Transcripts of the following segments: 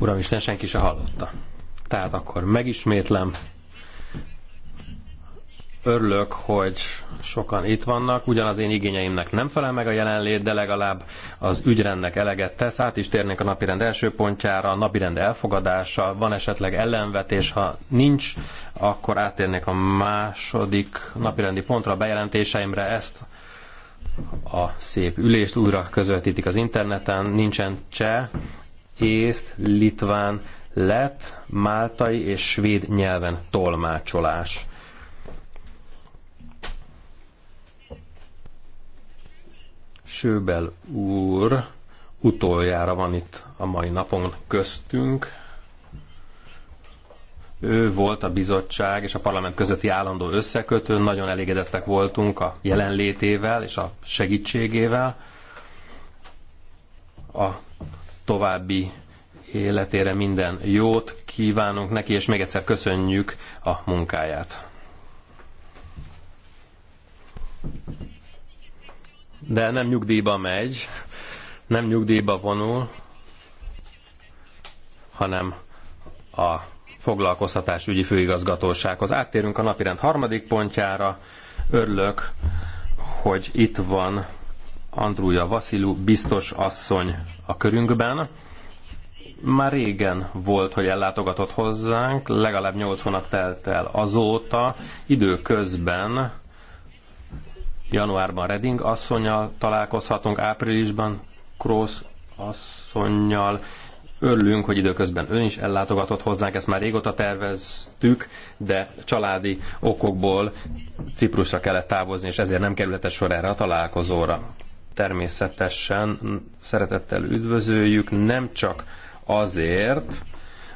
Uramisten, senki se hallotta. Tehát akkor megismétlem. Örülök, hogy sokan itt vannak, ugyanaz én igényeimnek nem felel meg a jelenlét, de legalább az ügyrendnek eleget tesz. Át is térnék a napirend első pontjára, a napirend elfogadása, van esetleg ellenvetés, ha nincs, akkor átérnék a második napirendi pontra, a bejelentéseimre ezt a szép ülést újra közvetítik az interneten, nincsen cseh, észt, litván, lett, máltai és svéd nyelven tolmácsolás. Sőbel úr utoljára van itt a mai napon köztünk. Ő volt a bizottság és a parlament közötti állandó összekötő, nagyon elégedettek voltunk a jelenlétével és a segítségével. A további életére minden jót kívánunk neki, és még egyszer köszönjük a munkáját. De nem nyugdíjba megy, nem nyugdíjba vonul, hanem a foglalkoztatásügyi főigazgatósághoz. Áttérünk a napirend harmadik pontjára. Örülök, hogy itt van Andrúja Vasilu biztos asszony a körünkben. Már régen volt, hogy ellátogatott hozzánk, legalább 8 hónap telt el azóta. Időközben januárban Reding asszonyjal találkozhatunk, áprilisban Krósz asszonyal. Örülünk, hogy időközben ön is ellátogatott hozzánk, ezt már régóta terveztük, de családi okokból Ciprusra kellett távozni, és ezért nem kerülhetett sor erre a találkozóra. Természetesen szeretettel üdvözöljük, nem csak azért,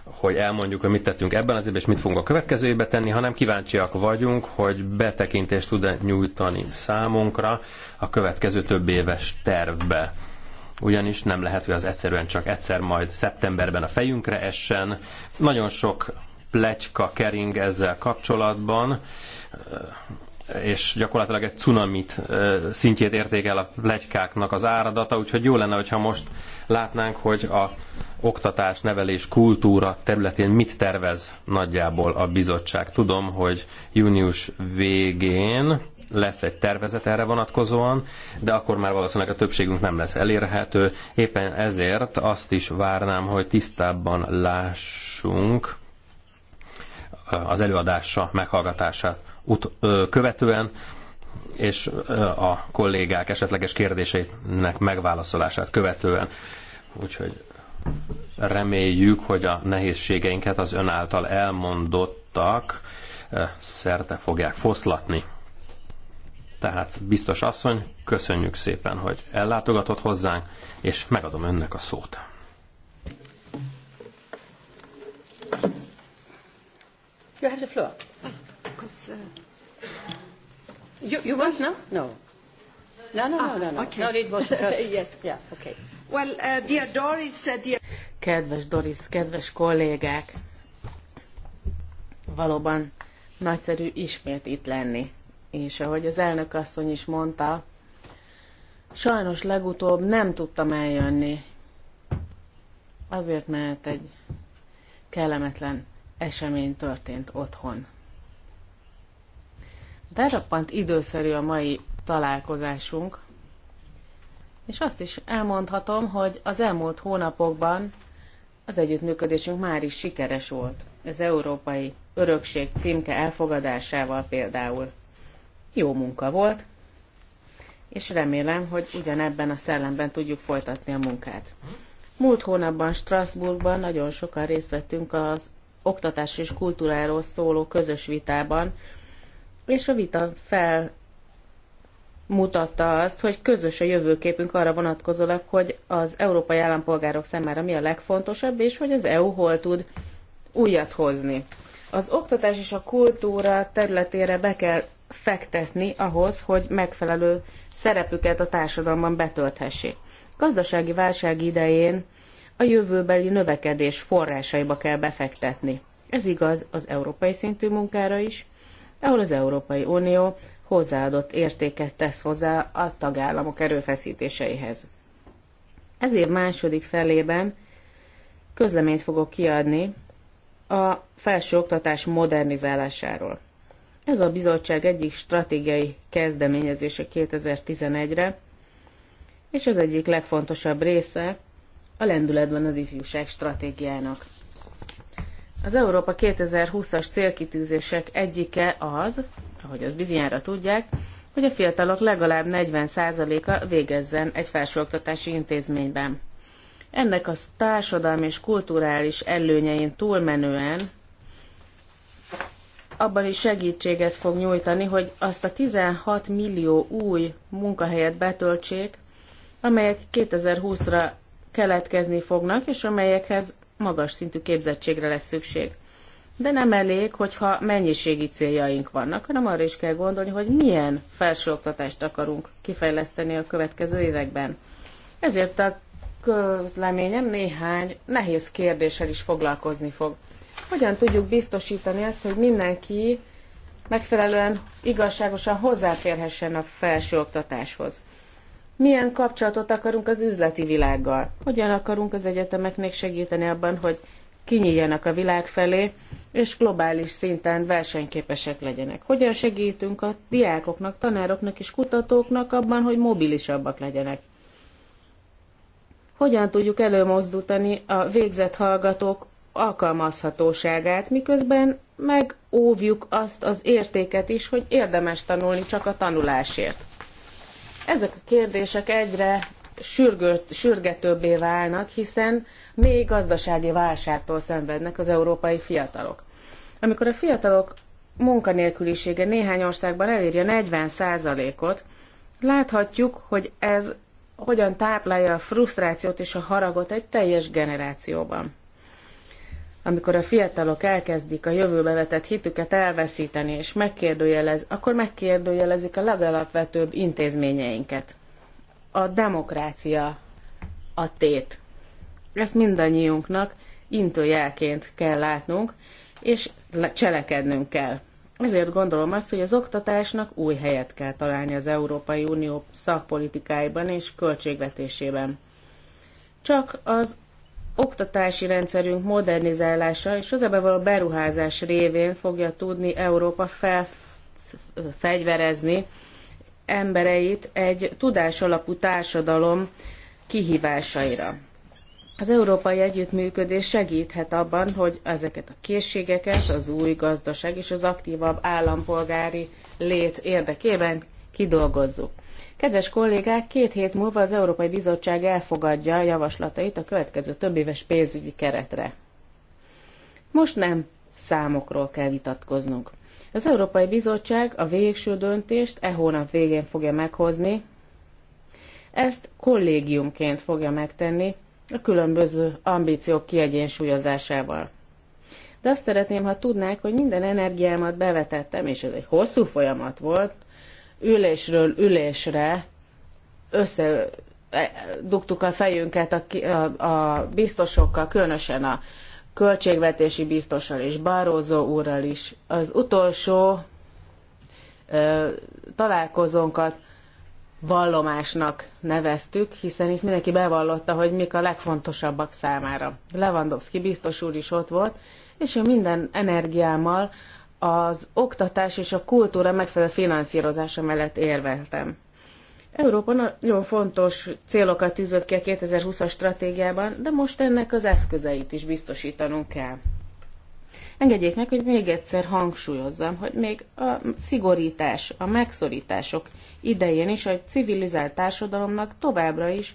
hogy elmondjuk, hogy mit tettünk ebben az évben, és mit fogunk a következő évben tenni, hanem kíváncsiak vagyunk, hogy betekintést tud -e nyújtani számunkra a következő több éves tervbe ugyanis nem lehet, hogy az egyszerűen csak egyszer majd szeptemberben a fejünkre essen. Nagyon sok pletyka kering ezzel kapcsolatban, eh, és gyakorlatilag egy cunamit eh, szintjét értékel a plegykáknak az áradata, úgyhogy jó lenne, hogyha most látnánk, hogy a oktatás, nevelés, kultúra területén mit tervez nagyjából a bizottság. Tudom, hogy június végén lesz egy tervezet erre vonatkozóan, de akkor már valószínűleg a többségünk nem lesz elérhető. Éppen ezért azt is várnám, hogy tisztábban lássunk az előadása, meghallgatását ut- követően, és a kollégák esetleges kérdéseinek megválaszolását követően. Úgyhogy reméljük, hogy a nehézségeinket az ön által elmondottak szerte fogják foszlatni. Tehát biztos asszony, köszönjük szépen, hogy ellátogatott hozzánk, és megadom önnek a szót. You have the floor. uh... You, you want now? No. No, no, no, no, no. Ah, okay. No, it was the first. yes, yes, okay. Well, uh, dear Doris, uh, dear... Kedves Doris, kedves kollégák! Valóban nagyszerű ismét itt lenni és ahogy az elnök asszony is mondta, sajnos legutóbb nem tudtam eljönni. Azért, mert egy kellemetlen esemény történt otthon. De roppant időszerű a mai találkozásunk, és azt is elmondhatom, hogy az elmúlt hónapokban az együttműködésünk már is sikeres volt. Az Európai Örökség címke elfogadásával például. Jó munka volt, és remélem, hogy ugyanebben a szellemben tudjuk folytatni a munkát. Múlt hónapban Strasbourgban nagyon sokan részt vettünk az oktatás és kultúráról szóló közös vitában, és a vita fel mutatta azt, hogy közös a jövőképünk arra vonatkozólag, hogy az európai állampolgárok számára mi a legfontosabb, és hogy az EU hol tud újat hozni. Az oktatás és a kultúra területére be kell fektetni ahhoz, hogy megfelelő szerepüket a társadalomban betölthessék. Gazdasági válság idején a jövőbeli növekedés forrásaiba kell befektetni. Ez igaz az európai szintű munkára is, ahol az Európai Unió hozzáadott értéket tesz hozzá a tagállamok erőfeszítéseihez. Ez év második felében közleményt fogok kiadni a felsőoktatás modernizálásáról. Ez a bizottság egyik stratégiai kezdeményezése 2011-re, és az egyik legfontosabb része a lendületben az ifjúság stratégiának. Az Európa 2020-as célkitűzések egyike az, ahogy az bizonyára tudják, hogy a fiatalok legalább 40%-a végezzen egy felsőoktatási intézményben. Ennek a társadalmi és kulturális előnyein túlmenően abban is segítséget fog nyújtani, hogy azt a 16 millió új munkahelyet betöltsék, amelyek 2020-ra keletkezni fognak, és amelyekhez magas szintű képzettségre lesz szükség. De nem elég, hogyha mennyiségi céljaink vannak, hanem arra is kell gondolni, hogy milyen felsőoktatást akarunk kifejleszteni a következő években. Ezért a közleményem néhány nehéz kérdéssel is foglalkozni fog hogyan tudjuk biztosítani azt, hogy mindenki megfelelően igazságosan hozzáférhessen a felsőoktatáshoz. Milyen kapcsolatot akarunk az üzleti világgal? Hogyan akarunk az egyetemeknek segíteni abban, hogy kinyíljanak a világ felé, és globális szinten versenyképesek legyenek? Hogyan segítünk a diákoknak, tanároknak és kutatóknak abban, hogy mobilisabbak legyenek? Hogyan tudjuk előmozdítani a végzett hallgatók alkalmazhatóságát, miközben megóvjuk azt az értéket is, hogy érdemes tanulni csak a tanulásért. Ezek a kérdések egyre sürgőt, sürgetőbbé válnak, hiszen még gazdasági válságtól szenvednek az európai fiatalok. Amikor a fiatalok munkanélkülisége néhány országban elérje 40%-ot, láthatjuk, hogy ez hogyan táplálja a frusztrációt és a haragot egy teljes generációban amikor a fiatalok elkezdik a jövőbe vetett hitüket elveszíteni és megkérdőjelez, akkor megkérdőjelezik a legalapvetőbb intézményeinket. A demokrácia a tét. Ezt mindannyiunknak intőjelként kell látnunk, és cselekednünk kell. Ezért gondolom azt, hogy az oktatásnak új helyet kell találni az Európai Unió szakpolitikáiban és költségvetésében. Csak az oktatási rendszerünk modernizálása és közben való beruházás révén fogja tudni Európa felfegyverezni embereit egy alapú társadalom kihívásaira. Az európai együttműködés segíthet abban, hogy ezeket a készségeket az új gazdaság és az aktívabb állampolgári lét érdekében kidolgozzuk. Kedves kollégák, két hét múlva az Európai Bizottság elfogadja a javaslatait a következő többéves pénzügyi keretre. Most nem számokról kell vitatkoznunk. Az Európai Bizottság a végső döntést e hónap végén fogja meghozni, ezt kollégiumként fogja megtenni a különböző ambíciók kiegyensúlyozásával. De azt szeretném, ha tudnák, hogy minden energiámat bevetettem, és ez egy hosszú folyamat volt, ülésről ülésre e, dugtuk a fejünket a, a, a biztosokkal, különösen a költségvetési biztossal és Bárózó úrral is. Az utolsó ö, találkozónkat vallomásnak neveztük, hiszen itt mindenki bevallotta, hogy mik a legfontosabbak számára. Lewandowski biztos úr is ott volt, és ő minden energiámmal az oktatás és a kultúra megfelelő finanszírozása mellett érveltem. Európa nagyon fontos célokat tűzött ki a 2020-as stratégiában, de most ennek az eszközeit is biztosítanunk kell. Engedjék meg, hogy még egyszer hangsúlyozzam, hogy még a szigorítás, a megszorítások idején is a civilizált társadalomnak továbbra is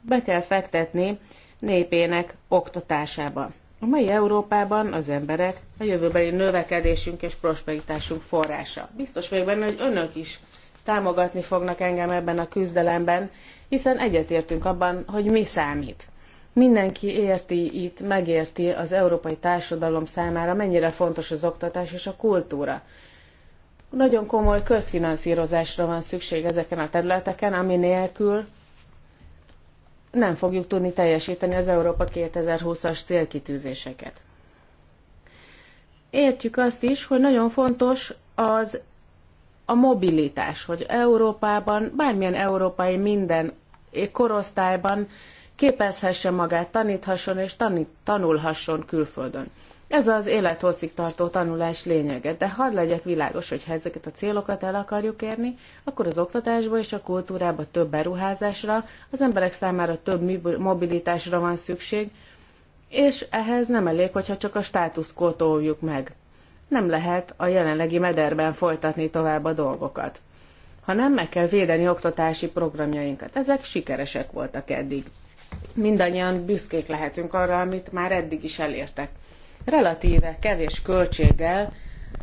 be kell fektetni népének oktatásába. A mai Európában az emberek a jövőbeli növekedésünk és prosperitásunk forrása. Biztos vagyok benne, hogy önök is támogatni fognak engem ebben a küzdelemben, hiszen egyetértünk abban, hogy mi számít. Mindenki érti itt, megérti az európai társadalom számára, mennyire fontos az oktatás és a kultúra. Nagyon komoly közfinanszírozásra van szükség ezeken a területeken, ami nélkül nem fogjuk tudni teljesíteni az Európa 2020-as célkitűzéseket. Értjük azt is, hogy nagyon fontos az a mobilitás, hogy Európában, bármilyen európai minden korosztályban képezhesse magát, taníthasson és tanít, tanulhasson külföldön. Ez az élethosszig tartó tanulás lényege, de hadd legyek világos, hogy ha ezeket a célokat el akarjuk érni, akkor az oktatásba és a kultúrába több beruházásra, az emberek számára több mobilitásra van szükség, és ehhez nem elég, hogyha csak a státuszkót óvjuk meg. Nem lehet a jelenlegi mederben folytatni tovább a dolgokat. Ha nem, meg kell védeni oktatási programjainkat. Ezek sikeresek voltak eddig. Mindannyian büszkék lehetünk arra, amit már eddig is elértek relatíve kevés költséggel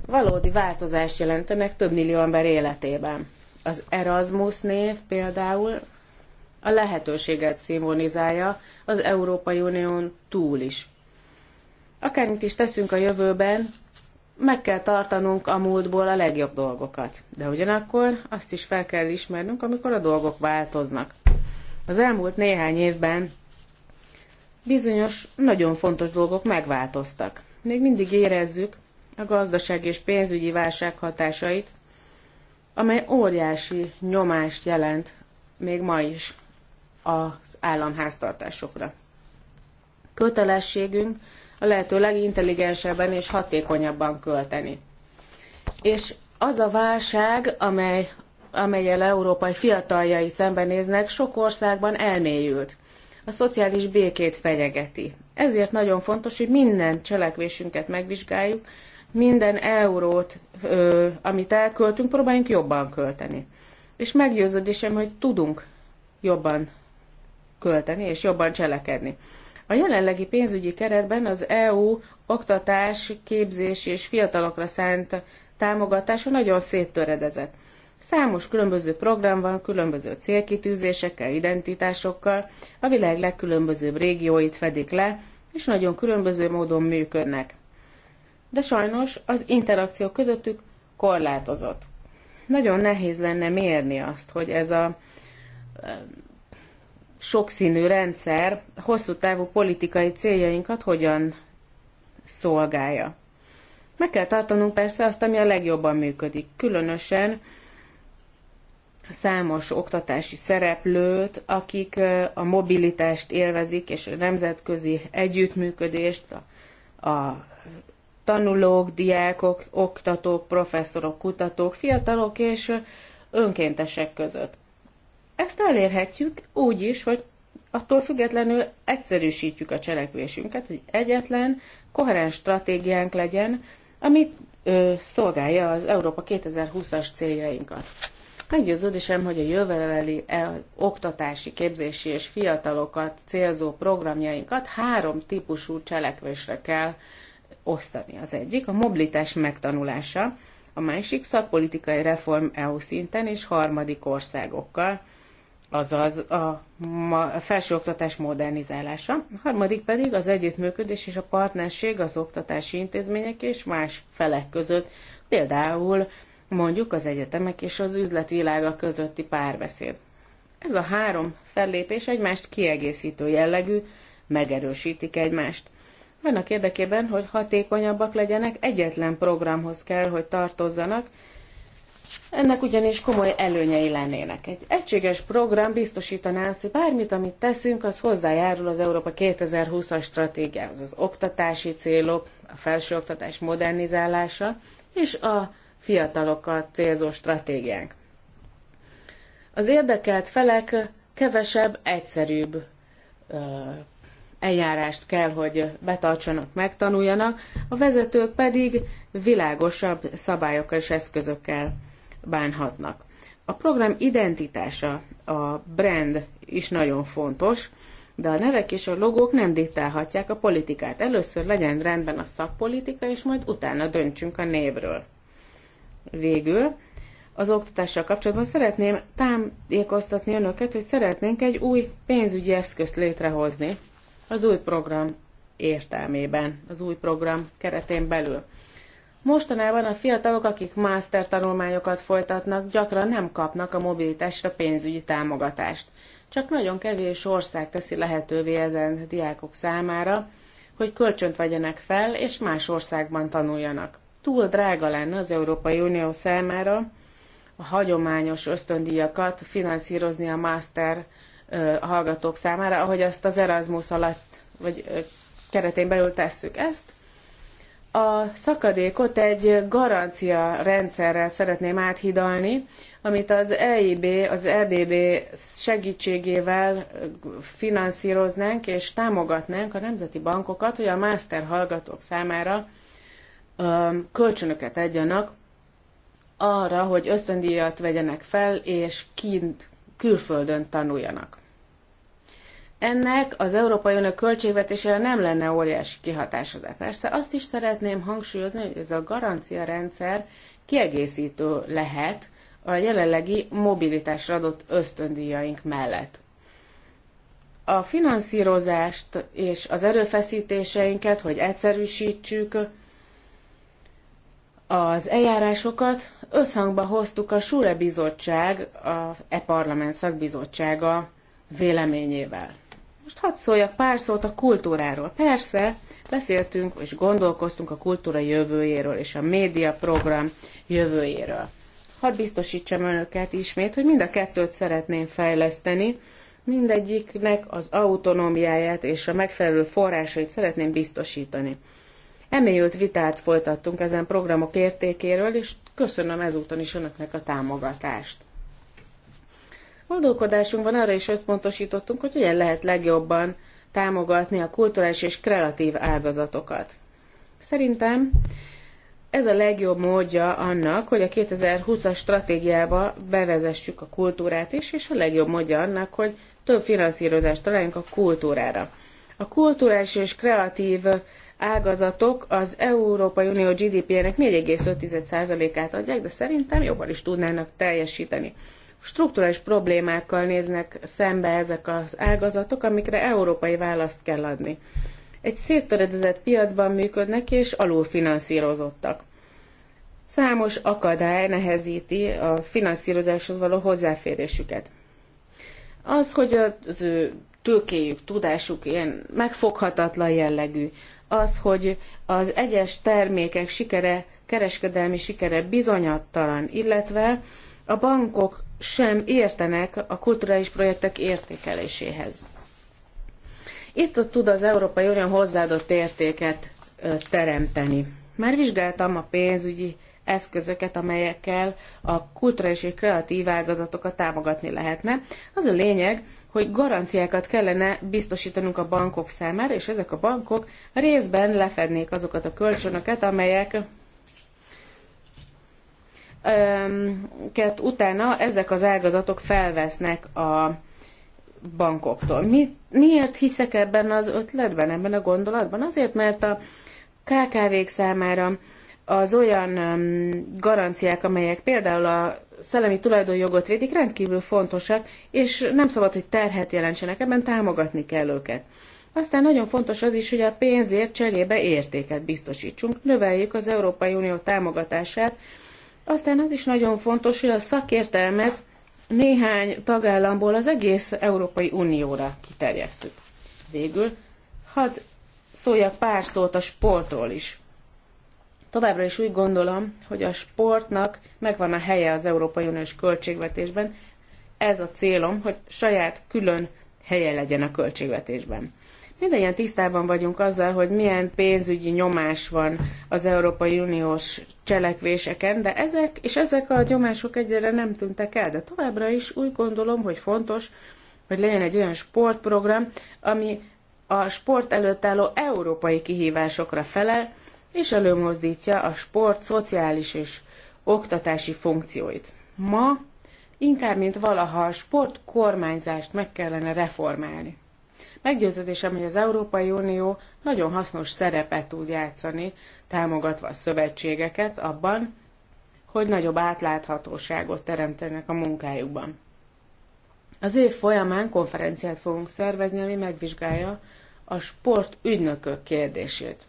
valódi változást jelentenek több millió ember életében. Az Erasmus név például a lehetőséget szimbolizálja az Európai Unión túl is. Akármit is teszünk a jövőben, meg kell tartanunk a múltból a legjobb dolgokat. De ugyanakkor azt is fel kell ismernünk, amikor a dolgok változnak. Az elmúlt néhány évben bizonyos nagyon fontos dolgok megváltoztak. Még mindig érezzük a gazdaság és pénzügyi válság hatásait, amely óriási nyomást jelent még ma is az államháztartásokra. Kötelességünk a lehető legintelligensebben és hatékonyabban költeni. És az a válság, amely, amelyel európai fiataljai szembenéznek, sok országban elmélyült a szociális békét fenyegeti. Ezért nagyon fontos, hogy minden cselekvésünket megvizsgáljuk, minden eurót, ö, amit elköltünk, próbáljunk jobban költeni. És meggyőződésem, hogy tudunk jobban költeni és jobban cselekedni. A jelenlegi pénzügyi keretben az EU oktatás, képzés és fiatalokra szánt támogatása nagyon széttöredezett. Számos különböző program van, különböző célkitűzésekkel, identitásokkal, a világ legkülönbözőbb régióit fedik le, és nagyon különböző módon működnek. De sajnos az interakció közöttük korlátozott. Nagyon nehéz lenne mérni azt, hogy ez a sokszínű rendszer hosszú távú politikai céljainkat hogyan szolgálja. Meg kell tartanunk persze azt, ami a legjobban működik, különösen számos oktatási szereplőt, akik a mobilitást élvezik, és a nemzetközi együttműködést, a, a tanulók, diákok, oktatók, professzorok, kutatók, fiatalok és önkéntesek között. Ezt elérhetjük úgy is, hogy attól függetlenül egyszerűsítjük a cselekvésünket, hogy egyetlen, koherens stratégiánk legyen, amit ö, szolgálja az Európa 2020-as céljainkat. Meggyőződésem, hogy a jövőbeli e, oktatási, képzési és fiatalokat célzó programjainkat három típusú cselekvésre kell osztani. Az egyik a mobilitás megtanulása, a másik szakpolitikai reform EU szinten és harmadik országokkal, azaz a felsőoktatás modernizálása, a harmadik pedig az együttműködés és a partnerség az oktatási intézmények és más felek között, például mondjuk az egyetemek és az üzletvilága közötti párbeszéd. Ez a három fellépés egymást kiegészítő jellegű, megerősítik egymást. Annak érdekében, hogy hatékonyabbak legyenek, egyetlen programhoz kell, hogy tartozzanak, ennek ugyanis komoly előnyei lennének. Egy egységes program biztosítaná azt, hogy bármit, amit teszünk, az hozzájárul az Európa 2020-as stratégiához. Az oktatási célok, a felsőoktatás modernizálása és a fiatalokat célzó stratégiánk. Az érdekelt felek kevesebb, egyszerűbb eljárást kell, hogy betartsanak, megtanuljanak, a vezetők pedig világosabb szabályokkal és eszközökkel bánhatnak. A program identitása, a brand is nagyon fontos, de a nevek és a logók nem diktálhatják a politikát. Először legyen rendben a szakpolitika, és majd utána döntsünk a névről. Végül az oktatással kapcsolatban szeretném támékoztatni önöket, hogy szeretnénk egy új pénzügyi eszközt létrehozni az új program értelmében, az új program keretén belül. Mostanában a fiatalok, akik master tanulmányokat folytatnak, gyakran nem kapnak a mobilitásra pénzügyi támogatást. Csak nagyon kevés ország teszi lehetővé ezen diákok számára, hogy kölcsönt vegyenek fel, és más országban tanuljanak túl drága lenne az Európai Unió számára a hagyományos ösztöndíjakat finanszírozni a master hallgatók számára, ahogy azt az Erasmus alatt, vagy keretén belül tesszük ezt. A szakadékot egy garancia rendszerrel szeretném áthidalni, amit az EIB, az EBB segítségével finanszíroznánk és támogatnánk a nemzeti bankokat, hogy a master hallgatók számára kölcsönöket adjanak arra, hogy ösztöndíjat vegyenek fel, és kint külföldön tanuljanak. Ennek az Európai Unió költségvetésére nem lenne óriási kihatása, de persze azt is szeretném hangsúlyozni, hogy ez a garancia rendszer kiegészítő lehet a jelenlegi mobilitásra adott ösztöndíjaink mellett. A finanszírozást és az erőfeszítéseinket, hogy egyszerűsítsük az eljárásokat összhangba hoztuk a Sure Bizottság, a E-Parlament szakbizottsága véleményével. Most hadd szóljak pár szót a kultúráról. Persze, beszéltünk és gondolkoztunk a kultúra jövőjéről és a média program jövőjéről. Hadd biztosítsam önöket ismét, hogy mind a kettőt szeretném fejleszteni, mindegyiknek az autonómiáját és a megfelelő forrásait szeretném biztosítani. Emélyült vitát folytattunk ezen programok értékéről, és köszönöm ezúton is önöknek a támogatást. Gondolkodásunkban arra is összpontosítottunk, hogy hogyan lehet legjobban támogatni a kulturális és kreatív ágazatokat. Szerintem ez a legjobb módja annak, hogy a 2020-as stratégiába bevezessük a kultúrát is, és a legjobb módja annak, hogy több finanszírozást találjunk a kultúrára. A kulturális és kreatív ágazatok az Európai Unió GDP-jének 4,5%-át adják, de szerintem jobban is tudnának teljesíteni. Strukturális problémákkal néznek szembe ezek az ágazatok, amikre európai választ kell adni. Egy széttöredezett piacban működnek és alulfinanszírozottak. Számos akadály nehezíti a finanszírozáshoz való hozzáférésüket. Az, hogy az ő tőkéjük, tudásuk ilyen megfoghatatlan jellegű, az, hogy az egyes termékek sikere, kereskedelmi sikere bizonyattalan, illetve a bankok sem értenek a kulturális projektek értékeléséhez. Itt tud az Európai Unió hozzáadott értéket teremteni. Már vizsgáltam a pénzügyi eszközöket, amelyekkel a kulturális és kreatív ágazatokat támogatni lehetne. Az a lényeg, hogy garanciákat kellene biztosítanunk a bankok számára, és ezek a bankok részben lefednék azokat a kölcsönöket, amelyek utána ezek az ágazatok felvesznek a bankoktól. Mi, miért hiszek ebben az ötletben, ebben a gondolatban? Azért, mert a KKV-k számára az olyan garanciák, amelyek például a szellemi tulajdonjogot védik, rendkívül fontosak, és nem szabad, hogy terhet jelentsenek, ebben támogatni kell őket. Aztán nagyon fontos az is, hogy a pénzért cserébe értéket biztosítsunk, növeljük az Európai Unió támogatását, aztán az is nagyon fontos, hogy a szakértelmet néhány tagállamból az egész Európai Unióra kiterjesszük. Végül, hadd szóljak pár szót a sportról is. Továbbra is úgy gondolom, hogy a sportnak megvan a helye az Európai Uniós költségvetésben. Ez a célom, hogy saját külön helye legyen a költségvetésben. Mindegyen tisztában vagyunk azzal, hogy milyen pénzügyi nyomás van az Európai Uniós cselekvéseken, de ezek és ezek a nyomások egyre nem tűntek el, de továbbra is úgy gondolom, hogy fontos, hogy legyen egy olyan sportprogram, ami a sport előtt álló európai kihívásokra felel, és előmozdítja a sport szociális és oktatási funkcióit. Ma inkább, mint valaha a sport kormányzást meg kellene reformálni. Meggyőződésem, hogy az Európai Unió nagyon hasznos szerepet tud játszani, támogatva a szövetségeket abban, hogy nagyobb átláthatóságot teremtenek a munkájukban. Az év folyamán konferenciát fogunk szervezni, ami megvizsgálja a sport ügynökök kérdését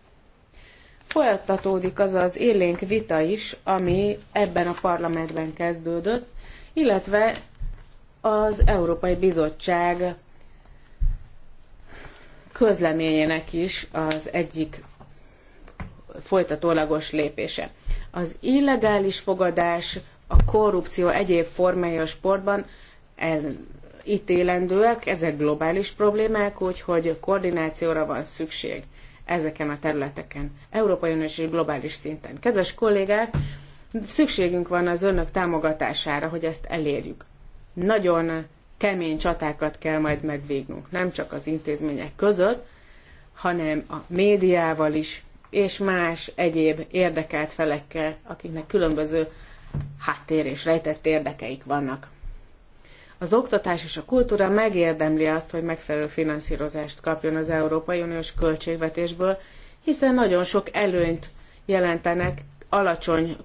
folytatódik az az élénk vita is, ami ebben a parlamentben kezdődött, illetve az Európai Bizottság közleményének is az egyik folytatólagos lépése. Az illegális fogadás, a korrupció egyéb formája a sportban ítélendőek, ezek globális problémák, úgyhogy koordinációra van szükség ezeken a területeken, Európai Uniós és globális szinten. Kedves kollégák, szükségünk van az önök támogatására, hogy ezt elérjük. Nagyon kemény csatákat kell majd megvégnünk, nem csak az intézmények között, hanem a médiával is, és más egyéb érdekelt felekkel, akiknek különböző háttér és rejtett érdekeik vannak. Az oktatás és a kultúra megérdemli azt, hogy megfelelő finanszírozást kapjon az Európai Uniós költségvetésből, hiszen nagyon sok előnyt jelentenek alacsony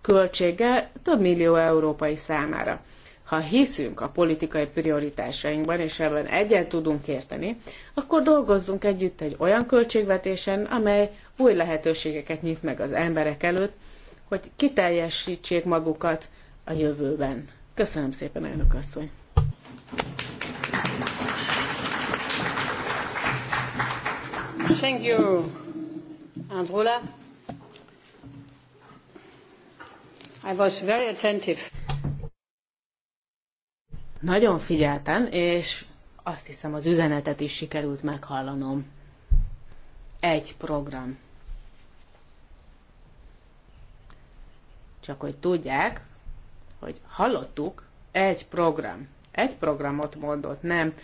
költséggel több millió európai számára. Ha hiszünk a politikai prioritásainkban, és ebben egyet tudunk érteni, akkor dolgozzunk együtt egy olyan költségvetésen, amely új lehetőségeket nyit meg az emberek előtt, hogy kiteljesítsék magukat a jövőben. Köszönöm szépen, elnök asszony! Thank you, I was very attentive. Nagyon figyeltem, és azt hiszem az üzenetet is sikerült meghallanom. Egy program. Csak hogy tudják, hogy hallottuk, egy program egy programot mondott, nem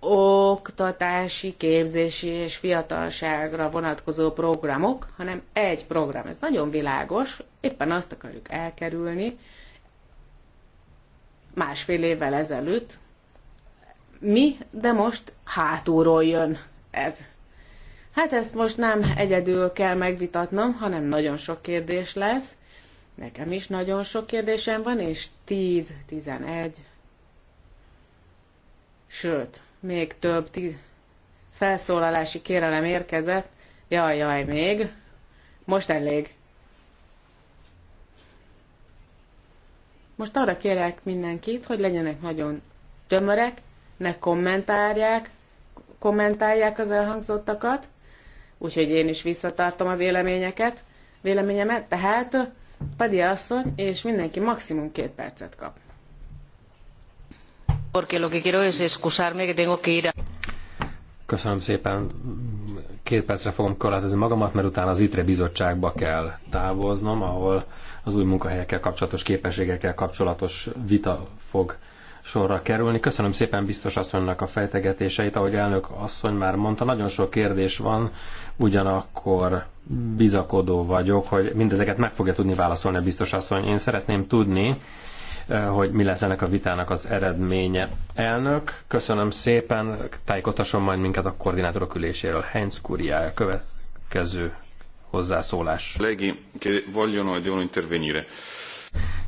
oktatási, képzési és fiatalságra vonatkozó programok, hanem egy program. Ez nagyon világos, éppen azt akarjuk elkerülni. Másfél évvel ezelőtt mi, de most hátulról jön ez. Hát ezt most nem egyedül kell megvitatnom, hanem nagyon sok kérdés lesz. Nekem is nagyon sok kérdésem van, és 10, 11, sőt, még több felszólalási kérelem érkezett. Jaj, jaj, még. Most elég. Most arra kérek mindenkit, hogy legyenek nagyon tömörek, ne kommentálják, kommentálják az elhangzottakat, úgyhogy én is visszatartom a véleményeket, véleményemet, tehát Padi asszony és mindenki maximum két percet kap. Köszönöm szépen. Két percre fogom korlátozni magamat, mert utána az ITRE bizottságba kell távoznom, ahol az új munkahelyekkel kapcsolatos képességekkel kapcsolatos vita fog sorra kerülni. Köszönöm szépen biztos asszonynak a fejtegetéseit. Ahogy elnök asszony már mondta, nagyon sok kérdés van, ugyanakkor bizakodó vagyok, hogy mindezeket meg fogja tudni válaszolni a biztos asszony. Én szeretném tudni, Eh, hogy mi lesz ennek a vitának az eredménye. Elnök, köszönöm szépen, tájékoztasson majd minket a koordinátorok üléséről. Heinz Kuriája következő hozzászólás. Legi, a di intervenire.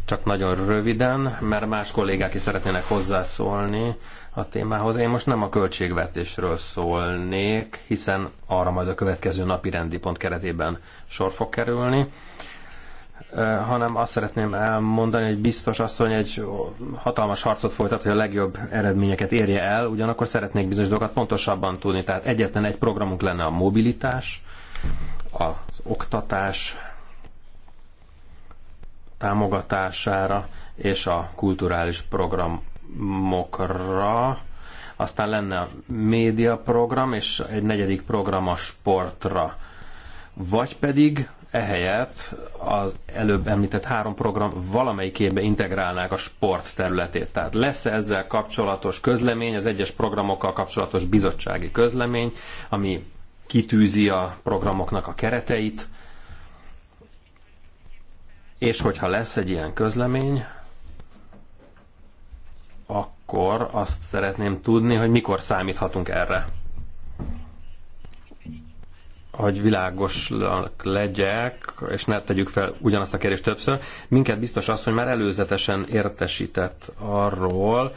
Csak nagyon röviden, mert más kollégák is szeretnének hozzászólni a témához. Én most nem a költségvetésről szólnék, hiszen arra majd a következő napi rendi pont keretében sor fog kerülni. Eh, hanem azt szeretném elmondani, hogy biztos asszony egy hatalmas harcot folytat, hogy a legjobb eredményeket érje el, ugyanakkor szeretnék bizonyos dolgokat pontosabban tudni. Tehát egyetlen egy programunk lenne a mobilitás, az oktatás támogatására és a kulturális programokra. Aztán lenne a média program, és egy negyedik program a sportra. Vagy pedig ehelyett az előbb említett három program valamelyikébe integrálnák a sport területét. Tehát lesz -e ezzel kapcsolatos közlemény, az egyes programokkal kapcsolatos bizottsági közlemény, ami kitűzi a programoknak a kereteit, és hogyha lesz egy ilyen közlemény, akkor azt szeretném tudni, hogy mikor számíthatunk erre hogy világosak legyek, és ne tegyük fel ugyanazt a kérdést többször, minket biztos az, hogy már előzetesen értesített arról,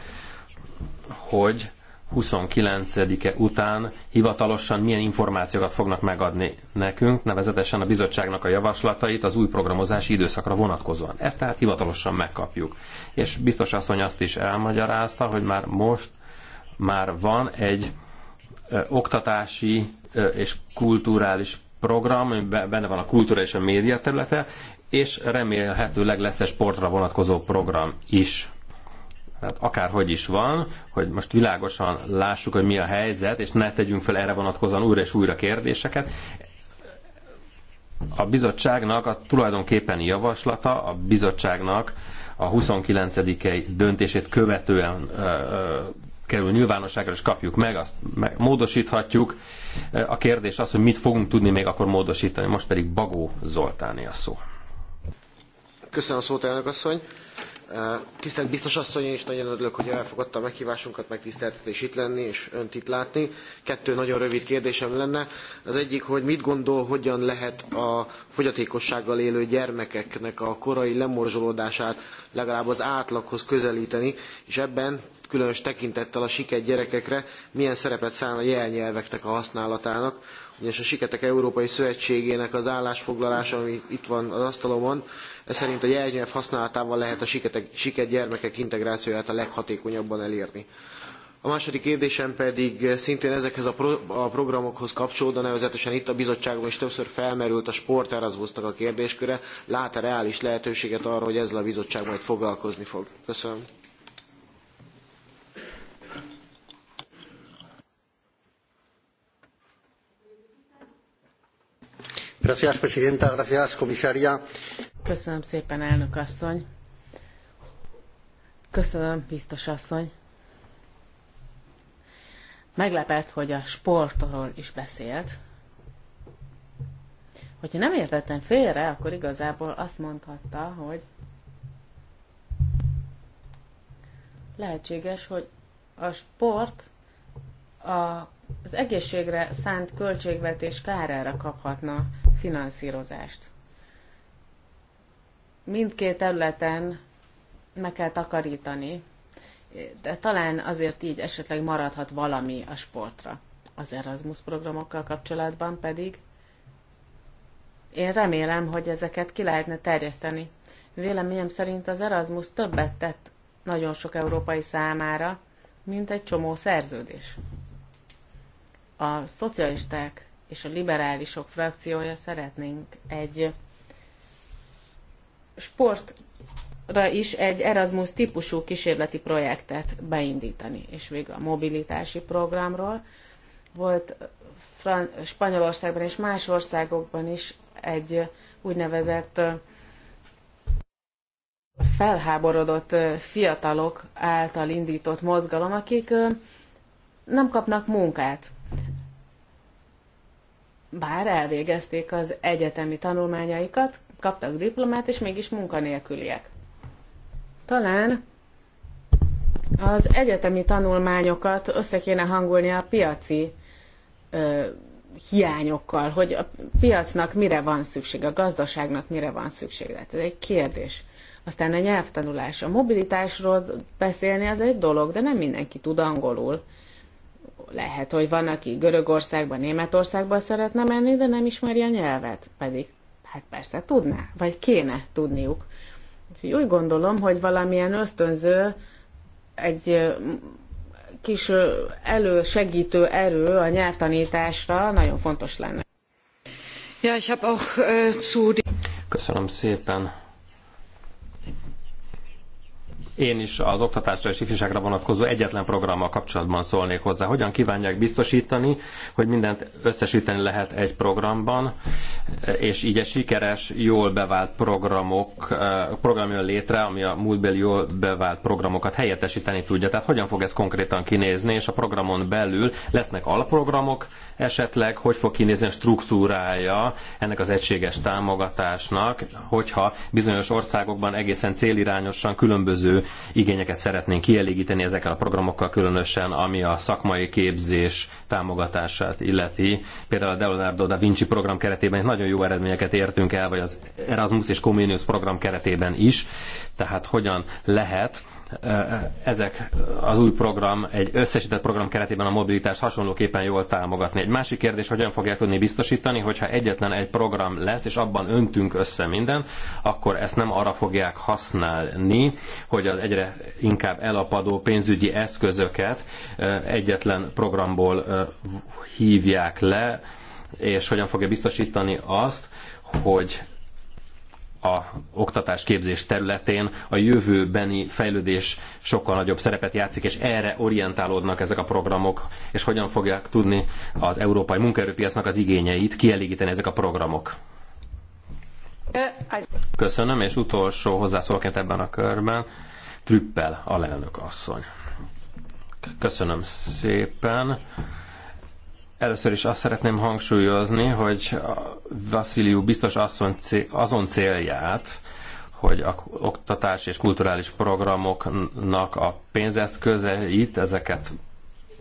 hogy 29-e után hivatalosan milyen információkat fognak megadni nekünk, nevezetesen a bizottságnak a javaslatait az új programozási időszakra vonatkozóan. Ezt tehát hivatalosan megkapjuk. És biztos asszony azt is elmagyarázta, hogy már most már van egy oktatási és kulturális program, benne van a kultúra és a média területe, és remélhetőleg lesz egy sportra vonatkozó program is. Tehát akárhogy is van, hogy most világosan lássuk, hogy mi a helyzet, és ne tegyünk fel erre vonatkozóan újra és újra kérdéseket. A bizottságnak a tulajdonképpen javaslata, a bizottságnak a 29. döntését követően ö, ö, kerül nyilvánosságra, és kapjuk meg, azt meg, módosíthatjuk. A kérdés az, hogy mit fogunk tudni még akkor módosítani. Most pedig Bagó Zoltáni a szó. Köszönöm a szót, elnök asszony. Tisztelt biztos asszony, én is nagyon örülök, hogy elfogadta a meghívásunkat, meg itt lenni és önt itt látni. Kettő nagyon rövid kérdésem lenne. Az egyik, hogy mit gondol, hogyan lehet a fogyatékossággal élő gyermekeknek a korai lemorzsolódását legalább az átlaghoz közelíteni, és ebben különös tekintettel a siket gyerekekre milyen szerepet szán a jelnyelveknek a használatának, ugyanis a Siketek Európai Szövetségének az állásfoglalása, ami itt van az asztalomon, ez szerint a jelnyelv használatával lehet a siket gyermekek integrációját a leghatékonyabban elérni. A második kérdésem pedig szintén ezekhez a, pro a programokhoz kapcsolódó, nevezetesen itt a bizottságban is többször felmerült a sport Erasmusnak a kérdésköre. Lát-e reális lehetőséget arra, hogy ezzel a bizottság majd foglalkozni fog? Köszönöm. Gracias, presidenta. Gracias, comisaria. Köszönöm szépen, elnök asszony. Köszönöm, biztos asszony. Meglepett, hogy a sportról is beszélt. Hogyha nem értettem félre, akkor igazából azt mondhatta, hogy lehetséges, hogy a sport a, az egészségre szánt költségvetés kárára kaphatna finanszírozást mindkét területen meg kell takarítani, de talán azért így esetleg maradhat valami a sportra. Az Erasmus programokkal kapcsolatban pedig én remélem, hogy ezeket ki lehetne terjeszteni. Véleményem szerint az Erasmus többet tett nagyon sok európai számára, mint egy csomó szerződés. A szocialisták és a liberálisok frakciója szeretnénk egy sportra is egy Erasmus típusú kísérleti projektet beindítani. És végül a mobilitási programról volt Fran- Spanyolországban és más országokban is egy úgynevezett felháborodott fiatalok által indított mozgalom, akik nem kapnak munkát. Bár elvégezték az egyetemi tanulmányaikat, kaptak diplomát, és mégis munkanélküliek. Talán az egyetemi tanulmányokat össze kéne hangolni a piaci ö, hiányokkal, hogy a piacnak mire van szükség, a gazdaságnak mire van szükség. Tehát ez egy kérdés. Aztán a nyelvtanulás. A mobilitásról beszélni az egy dolog, de nem mindenki tud angolul. Lehet, hogy van, aki Görögországban, Németországban szeretne menni, de nem ismeri a nyelvet, pedig Hát persze tudná, vagy kéne tudniuk. Úgyhogy úgy gondolom, hogy valamilyen ösztönző, egy kis elősegítő erő a nyelvtanításra nagyon fontos lenne. Ja, ich habe auch äh, zu Köszönöm szépen én is az oktatásra és ifjúságra vonatkozó egyetlen programmal kapcsolatban szólnék hozzá. Hogyan kívánják biztosítani, hogy mindent összesíteni lehet egy programban, és így egy sikeres, jól bevált programok, eh, program jön létre, ami a múltbeli jól bevált programokat helyettesíteni tudja. Tehát hogyan fog ez konkrétan kinézni, és a programon belül lesznek alprogramok esetleg, hogy fog kinézni a struktúrája ennek az egységes támogatásnak, hogyha bizonyos országokban egészen célirányosan különböző igényeket szeretnénk kielégíteni ezekkel a programokkal, különösen ami a szakmai képzés támogatását illeti. Például a Leonardo da Vinci program keretében nagyon jó eredményeket értünk el, vagy az Erasmus és Comenius program keretében is. Tehát hogyan lehet ezek az új program, egy összesített program keretében a mobilitást hasonlóképpen jól támogatni. Egy másik kérdés, hogyan fogják tudni biztosítani, hogyha egyetlen egy program lesz, és abban öntünk össze minden, akkor ezt nem arra fogják használni, hogy az egyre inkább elapadó pénzügyi eszközöket egyetlen programból hívják le, és hogyan fogja biztosítani azt, hogy a oktatás képzés területén a jövőbeni fejlődés sokkal nagyobb szerepet játszik, és erre orientálódnak ezek a programok, és hogyan fogják tudni az európai munkaerőpiacnak az igényeit kielégíteni ezek a programok. Köszönöm, és utolsó hozzászólóként ebben a körben Trüppel alelnök asszony. Köszönöm szépen. Először is azt szeretném hangsúlyozni, hogy Vasziliu biztos azon célját, hogy a oktatás és kulturális programoknak a pénzeszközeit, ezeket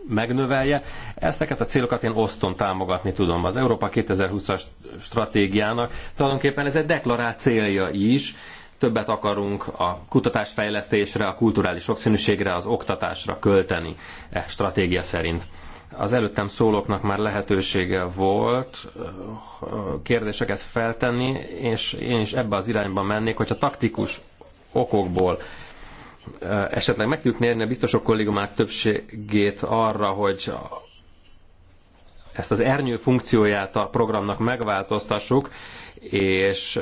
megnövelje. Ezteket a célokat én osztom, támogatni tudom. Az Európa 2020-as stratégiának tulajdonképpen ez egy deklarált célja is, többet akarunk a kutatásfejlesztésre, a kulturális sokszínűségre, az oktatásra költeni e stratégia szerint. Az előttem szólóknak már lehetősége volt kérdéseket feltenni, és én is ebbe az irányba mennék, hogyha taktikus okokból esetleg meg tudjuk mérni a biztosok kollégumák többségét arra, hogy ezt az ernyő funkcióját a programnak megváltoztassuk, és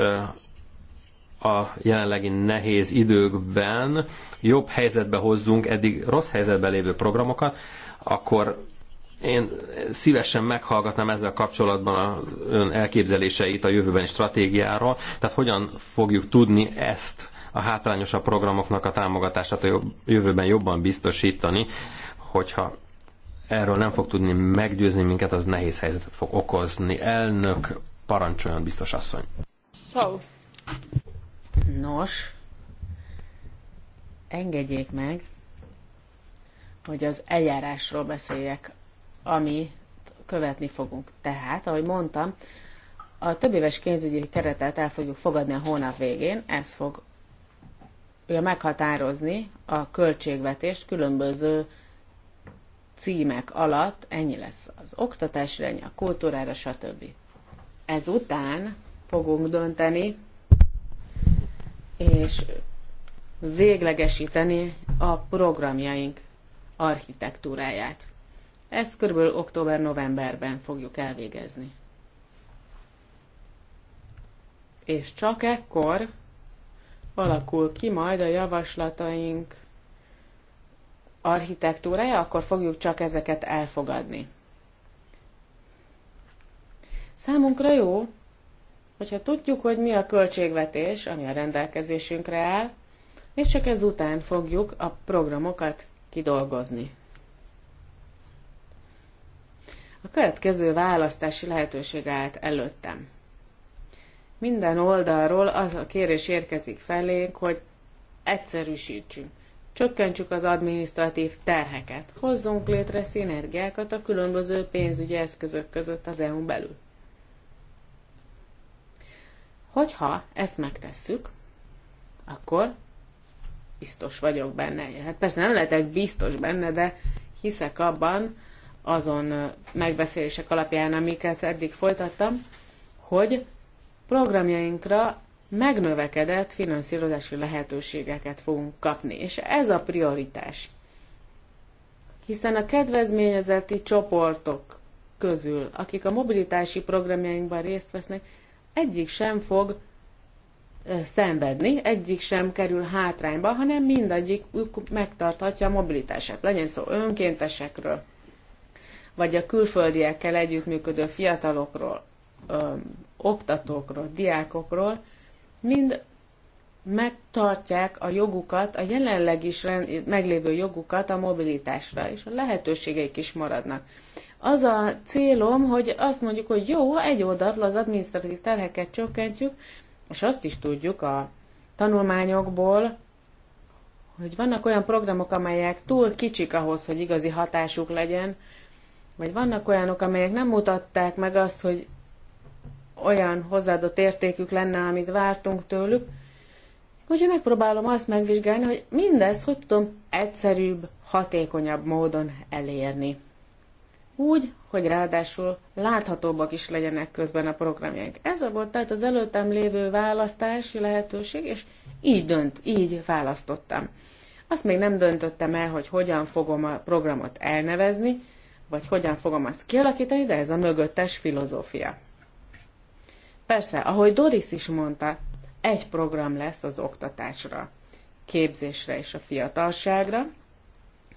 a jelenlegi nehéz időkben jobb helyzetbe hozzunk eddig rossz helyzetben lévő programokat, akkor én szívesen meghallgatnám ezzel kapcsolatban a ön elképzeléseit a jövőbeni stratégiáról, tehát hogyan fogjuk tudni ezt a hátrányosabb programoknak a támogatását a jövőben jobban biztosítani, hogyha erről nem fog tudni meggyőzni minket, az nehéz helyzetet fog okozni. Elnök, parancsoljon, biztos asszony. So. Nos, engedjék meg, hogy az eljárásról beszéljek, ami követni fogunk. Tehát, ahogy mondtam, a több éves kénzügyi keretet el fogjuk fogadni a hónap végén, ez fog ugye meghatározni a költségvetést különböző címek alatt, ennyi lesz az oktatásra, ennyi a kultúrára, stb. Ezután fogunk dönteni, és véglegesíteni a programjaink architektúráját. Ezt körülbelül október-novemberben fogjuk elvégezni. És csak ekkor alakul ki majd a javaslataink architektúrája, akkor fogjuk csak ezeket elfogadni. Számunkra jó, hogyha tudjuk, hogy mi a költségvetés, ami a rendelkezésünkre áll, és csak ezután fogjuk a programokat kidolgozni. A következő választási lehetőség állt előttem. Minden oldalról az a kérés érkezik felénk, hogy egyszerűsítsünk. Csökkentsük az adminisztratív terheket, hozzunk létre szinergiákat a különböző pénzügyi eszközök között az EU-n belül. Hogyha ezt megtesszük, akkor biztos vagyok benne. Hát persze nem lehetek biztos benne, de hiszek abban, azon megbeszélések alapján, amiket eddig folytattam, hogy programjainkra megnövekedett finanszírozási lehetőségeket fogunk kapni, és ez a prioritás. Hiszen a kedvezményezeti csoportok közül, akik a mobilitási programjainkban részt vesznek, egyik sem fog szenvedni, egyik sem kerül hátrányba, hanem mindegyik megtarthatja a mobilitását. Legyen szó önkéntesekről, vagy a külföldiekkel együttműködő fiatalokról, ö, oktatókról, diákokról, mind megtartják a jogukat, a jelenleg is meglévő jogukat a mobilitásra, és a lehetőségeik is maradnak. Az a célom, hogy azt mondjuk, hogy jó, egy oldalról az adminisztratív terheket csökkentjük, és azt is tudjuk a tanulmányokból, hogy vannak olyan programok, amelyek túl kicsik ahhoz, hogy igazi hatásuk legyen, vagy vannak olyanok, amelyek nem mutatták meg azt, hogy olyan hozzáadott értékük lenne, amit vártunk tőlük. Úgyhogy megpróbálom azt megvizsgálni, hogy mindez hogy tudom egyszerűbb, hatékonyabb módon elérni. Úgy, hogy ráadásul láthatóbbak is legyenek közben a programjaink. Ez a volt tehát az előttem lévő választási lehetőség, és így dönt, így választottam. Azt még nem döntöttem el, hogy hogyan fogom a programot elnevezni, vagy hogyan fogom azt kialakítani, de ez a mögöttes filozófia. Persze, ahogy Doris is mondta, egy program lesz az oktatásra, képzésre és a fiatalságra,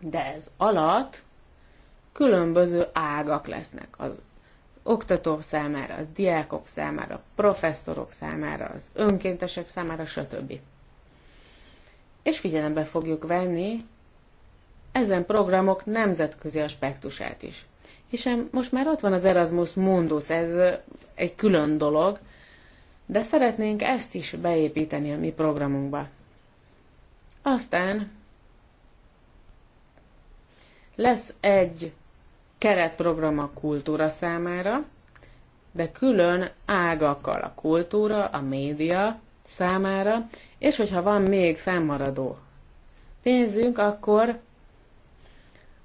de ez alatt különböző ágak lesznek az oktatók számára, a diákok számára, a professzorok számára, az önkéntesek számára, stb. És figyelembe fogjuk venni ezen programok nemzetközi aspektusát is. Hiszen most már ott van az Erasmus Mundus, ez egy külön dolog, de szeretnénk ezt is beépíteni a mi programunkba. Aztán lesz egy keretprogram a kultúra számára, de külön ágakkal a kultúra, a média számára, és hogyha van még fennmaradó pénzünk, akkor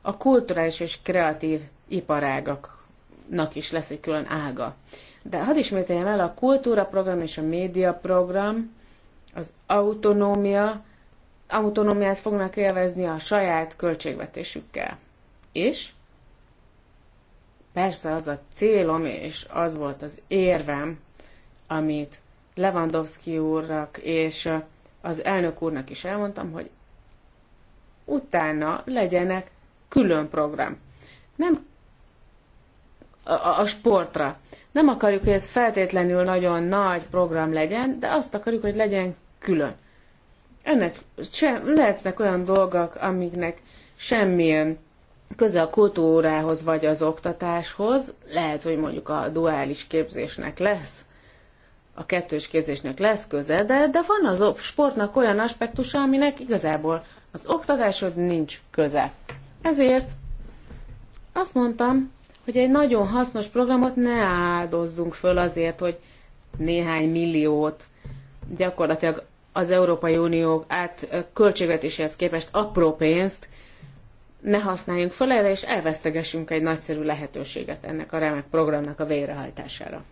a kulturális és kreatív iparágaknak is lesz egy külön ága. De hadd ismételjem el, a kultúra program és a média program, az autonómia, autonómiát fognak élvezni a saját költségvetésükkel. És persze az a célom, és az volt az érvem, amit Lewandowski úrnak és az elnök úrnak is elmondtam, hogy utána legyenek külön program. Nem a, a sportra. Nem akarjuk, hogy ez feltétlenül nagyon nagy program legyen, de azt akarjuk, hogy legyen külön. Ennek sem, lehetnek olyan dolgok, amiknek semmilyen köze a kultúrához vagy az oktatáshoz, lehet, hogy mondjuk a duális képzésnek lesz, a kettős képzésnek lesz köze, de, de van az sportnak olyan aspektusa, aminek igazából az oktatáshoz nincs köze. Ezért azt mondtam, hogy egy nagyon hasznos programot ne áldozzunk föl azért, hogy néhány milliót gyakorlatilag az Európai Unió át költségvetéséhez képest apró pénzt ne használjunk fel erre, és elvesztegessünk egy nagyszerű lehetőséget ennek a remek programnak a végrehajtására.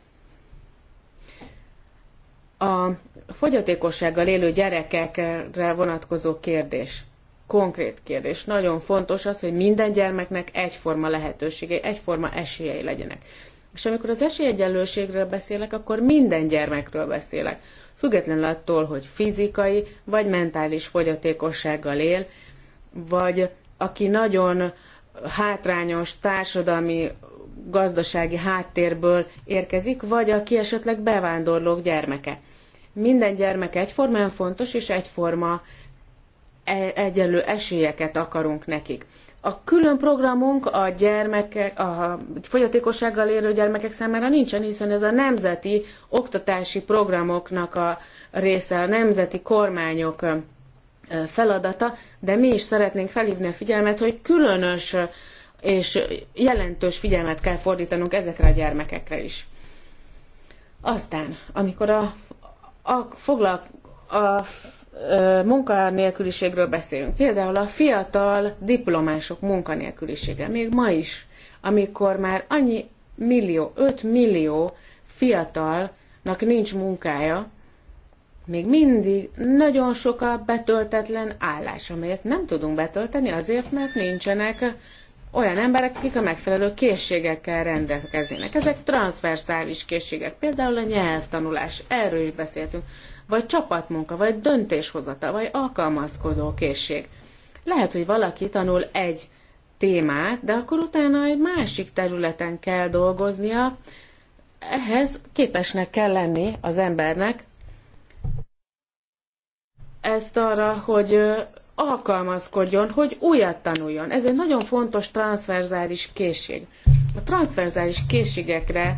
A fogyatékossággal élő gyerekekre vonatkozó kérdés konkrét kérdés. Nagyon fontos az, hogy minden gyermeknek egyforma lehetőségei, egyforma esélyei legyenek. És amikor az esélyegyenlőségről beszélek, akkor minden gyermekről beszélek. Függetlenül attól, hogy fizikai vagy mentális fogyatékossággal él, vagy aki nagyon hátrányos társadalmi, gazdasági háttérből érkezik, vagy aki esetleg bevándorlók gyermeke. Minden gyermek egyformán fontos és egyforma uh, E, egyenlő esélyeket akarunk nekik. A külön programunk a gyermekek, a fogyatékossággal élő gyermekek számára nincsen, hiszen ez a nemzeti oktatási programoknak a része, a nemzeti kormányok feladata, de mi is szeretnénk felhívni a figyelmet, hogy különös és jelentős figyelmet kell fordítanunk ezekre a gyermekekre is. Aztán, amikor a, a, foglal, a munkanélküliségről beszélünk. Például a fiatal diplomások munkanélkülisége még ma is, amikor már annyi millió, 5 millió fiatalnak nincs munkája, még mindig nagyon sok a betöltetlen állás, amelyet nem tudunk betölteni azért, mert nincsenek olyan emberek, akik a megfelelő készségekkel rendelkeznének. Ezek transzverszális készségek, például a nyelvtanulás, erről is beszéltünk vagy csapatmunka, vagy döntéshozata, vagy alkalmazkodó készség. Lehet, hogy valaki tanul egy témát, de akkor utána egy másik területen kell dolgoznia, ehhez képesnek kell lenni az embernek ezt arra, hogy alkalmazkodjon, hogy újat tanuljon. Ez egy nagyon fontos transzverzális készség. A transzverzális készségekre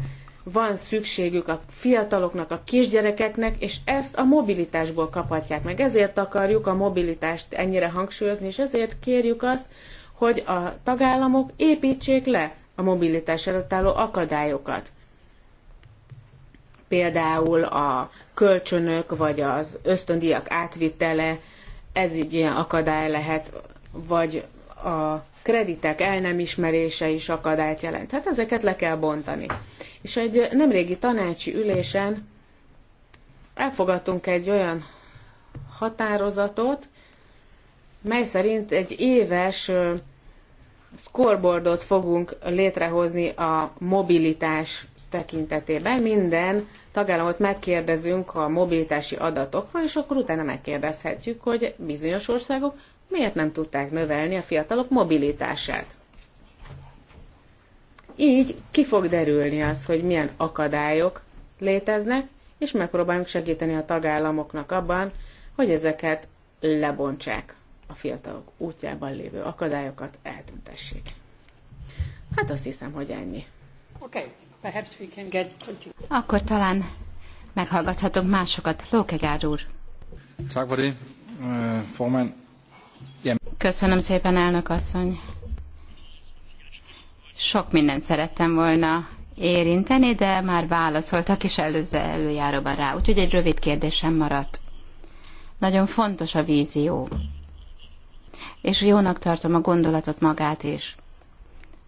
van szükségük a fiataloknak, a kisgyerekeknek, és ezt a mobilitásból kaphatják meg. Ezért akarjuk a mobilitást ennyire hangsúlyozni, és ezért kérjük azt, hogy a tagállamok építsék le a mobilitás előtt álló akadályokat. Például a kölcsönök, vagy az ösztöndíjak átvitele, ez egy ilyen akadály lehet, vagy a kreditek el nem ismerése is akadályt jelent. Hát ezeket le kell bontani. És egy nemrégi tanácsi ülésen elfogadtunk egy olyan határozatot, mely szerint egy éves scoreboardot fogunk létrehozni a mobilitás tekintetében. Minden tagállamot megkérdezünk a mobilitási adatokról, és akkor utána megkérdezhetjük, hogy bizonyos országok miért nem tudták növelni a fiatalok mobilitását. Így ki fog derülni az, hogy milyen akadályok léteznek, és megpróbálunk segíteni a tagállamoknak abban, hogy ezeket lebontsák a fiatalok útjában lévő akadályokat eltüntessék. Hát azt hiszem, hogy ennyi. Okay. Perhaps we can get Akkor talán meghallgathatunk másokat. Lókegár úr. Köszönöm szépen, elnök asszony. Sok mindent szerettem volna érinteni, de már válaszoltak is előző előjáróban rá, úgyhogy egy rövid kérdésem maradt. Nagyon fontos a vízió, és jónak tartom a gondolatot magát is.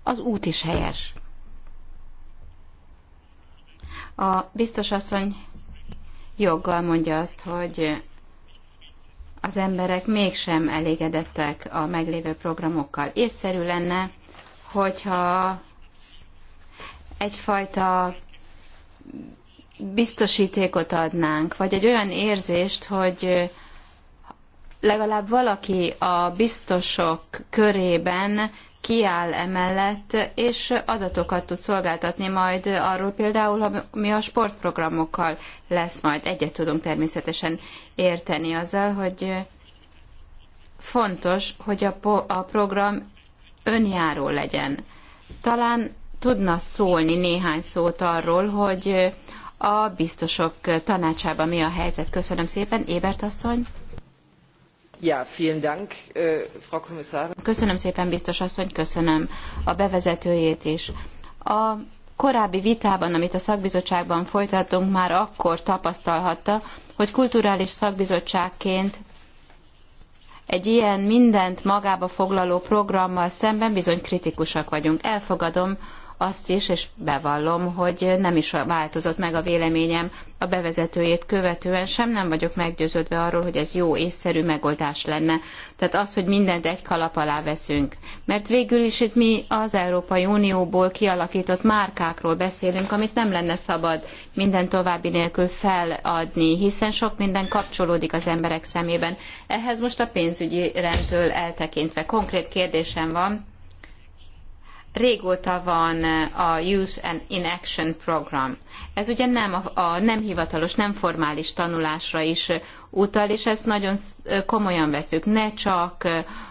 Az út is helyes. A biztos asszony joggal mondja azt, hogy az emberek mégsem elégedettek a meglévő programokkal. Észszerű lenne hogyha egyfajta biztosítékot adnánk, vagy egy olyan érzést, hogy legalább valaki a biztosok körében kiáll emellett, és adatokat tud szolgáltatni majd arról például, ha mi a sportprogramokkal lesz majd. Egyet tudunk természetesen érteni azzal, hogy fontos, hogy a, a program önjáró legyen. Talán tudna szólni néhány szót arról, hogy a biztosok tanácsában mi a helyzet. Köszönöm szépen, Ébert asszony. Ja, vielen Dank, äh, Frau Kommissarin. Köszönöm szépen, biztos asszony, köszönöm a bevezetőjét is. A korábbi vitában, amit a szakbizottságban folytattunk, már akkor tapasztalhatta, hogy kulturális szakbizottságként egy ilyen mindent magába foglaló programmal szemben bizony kritikusak vagyunk. Elfogadom, azt is, és bevallom, hogy nem is változott meg a véleményem a bevezetőjét követően sem, nem vagyok meggyőződve arról, hogy ez jó észszerű megoldás lenne. Tehát az, hogy mindent egy kalap alá veszünk. Mert végül is itt mi az Európai Unióból kialakított márkákról beszélünk, amit nem lenne szabad minden további nélkül feladni, hiszen sok minden kapcsolódik az emberek szemében. Ehhez most a pénzügyi rendtől eltekintve konkrét kérdésem van, régóta van uh, a Use and in Action program. Ez ugye nem a, a nem hivatalos, nem formális tanulásra is uh, utal, és ezt nagyon uh, komolyan veszük. Ne csak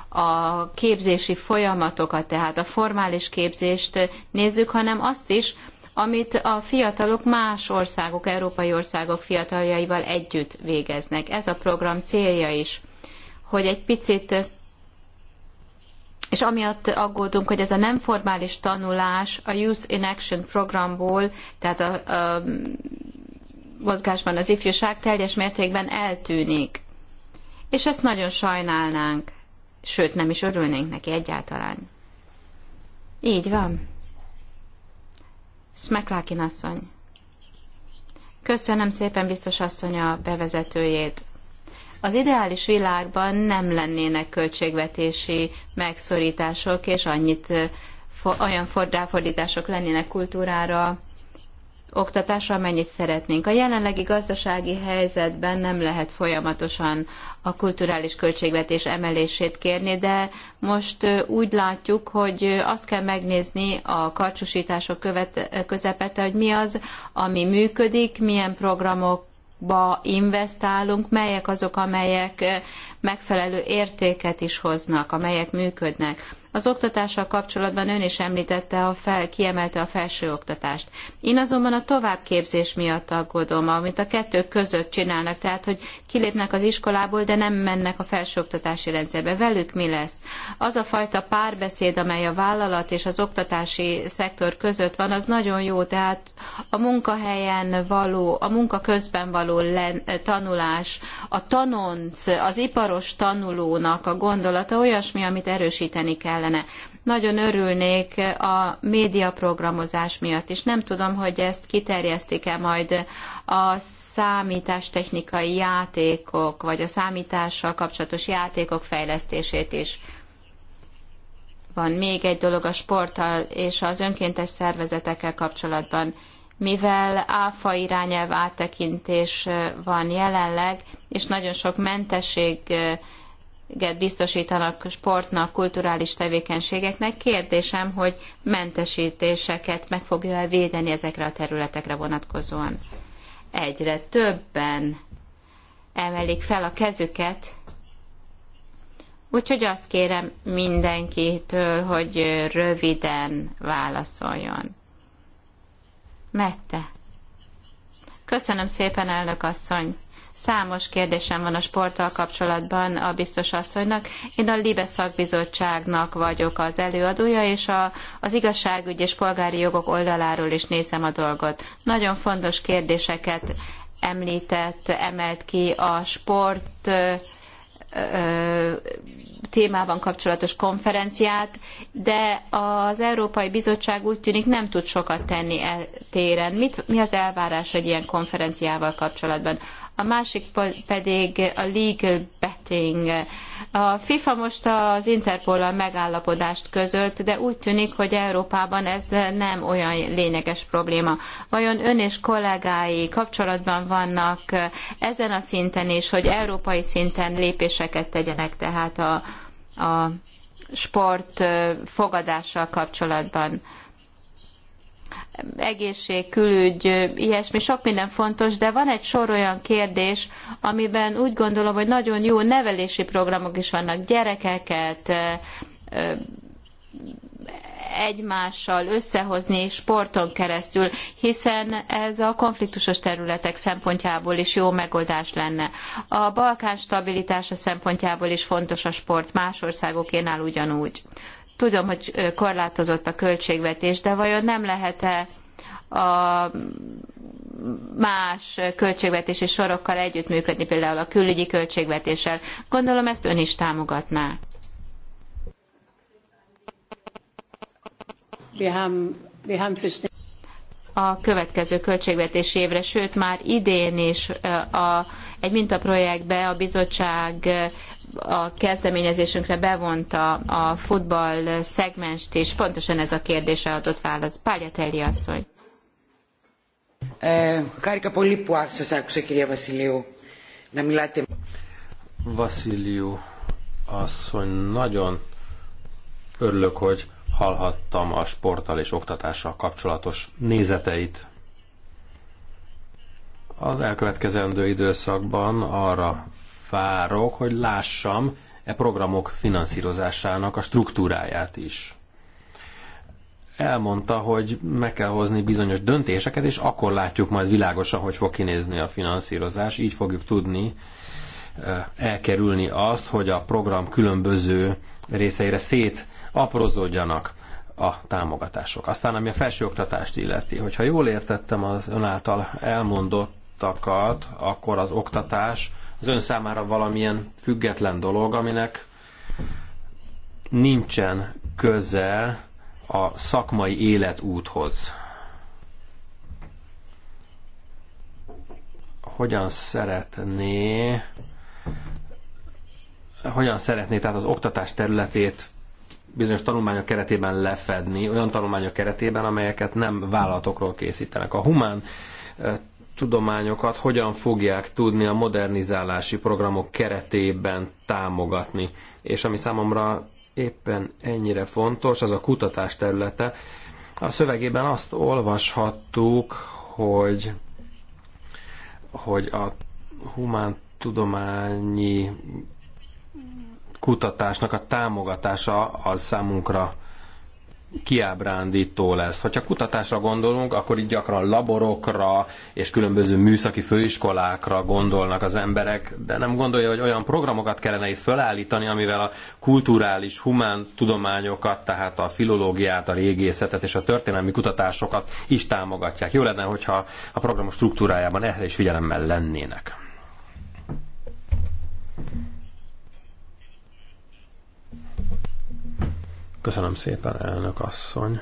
a képzési folyamatokat, tehát a formális képzést nézzük, hanem azt is, amit a fiatalok más országok, európai országok fiataljaival együtt végeznek. Ez a program célja is, hogy egy picit és amiatt aggódunk, hogy ez a nem formális tanulás a Youth in Action programból, tehát a, a mozgásban az ifjúság teljes mértékben eltűnik. És ezt nagyon sajnálnánk, sőt nem is örülnénk neki egyáltalán. Így van. Smeklákin asszony. Köszönöm szépen biztos asszony a bevezetőjét. Az ideális világban nem lennének költségvetési megszorítások, és annyit olyan ráfordítások lennének kultúrára, oktatásra, amennyit szeretnénk. A jelenlegi gazdasági helyzetben nem lehet folyamatosan a kulturális költségvetés emelését kérni, de most úgy látjuk, hogy azt kell megnézni a karcsúsítások követ, közepete, hogy mi az, ami működik, milyen programok ba investálunk, melyek azok, amelyek eh, megfelelő értéket is hoznak, amelyek működnek. Az oktatással kapcsolatban ön is említette, a fel, kiemelte a felsőoktatást. Én azonban a továbbképzés miatt aggódom, amit a kettő között csinálnak, tehát hogy kilépnek az iskolából, de nem mennek a felsőoktatási rendszerbe. Velük mi lesz? Az a fajta párbeszéd, amely a vállalat és az oktatási szektor között van, az nagyon jó, tehát a munkahelyen való, a munka közben való len, tanulás, a tanonc, az iparos tanulónak a gondolata olyasmi, amit erősíteni kell kellene. Nagyon örülnék a médiaprogramozás miatt is. Nem tudom, hogy ezt kiterjesztik-e majd a számítástechnikai játékok, vagy a számítással kapcsolatos játékok fejlesztését is van még egy dolog a sporttal és az önkéntes szervezetekkel kapcsolatban. Mivel áfa irányelv áttekintés van jelenleg, és nagyon sok mentesség biztosítanak sportnak, kulturális tevékenységeknek. Kérdésem, hogy mentesítéseket meg fogja-e védeni ezekre a területekre vonatkozóan? Egyre többen emelik fel a kezüket, úgyhogy azt kérem mindenkitől, hogy röviden válaszoljon. Mette. Köszönöm szépen, elnök asszony. Számos kérdésem van a sporttal kapcsolatban a biztos asszonynak. Én a Libe szakbizottságnak vagyok az előadója, és a, az igazságügy és polgári jogok oldaláról is nézem a dolgot. Nagyon fontos kérdéseket említett, emelt ki a sport témában kapcsolatos konferenciát, de az Európai Bizottság úgy tűnik nem tud sokat tenni e téren. Mit, mi az elvárás egy ilyen konferenciával kapcsolatban? a másik pedig a legal betting. A FIFA most az interpol a megállapodást között, de úgy tűnik, hogy Európában ez nem olyan lényeges probléma. Vajon ön és kollégái kapcsolatban vannak ezen a szinten is, hogy európai szinten lépéseket tegyenek tehát a, a sport fogadással kapcsolatban? egészség, külügy, ilyesmi, sok minden fontos, de van egy sor olyan kérdés, amiben úgy gondolom, hogy nagyon jó nevelési programok is vannak, gyerekeket, egymással összehozni sporton keresztül, hiszen ez a konfliktusos területek szempontjából is jó megoldás lenne. A Balkán stabilitása szempontjából is fontos a sport, más országokénál ugyanúgy. Tudom, hogy korlátozott a költségvetés, de vajon nem lehet-e a más költségvetési sorokkal együttműködni, például a külügyi költségvetéssel. Gondolom ezt ön is támogatná. A következő költségvetési évre, sőt már idén is a, egy mintaprojektbe a bizottság a kezdeményezésünkre bevonta a futball szegmest, és pontosan ez a kérdésre adott választ. Pályatelli asszony. Χάρηκα πολύ που σας άκουσα κυρία Βασιλείου να asszony, nagyon örülök, hogy hallhattam a sporttal és oktatással kapcsolatos nézeteit. Az elkövetkezendő időszakban arra fárok, hogy lássam e programok finanszírozásának a struktúráját is. Elmondta, hogy meg kell hozni bizonyos döntéseket, és akkor látjuk majd világosan, hogy fog kinézni a finanszírozás. Így fogjuk tudni e, elkerülni azt, hogy a program különböző részeire szét aprozódjanak a támogatások. Aztán ami a felsőoktatást illeti, hogyha jól értettem az önáltal elmondottakat, akkor az oktatás az ön számára valamilyen független dolog, aminek nincsen köze a szakmai életúthoz. Hogyan szeretné hogyan szeretné tehát az oktatás területét bizonyos tanulmányok keretében lefedni, olyan tanulmányok keretében, amelyeket nem vállalatokról készítenek. A humán eh, tudományokat hogyan fogják tudni a modernizálási programok keretében támogatni. És ami számomra éppen ennyire fontos, az a kutatás területe. A szövegében azt olvashattuk, hogy, hogy a humán tudományi kutatásnak a támogatása az számunkra kiábrándító lesz. Hogyha kutatásra gondolunk, akkor itt gyakran laborokra és különböző műszaki főiskolákra gondolnak az emberek, de nem gondolja, hogy olyan programokat kellene itt felállítani, amivel a kulturális, humán tudományokat, tehát a filológiát, a régészetet és a történelmi kutatásokat is támogatják. Jó lenne, hogyha a programok struktúrájában erre is figyelemmel lennének. Köszönöm szépen, elnök asszony.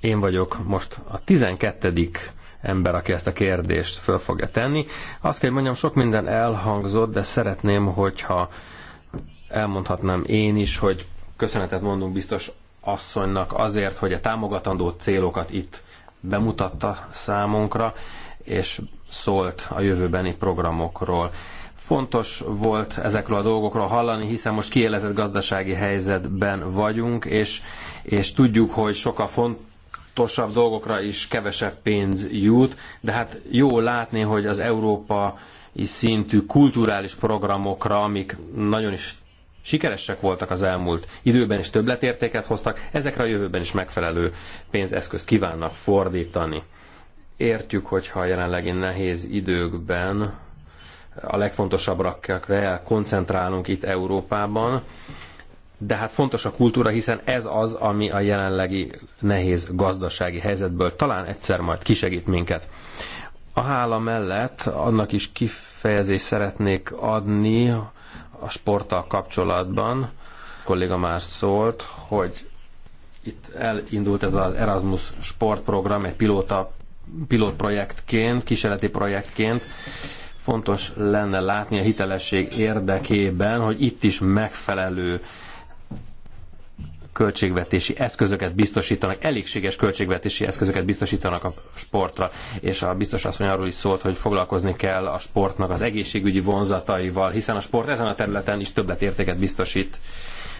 Én vagyok most a 12 ember, aki ezt a kérdést föl fogja tenni. Azt kell, hogy mondjam, sok minden elhangzott, de szeretném, hogyha elmondhatnám én is, hogy köszönetet mondunk biztos asszonynak azért, hogy a támogatandó célokat itt bemutatta számunkra, és szólt a jövőbeni programokról. Fontos volt ezekről a dolgokról hallani, hiszen most kielezett gazdasági helyzetben vagyunk, és, és tudjuk, hogy sokkal fontosabb fontosabb dolgokra is kevesebb pénz jut, de hát jó látni, hogy az európai szintű kulturális programokra, amik nagyon is sikeresek voltak az elmúlt időben, és többletértéket hoztak, ezekre a jövőben is megfelelő pénzeszközt kívánnak fordítani. Értjük, hogyha a jelenlegi nehéz időkben a legfontosabbra kell koncentrálnunk itt Európában. De hát fontos a kultúra, hiszen ez az, ami a jelenlegi nehéz gazdasági helyzetből talán egyszer majd kisegít minket. A hála mellett annak is kifejezést szeretnék adni a sporttal kapcsolatban. A kolléga már szólt, hogy itt elindult ez az Erasmus sportprogram egy pilóta, pilotprojektként, kísérleti projektként, fontos lenne látni a hitelesség érdekében, hogy itt is megfelelő költségvetési eszközöket biztosítanak, elégséges költségvetési eszközöket biztosítanak a sportra. És a biztos asszony arról is szólt, hogy foglalkozni kell a sportnak az egészségügyi vonzataival, hiszen a sport ezen a területen is többletértéket biztosít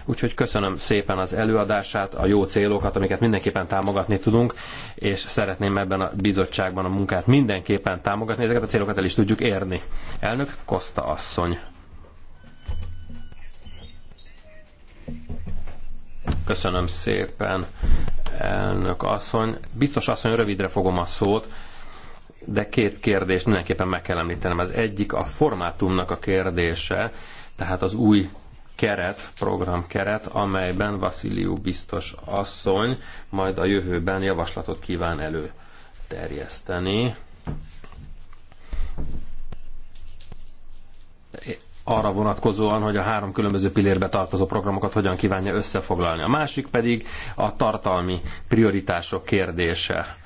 Úgyhogy köszönöm szépen az előadását, a jó célokat, amiket mindenképpen támogatni tudunk, és szeretném ebben a bizottságban a munkát mindenképpen támogatni, ezeket a célokat el is tudjuk érni. Elnök Kosta asszony. Köszönöm szépen, elnök asszony. Biztos asszony, rövidre fogom a szót, de két kérdést mindenképpen meg kell említenem. Az egyik a formátumnak a kérdése, tehát az új keret, programkeret, amelyben Vasilió biztos asszony majd a jövőben javaslatot kíván elő terjeszteni. arra vonatkozóan, hogy a három különböző pillérbe tartozó programokat hogyan kívánja összefoglalni. A másik pedig a tartalmi prioritások kérdése.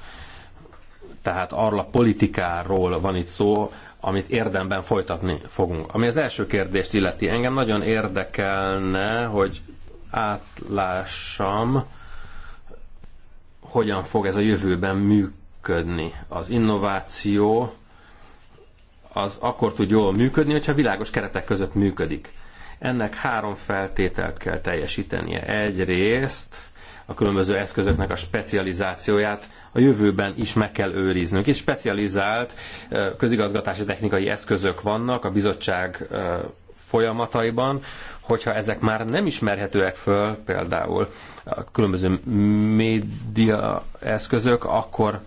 Tehát arra a politikáról van itt szó, amit érdemben folytatni fogunk. Ami az első kérdést illeti, engem nagyon érdekelne, hogy átlássam, hogyan fog ez a jövőben működni. Az innováció az akkor tud jól működni, hogyha világos keretek között működik. Ennek három feltételt kell teljesítenie. Egyrészt a különböző eszközöknek a specializációját a jövőben is meg kell őriznünk. És specializált közigazgatási technikai eszközök vannak a bizottság folyamataiban, hogyha ezek már nem ismerhetőek föl, például a különböző média eszközök, akkor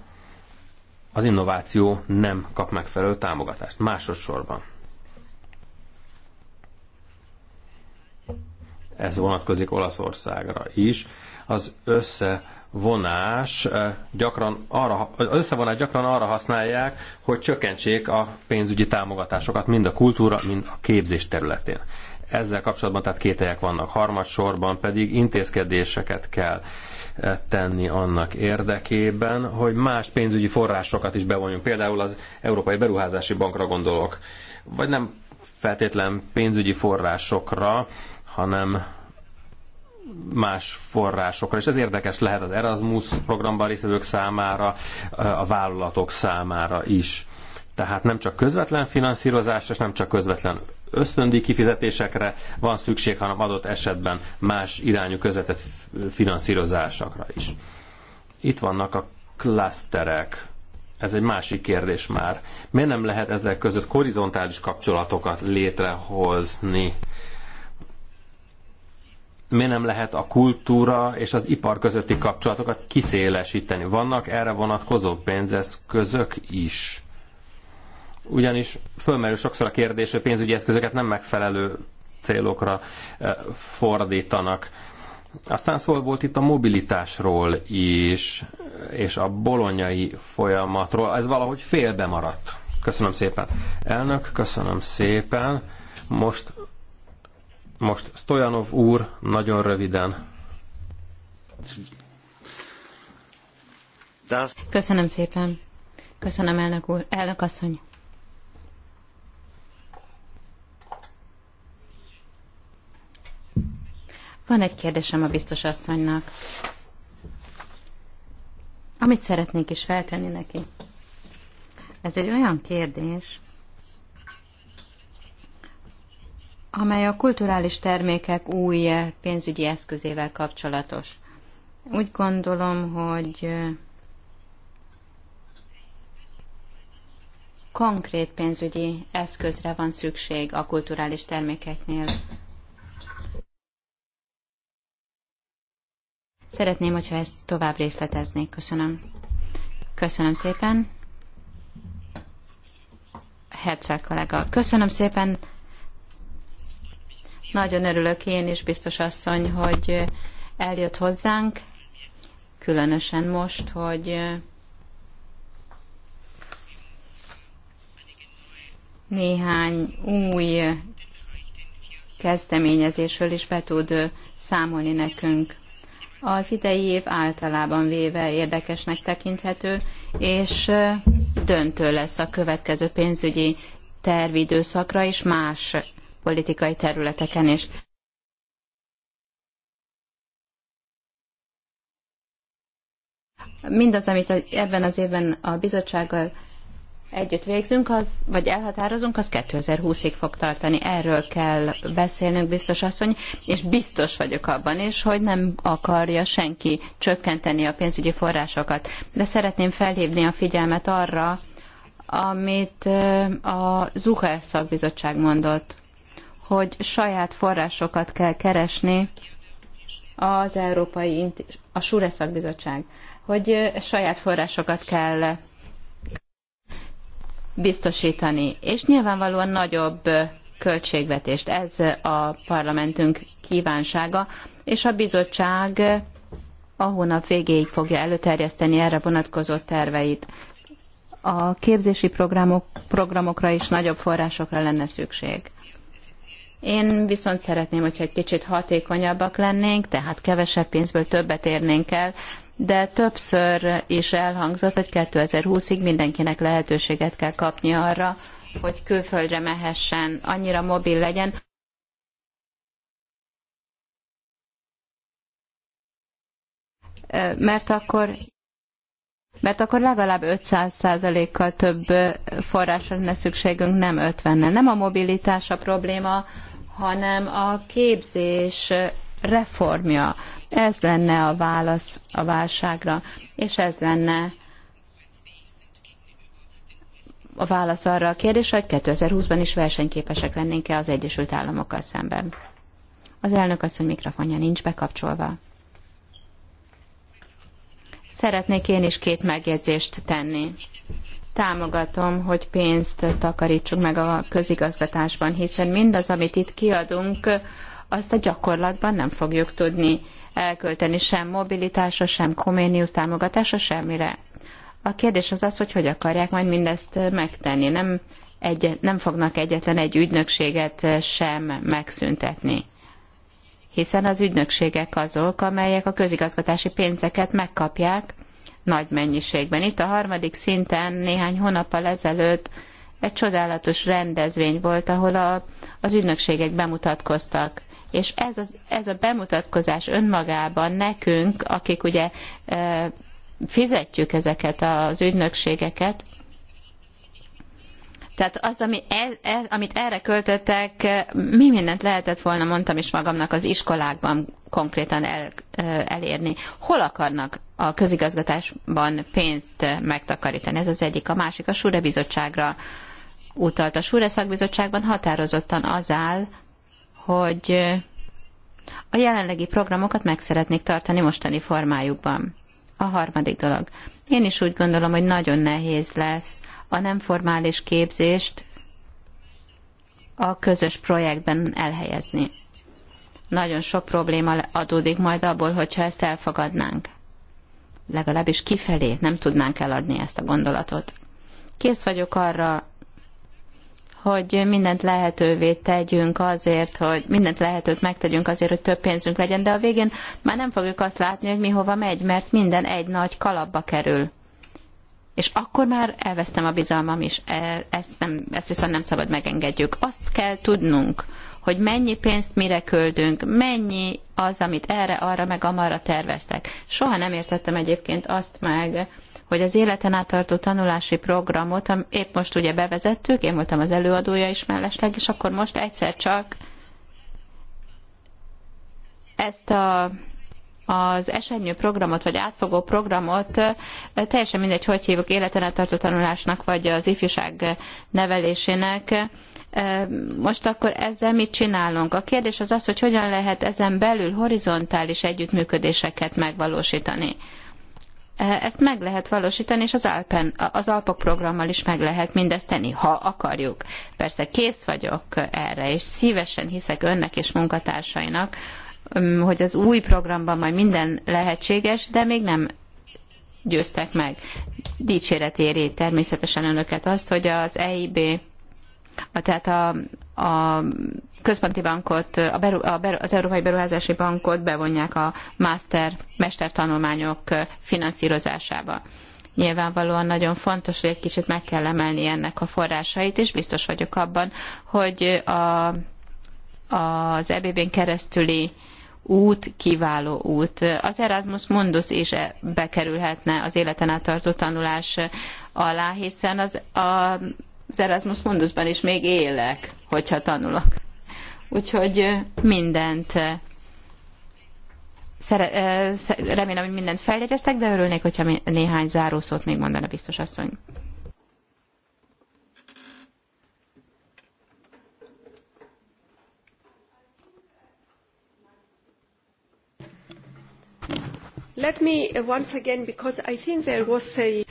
az innováció nem kap megfelelő támogatást. Másodszorban. Ez vonatkozik Olaszországra is az összevonás gyakran arra, az összevonás gyakran arra használják, hogy csökkentsék a pénzügyi támogatásokat mind a kultúra, mind a képzés területén. Ezzel kapcsolatban tehát kételyek vannak. Harmadsorban pedig intézkedéseket kell tenni annak érdekében, hogy más pénzügyi forrásokat is bevonjunk. Például az Európai Beruházási Bankra gondolok. Vagy nem feltétlen pénzügyi forrásokra, hanem más forrásokra, és ez érdekes lehet az Erasmus programban részvevők számára, a vállalatok számára is. Tehát nem csak közvetlen finanszírozásra, és nem csak közvetlen ösztöndi kifizetésekre van szükség, hanem adott esetben más irányú közvetett finanszírozásakra is. Itt vannak a klaszterek. Ez egy másik kérdés már. Miért nem lehet ezek között horizontális kapcsolatokat létrehozni? miért nem lehet a kultúra és az ipar közötti kapcsolatokat kiszélesíteni? Vannak erre vonatkozó pénzeszközök is. Ugyanis fölmerül sokszor a kérdés, hogy pénzügyi eszközöket nem megfelelő célokra eh, fordítanak. Aztán szól volt itt a mobilitásról is, és a bolonyai folyamatról. Ez valahogy félbe maradt. Köszönöm szépen. Elnök, köszönöm szépen. Most most Stojanov úr, nagyon röviden. Köszönöm szépen. Köszönöm, elnök úr. Elnök asszony. Van egy kérdésem a biztos asszonynak, amit szeretnék is feltenni neki. Ez egy olyan kérdés, amely a kulturális termékek új pénzügyi eszközével kapcsolatos. Úgy gondolom, hogy konkrét pénzügyi eszközre van szükség a kulturális termékeknél. Szeretném, hogyha ezt tovább részleteznék. Köszönöm. Köszönöm szépen. Herceg kollega. Köszönöm szépen. Nagyon örülök én is, biztos asszony, hogy eljött hozzánk, különösen most, hogy néhány új kezdeményezésről is be tud számolni nekünk. Az idei év általában véve érdekesnek tekinthető, és döntő lesz a következő pénzügyi tervidőszakra és más politikai területeken is. Mindaz, amit ebben az évben a bizottsággal együtt végzünk, az, vagy elhatározunk, az 2020-ig fog tartani. Erről kell beszélnünk, biztos asszony, és biztos vagyok abban is, hogy nem akarja senki csökkenteni a pénzügyi forrásokat. De szeretném felhívni a figyelmet arra, amit a Zuha szakbizottság mondott hogy saját forrásokat kell keresni az Európai a Sure Szakbizottság, hogy saját forrásokat kell biztosítani, és nyilvánvalóan nagyobb költségvetést. Ez a parlamentünk kívánsága, és a bizottság a hónap végéig fogja előterjeszteni erre vonatkozó terveit. A képzési programok, programokra is nagyobb forrásokra lenne szükség. Én viszont szeretném, hogyha egy kicsit hatékonyabbak lennénk, tehát kevesebb pénzből többet érnénk el, de többször is elhangzott, hogy 2020-ig mindenkinek lehetőséget kell kapni arra, hogy külföldre mehessen, annyira mobil legyen, mert akkor mert akkor legalább 500%-kal több forrásra lenne szükségünk, nem 50-nel. Nem a mobilitás a probléma, hanem a képzés reformja. Ez lenne a válasz a válságra, és ez lenne a válasz arra a kérdésre, hogy 2020-ban is versenyképesek lennénk-e az Egyesült Államokkal szemben. Az elnök asszony mikrofonja nincs bekapcsolva. Szeretnék én is két megjegyzést tenni támogatom, hogy pénzt takarítsunk meg a közigazgatásban, hiszen mindaz, amit itt kiadunk, azt a gyakorlatban nem fogjuk tudni elkölteni sem mobilitásra, sem koméniusz támogatásra, semmire. A kérdés az az, hogy hogy akarják majd mindezt megtenni. Nem, egy, nem fognak egyetlen egy ügynökséget sem megszüntetni. Hiszen az ügynökségek azok, amelyek a közigazgatási pénzeket megkapják, nagy mennyiségben. Itt a harmadik szinten néhány hónappal ezelőtt egy csodálatos rendezvény volt, ahol a, az ügynökségek bemutatkoztak. És ez, az, ez a bemutatkozás önmagában nekünk, akik ugye e, fizetjük ezeket az ügynökségeket, tehát az, ami e, e, amit erre költöttek, mi mindent lehetett volna, mondtam is magamnak, az iskolákban konkrétan el, e, elérni. Hol akarnak a közigazgatásban pénzt megtakarítani. Ez az egyik. A másik a Súre bizottságra utalt. A Súre szakbizottságban határozottan az áll, hogy a jelenlegi programokat meg szeretnék tartani mostani formájukban. A harmadik dolog. Én is úgy gondolom, hogy nagyon nehéz lesz a nem formális képzést a közös projektben elhelyezni. Nagyon sok probléma adódik majd abból, hogyha ezt elfogadnánk legalábbis kifelé nem tudnánk eladni ezt a gondolatot. Kész vagyok arra, hogy mindent lehetővé tegyünk azért, hogy mindent lehetőt megtegyünk azért, hogy több pénzünk legyen, de a végén már nem fogjuk azt látni, hogy mi hova megy, mert minden egy nagy kalapba kerül. És akkor már elvesztem a bizalmam is. E, ezt, nem, ezt viszont nem szabad megengedjük. Azt kell tudnunk, hogy mennyi pénzt mire köldünk, mennyi az, amit erre, arra, meg amarra terveztek. Soha nem értettem egyébként azt meg, hogy az életen átartó tanulási programot, épp most ugye bevezettük, én voltam az előadója is mellesleg, és akkor most egyszer csak ezt a az esernyő programot, vagy átfogó programot, teljesen mindegy, hogy hívjuk életen át tartó tanulásnak, vagy az ifjúság nevelésének, most akkor ezzel mit csinálunk? A kérdés az az, hogy hogyan lehet ezen belül horizontális együttműködéseket megvalósítani. Ezt meg lehet valósítani, és az, Alpen, az Alpok programmal is meg lehet mindezt tenni, ha akarjuk. Persze kész vagyok erre, és szívesen hiszek önnek és munkatársainak, hogy az új programban majd minden lehetséges, de még nem győztek meg. Dicséret éri természetesen önöket azt, hogy az EIB tehát a, a központi bankot, a beru, a beru, az Európai Beruházási Bankot bevonják a master, mestertanulmányok finanszírozásába. Nyilvánvalóan nagyon fontos, hogy egy kicsit meg kell emelni ennek a forrásait, és biztos vagyok abban, hogy a, az EBB-n keresztüli út, kiváló út. Az Erasmus Mundus is e- bekerülhetne az életen át tartó tanulás alá, hiszen az, a, az Erasmus Mundusban is még élek, hogyha tanulok. Úgyhogy mindent Szere, remélem, hogy mindent feljegyeztek, de örülnék, hogyha néhány zárószót még mondana biztos asszony. Let me uh, once again, because I think there was a...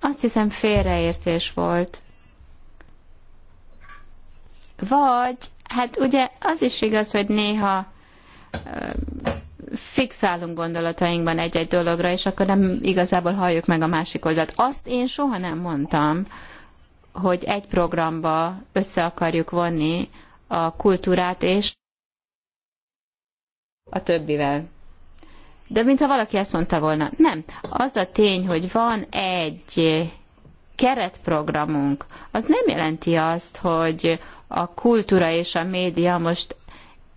Azt hiszem félreértés volt. Vagy, hát ugye az is igaz, hogy néha fixálunk gondolatainkban egy-egy dologra, és akkor nem igazából halljuk meg a másik oldalt. Azt én soha nem mondtam, hogy egy programba össze akarjuk vonni a kultúrát és a többivel. De mintha valaki ezt mondta volna, nem. Az a tény, hogy van egy keretprogramunk, az nem jelenti azt, hogy a kultúra és a média most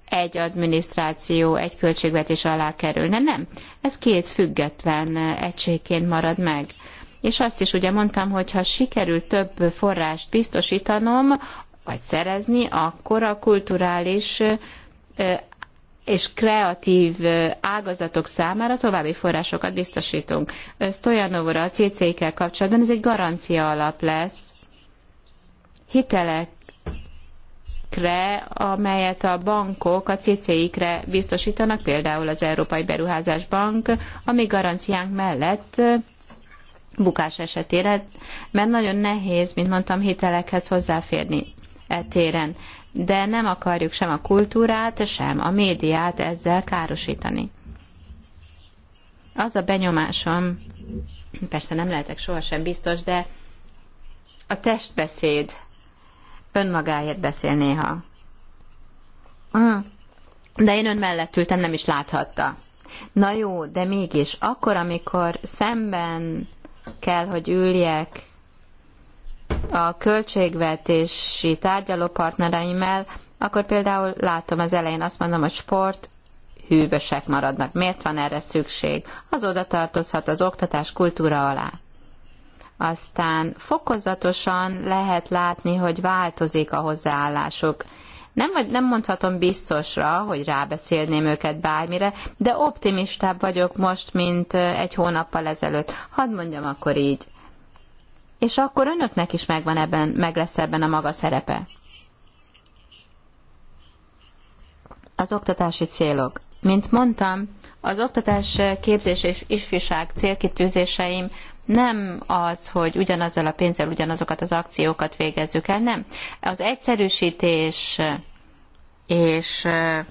egy adminisztráció, egy költségvetés alá kerülne. Nem. Ez két független egységként marad meg. És azt is ugye mondtam, hogy ha sikerül több forrást biztosítanom, vagy szerezni, akkor a kulturális és kreatív ágazatok számára további forrásokat biztosítunk. Stojanovra a CC-kel kapcsolatban ez egy garancia alap lesz. Hitelekre, amelyet a bankok a cci kre biztosítanak, például az Európai Beruházás Bank, ami garanciánk mellett bukás esetére, mert nagyon nehéz, mint mondtam, hitelekhez hozzáférni e téren de nem akarjuk sem a kultúrát, sem a médiát ezzel károsítani. Az a benyomásom, persze nem lehetek sohasem biztos, de a testbeszéd önmagáért beszél néha. Mm. De én ön mellett ültem, nem is láthatta. Na jó, de mégis, akkor, amikor szemben kell, hogy üljek a költségvetési tárgyalópartnereimmel, akkor például látom az elején azt mondom, hogy sport, hűvösek maradnak. Miért van erre szükség? Az oda tartozhat az oktatás kultúra alá. Aztán fokozatosan lehet látni, hogy változik a hozzáállásuk. Nem, nem mondhatom biztosra, hogy rábeszélném őket bármire, de optimistább vagyok most, mint egy hónappal ezelőtt. Hadd mondjam akkor így és akkor önöknek is megvan ebben, meg lesz ebben a maga szerepe. Az oktatási célok. Mint mondtam, az oktatás eh, képzés és ifjúság célkitűzéseim nem az, hogy ugyanazzal a pénzzel ugyanazokat az akciókat végezzük el, nem. Az egyszerűsítés eh, és eh,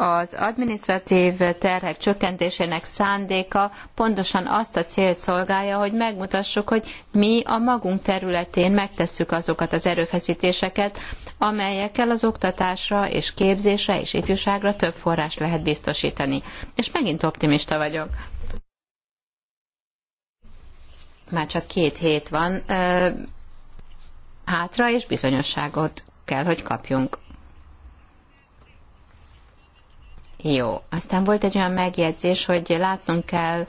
az administratív terhek csökkentésének szándéka pontosan azt a célt szolgálja, hogy megmutassuk, hogy mi a magunk területén megtesszük azokat az erőfeszítéseket, amelyekkel az oktatásra és képzésre és ifjúságra több forrás lehet biztosítani. És megint optimista vagyok. Már csak két hét van ö, hátra, és bizonyosságot kell, hogy kapjunk. Jó. Aztán volt egy olyan megjegyzés, hogy látnunk kell,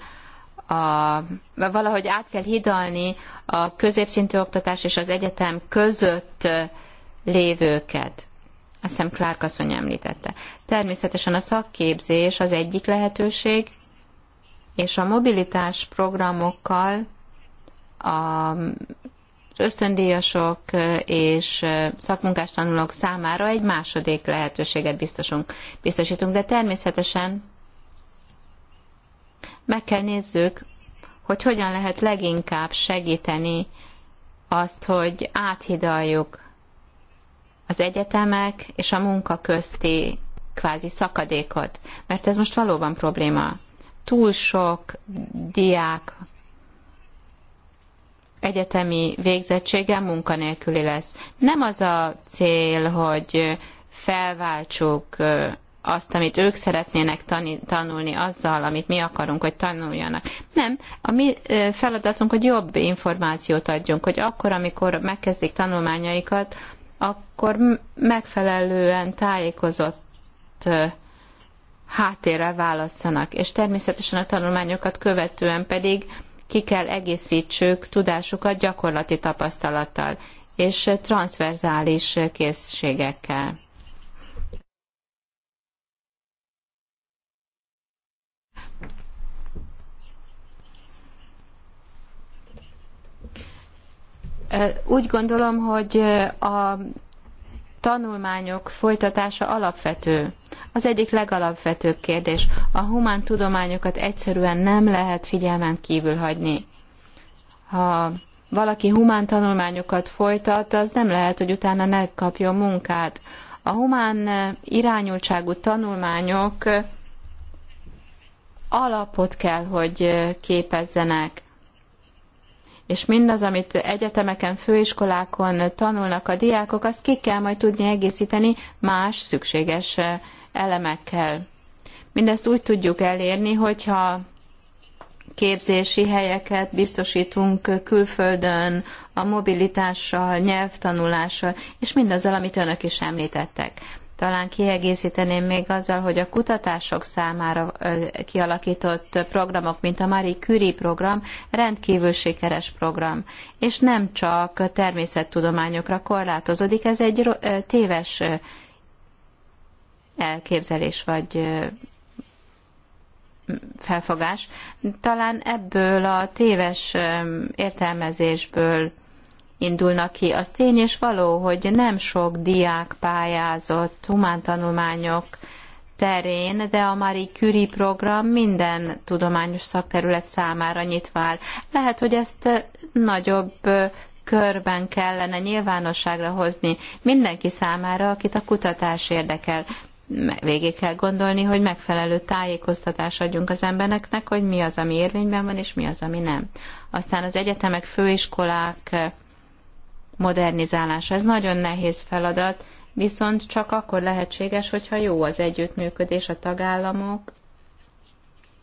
a, valahogy át kell hidalni a középszintű oktatás és az egyetem között lévőket. Azt hiszem Clark asszony említette. Természetesen a szakképzés az egyik lehetőség, és a mobilitás programokkal a ösztöndíjasok és szakmunkás tanulók számára egy második lehetőséget biztosunk, biztosítunk. De természetesen meg kell nézzük, hogy hogyan lehet leginkább segíteni azt, hogy áthidaljuk az egyetemek és a munka közti kvázi szakadékot, mert ez most valóban probléma. Túl sok diák egyetemi végzettsége munkanélküli lesz. Nem az a cél, hogy felváltsuk azt, amit ők szeretnének tanulni azzal, amit mi akarunk, hogy tanuljanak. Nem, a mi feladatunk, hogy jobb információt adjunk, hogy akkor, amikor megkezdik tanulmányaikat, akkor megfelelően tájékozott háttérrel válasszanak, és természetesen a tanulmányokat követően pedig ki kell egészítsük tudásukat gyakorlati tapasztalattal és transzverzális készségekkel. Úgy gondolom, hogy a tanulmányok folytatása alapvető az egyik legalapvetőbb kérdés. A humán tudományokat egyszerűen nem lehet figyelmen kívül hagyni. Ha valaki humán tanulmányokat folytat, az nem lehet, hogy utána ne kapjon munkát. A humán eh, irányultságú tanulmányok eh, alapot kell, hogy eh, képezzenek. És mindaz, amit egyetemeken, főiskolákon tanulnak a diákok, azt ki kell majd tudni egészíteni más szükséges elemekkel. Mindezt úgy tudjuk elérni, hogyha képzési helyeket biztosítunk külföldön, a mobilitással, nyelvtanulással, és mindazzal, amit önök is említettek. Talán kiegészíteném még azzal, hogy a kutatások számára kialakított programok, mint a Marie Curie program, rendkívül sikeres program, és nem csak természettudományokra korlátozódik, ez egy téves elképzelés vagy felfogás. Talán ebből a téves értelmezésből indulnak ki. Az tény és való, hogy nem sok diák pályázott humántanulmányok terén, de a Marie Curie program minden tudományos szakterület számára nyitva áll. Lehet, hogy ezt nagyobb körben kellene nyilvánosságra hozni mindenki számára, akit a kutatás érdekel végig kell gondolni, hogy megfelelő tájékoztatás adjunk az embereknek, hogy mi az, ami érvényben van, és mi az, ami nem. Aztán az egyetemek, főiskolák eh, modernizálása. Ez nagyon nehéz feladat, viszont csak akkor lehetséges, hogyha jó az együttműködés a tagállamok,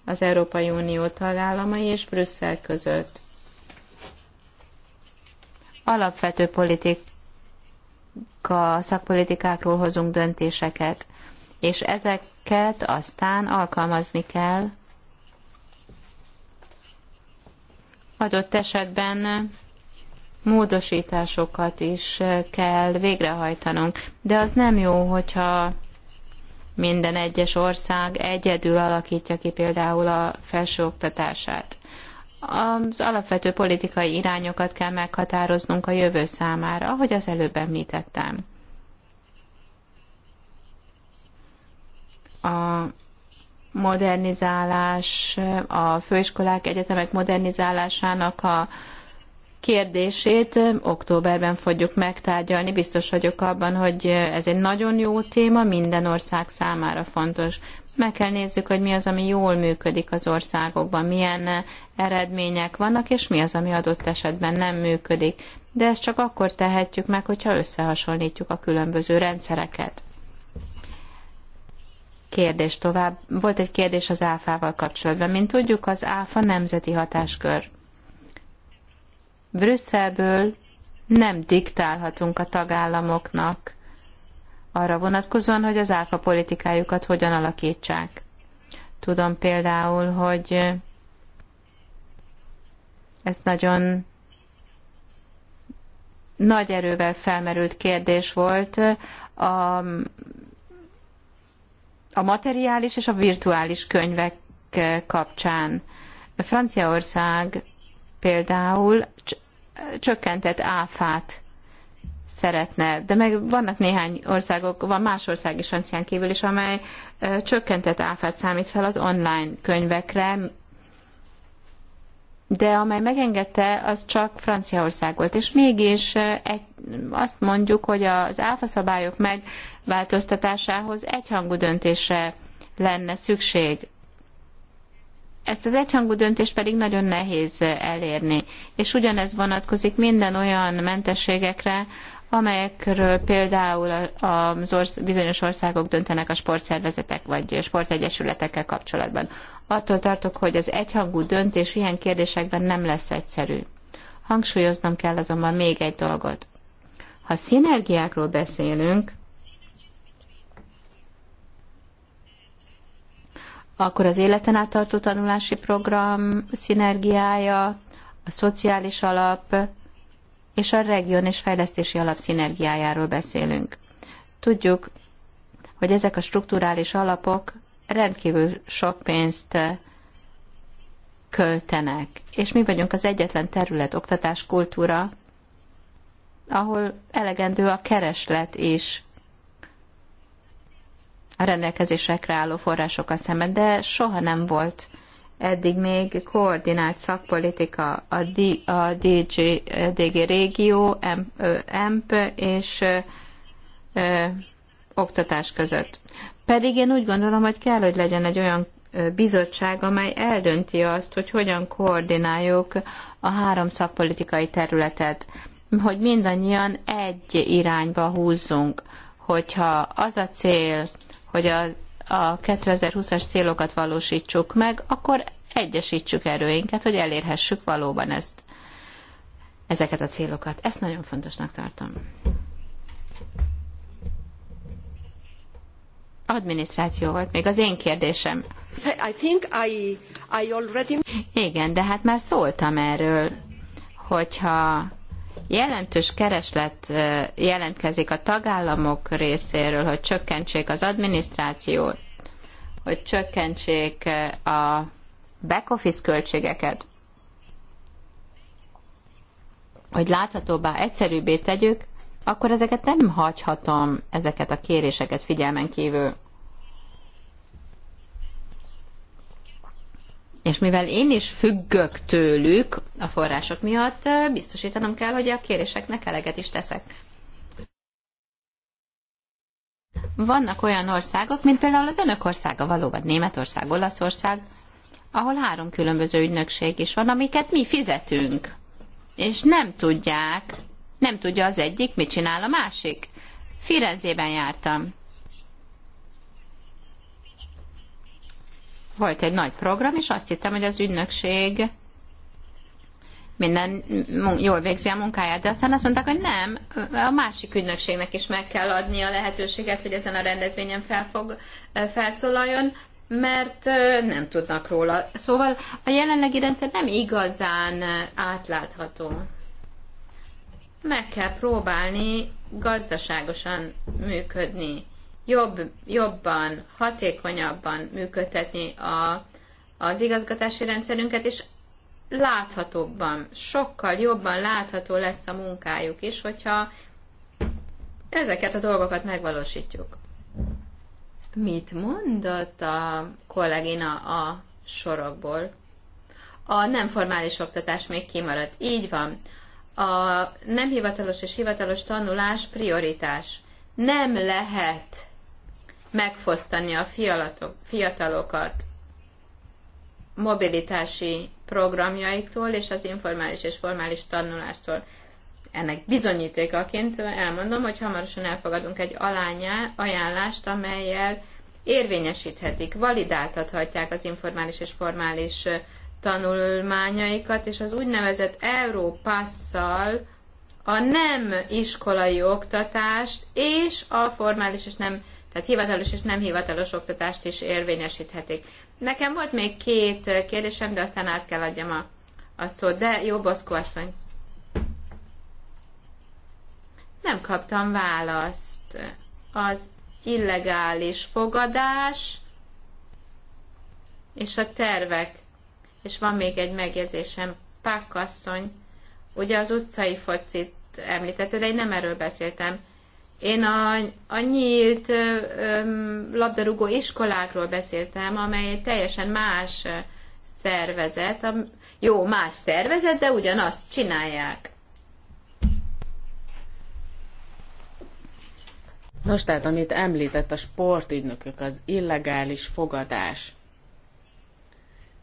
az Európai Unió tagállamai és Brüsszel között. Alapvető politika, szakpolitikákról hozunk döntéseket és ezeket aztán alkalmazni kell adott esetben módosításokat is kell végrehajtanunk. De az nem jó, hogyha minden egyes ország egyedül alakítja ki például a felsőoktatását. Az alapvető politikai irányokat kell meghatároznunk a jövő számára, ahogy az előbb említettem. a modernizálás, a főiskolák, egyetemek modernizálásának a kérdését októberben fogjuk megtárgyalni. Biztos vagyok abban, hogy ez egy nagyon jó téma, minden ország számára fontos. Meg kell nézzük, hogy mi az, ami jól működik az országokban, milyen eredmények vannak, és mi az, ami adott esetben nem működik. De ezt csak akkor tehetjük meg, hogyha összehasonlítjuk a különböző rendszereket kérdés tovább. Volt egy kérdés az áfával kapcsolatban. Mint tudjuk, az áfa nemzeti hatáskör. Brüsszelből nem diktálhatunk a tagállamoknak arra vonatkozóan, hogy az áfa politikájukat hogyan alakítsák. Tudom például, hogy ez nagyon nagy erővel felmerült kérdés volt a a materiális és a virtuális könyvek eh, kapcsán. Franciaország például csökkentett áfát szeretne, de meg vannak néhány országok, van más ország is Francián kívül is, amely eh, csökkentett áfát számít fel az online könyvekre, de amely megengedte, az csak Franciaország volt. És mégis eh, egy, azt mondjuk, hogy az áfaszabályok meg változtatásához egyhangú döntésre lenne szükség. Ezt az egyhangú döntést pedig nagyon nehéz elérni, és ugyanez vonatkozik minden olyan mentességekre, amelyekről például az orsz- bizonyos országok döntenek a sportszervezetek vagy sportegyesületekkel kapcsolatban. Attól tartok, hogy az egyhangú döntés ilyen kérdésekben nem lesz egyszerű. Hangsúlyoznom kell azonban még egy dolgot. Ha szinergiákról beszélünk, akkor az életen át tartó tanulási program szinergiája, a szociális alap és a region és fejlesztési alap szinergiájáról beszélünk. Tudjuk, hogy ezek a strukturális alapok rendkívül sok pénzt eh, költenek, és mi vagyunk az egyetlen terület, oktatás, kultúra, ahol elegendő a kereslet is a rendelkezésekre álló forrásokkal szemben, de soha nem volt eddig még koordinált szakpolitika a, D, a DG, DG régió, EMP és ö, ö, oktatás között. Pedig én úgy gondolom, hogy kell, hogy legyen egy olyan bizottság, amely eldönti azt, hogy hogyan koordináljuk a három szakpolitikai területet, hogy mindannyian egy irányba húzzunk, hogyha az a cél, hogy a, a 2020-as célokat valósítsuk meg, akkor egyesítsük erőinket, hogy elérhessük valóban ezt, ezeket a célokat. Ezt nagyon fontosnak tartom. Adminisztráció volt még az én kérdésem. I think I, I already... Igen, de hát már szóltam erről, hogyha jelentős kereslet jelentkezik a tagállamok részéről, hogy csökkentsék az adminisztrációt, hogy csökkentsék a back-office költségeket, hogy láthatóbbá, egyszerűbbé tegyük, akkor ezeket nem hagyhatom, ezeket a kéréseket figyelmen kívül. és mivel én is függök tőlük a források miatt, biztosítanom kell, hogy a kéréseknek eleget is teszek. Vannak olyan országok, mint például az önök országa valóban, Németország, Olaszország, ahol három különböző ügynökség is van, amiket mi fizetünk, és nem tudják, nem tudja az egyik, mit csinál a másik. Firenzében jártam. volt egy nagy program, és azt hittem, hogy az ügynökség minden jól végzi a munkáját, de aztán azt mondták, hogy nem, a másik ügynökségnek is meg kell adni a lehetőséget, hogy ezen a rendezvényen felfog, felszólaljon, mert nem tudnak róla. Szóval a jelenlegi rendszer nem igazán átlátható. Meg kell próbálni gazdaságosan működni jobb, jobban, hatékonyabban működtetni a, az igazgatási rendszerünket, és láthatóbban, sokkal jobban látható lesz a munkájuk is, hogyha ezeket a dolgokat megvalósítjuk. Mit mondott a kollégina a sorokból? A nem formális oktatás még kimaradt. Így van. A nem hivatalos és hivatalos tanulás prioritás. Nem lehet megfosztani a fialatok, fiatalokat mobilitási programjaiktól és az informális és formális tanulástól. Ennek bizonyítékaként elmondom, hogy hamarosan elfogadunk egy alányá, ajánlást, amelyel érvényesíthetik, validáltathatják az informális és formális tanulmányaikat, és az úgynevezett Európasszal a nem iskolai oktatást és a formális és nem tehát hivatalos és nem hivatalos oktatást is érvényesíthetik. Nekem volt még két eh, kérdésem, de aztán át kell adjam a, a szót. De jó, Boszkó asszony. Nem kaptam választ. Az illegális fogadás és a tervek. És van még egy megjegyzésem. Pákasszony, ugye az utcai focit említette, de én nem erről beszéltem én a, a nyílt ö, labdarúgó iskolákról beszéltem, amely teljesen más szervezet, a, jó, más szervezet, de ugyanazt csinálják. Nos, tehát amit említett a sportügynökök, az illegális fogadás,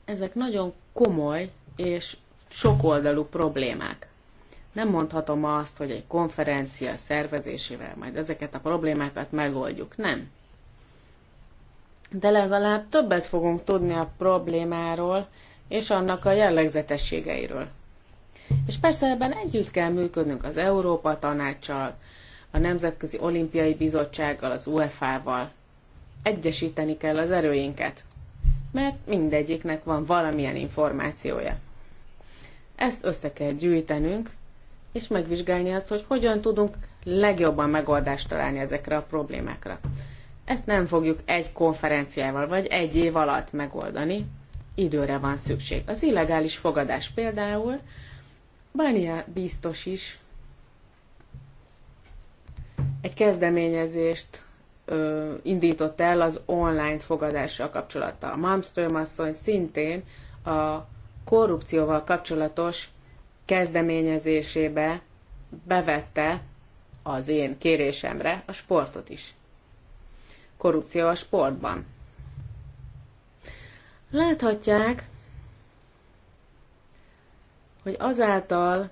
ezek nagyon komoly és sokoldalú problémák. Nem mondhatom azt, hogy egy konferencia szervezésével majd ezeket a problémákat megoldjuk. Nem. De legalább többet fogunk tudni a problémáról és annak a jellegzetességeiről. És persze ebben együtt kell működnünk az Európa Tanácssal, a Nemzetközi Olimpiai Bizottsággal, az UEFA-val. Egyesíteni kell az erőinket, mert mindegyiknek van valamilyen információja. Ezt össze kell gyűjtenünk, és megvizsgálni azt, hogy hogyan tudunk legjobban megoldást találni ezekre a problémákra. Ezt nem fogjuk egy konferenciával vagy egy év alatt megoldani, időre van szükség. Az illegális fogadás például, Bánia biztos is egy kezdeményezést ö, indított el az online fogadással A Malmström asszony szintén a korrupcióval kapcsolatos kezdeményezésébe bevette az én kérésemre a sportot is. Korrupció a sportban. Láthatják, hogy azáltal,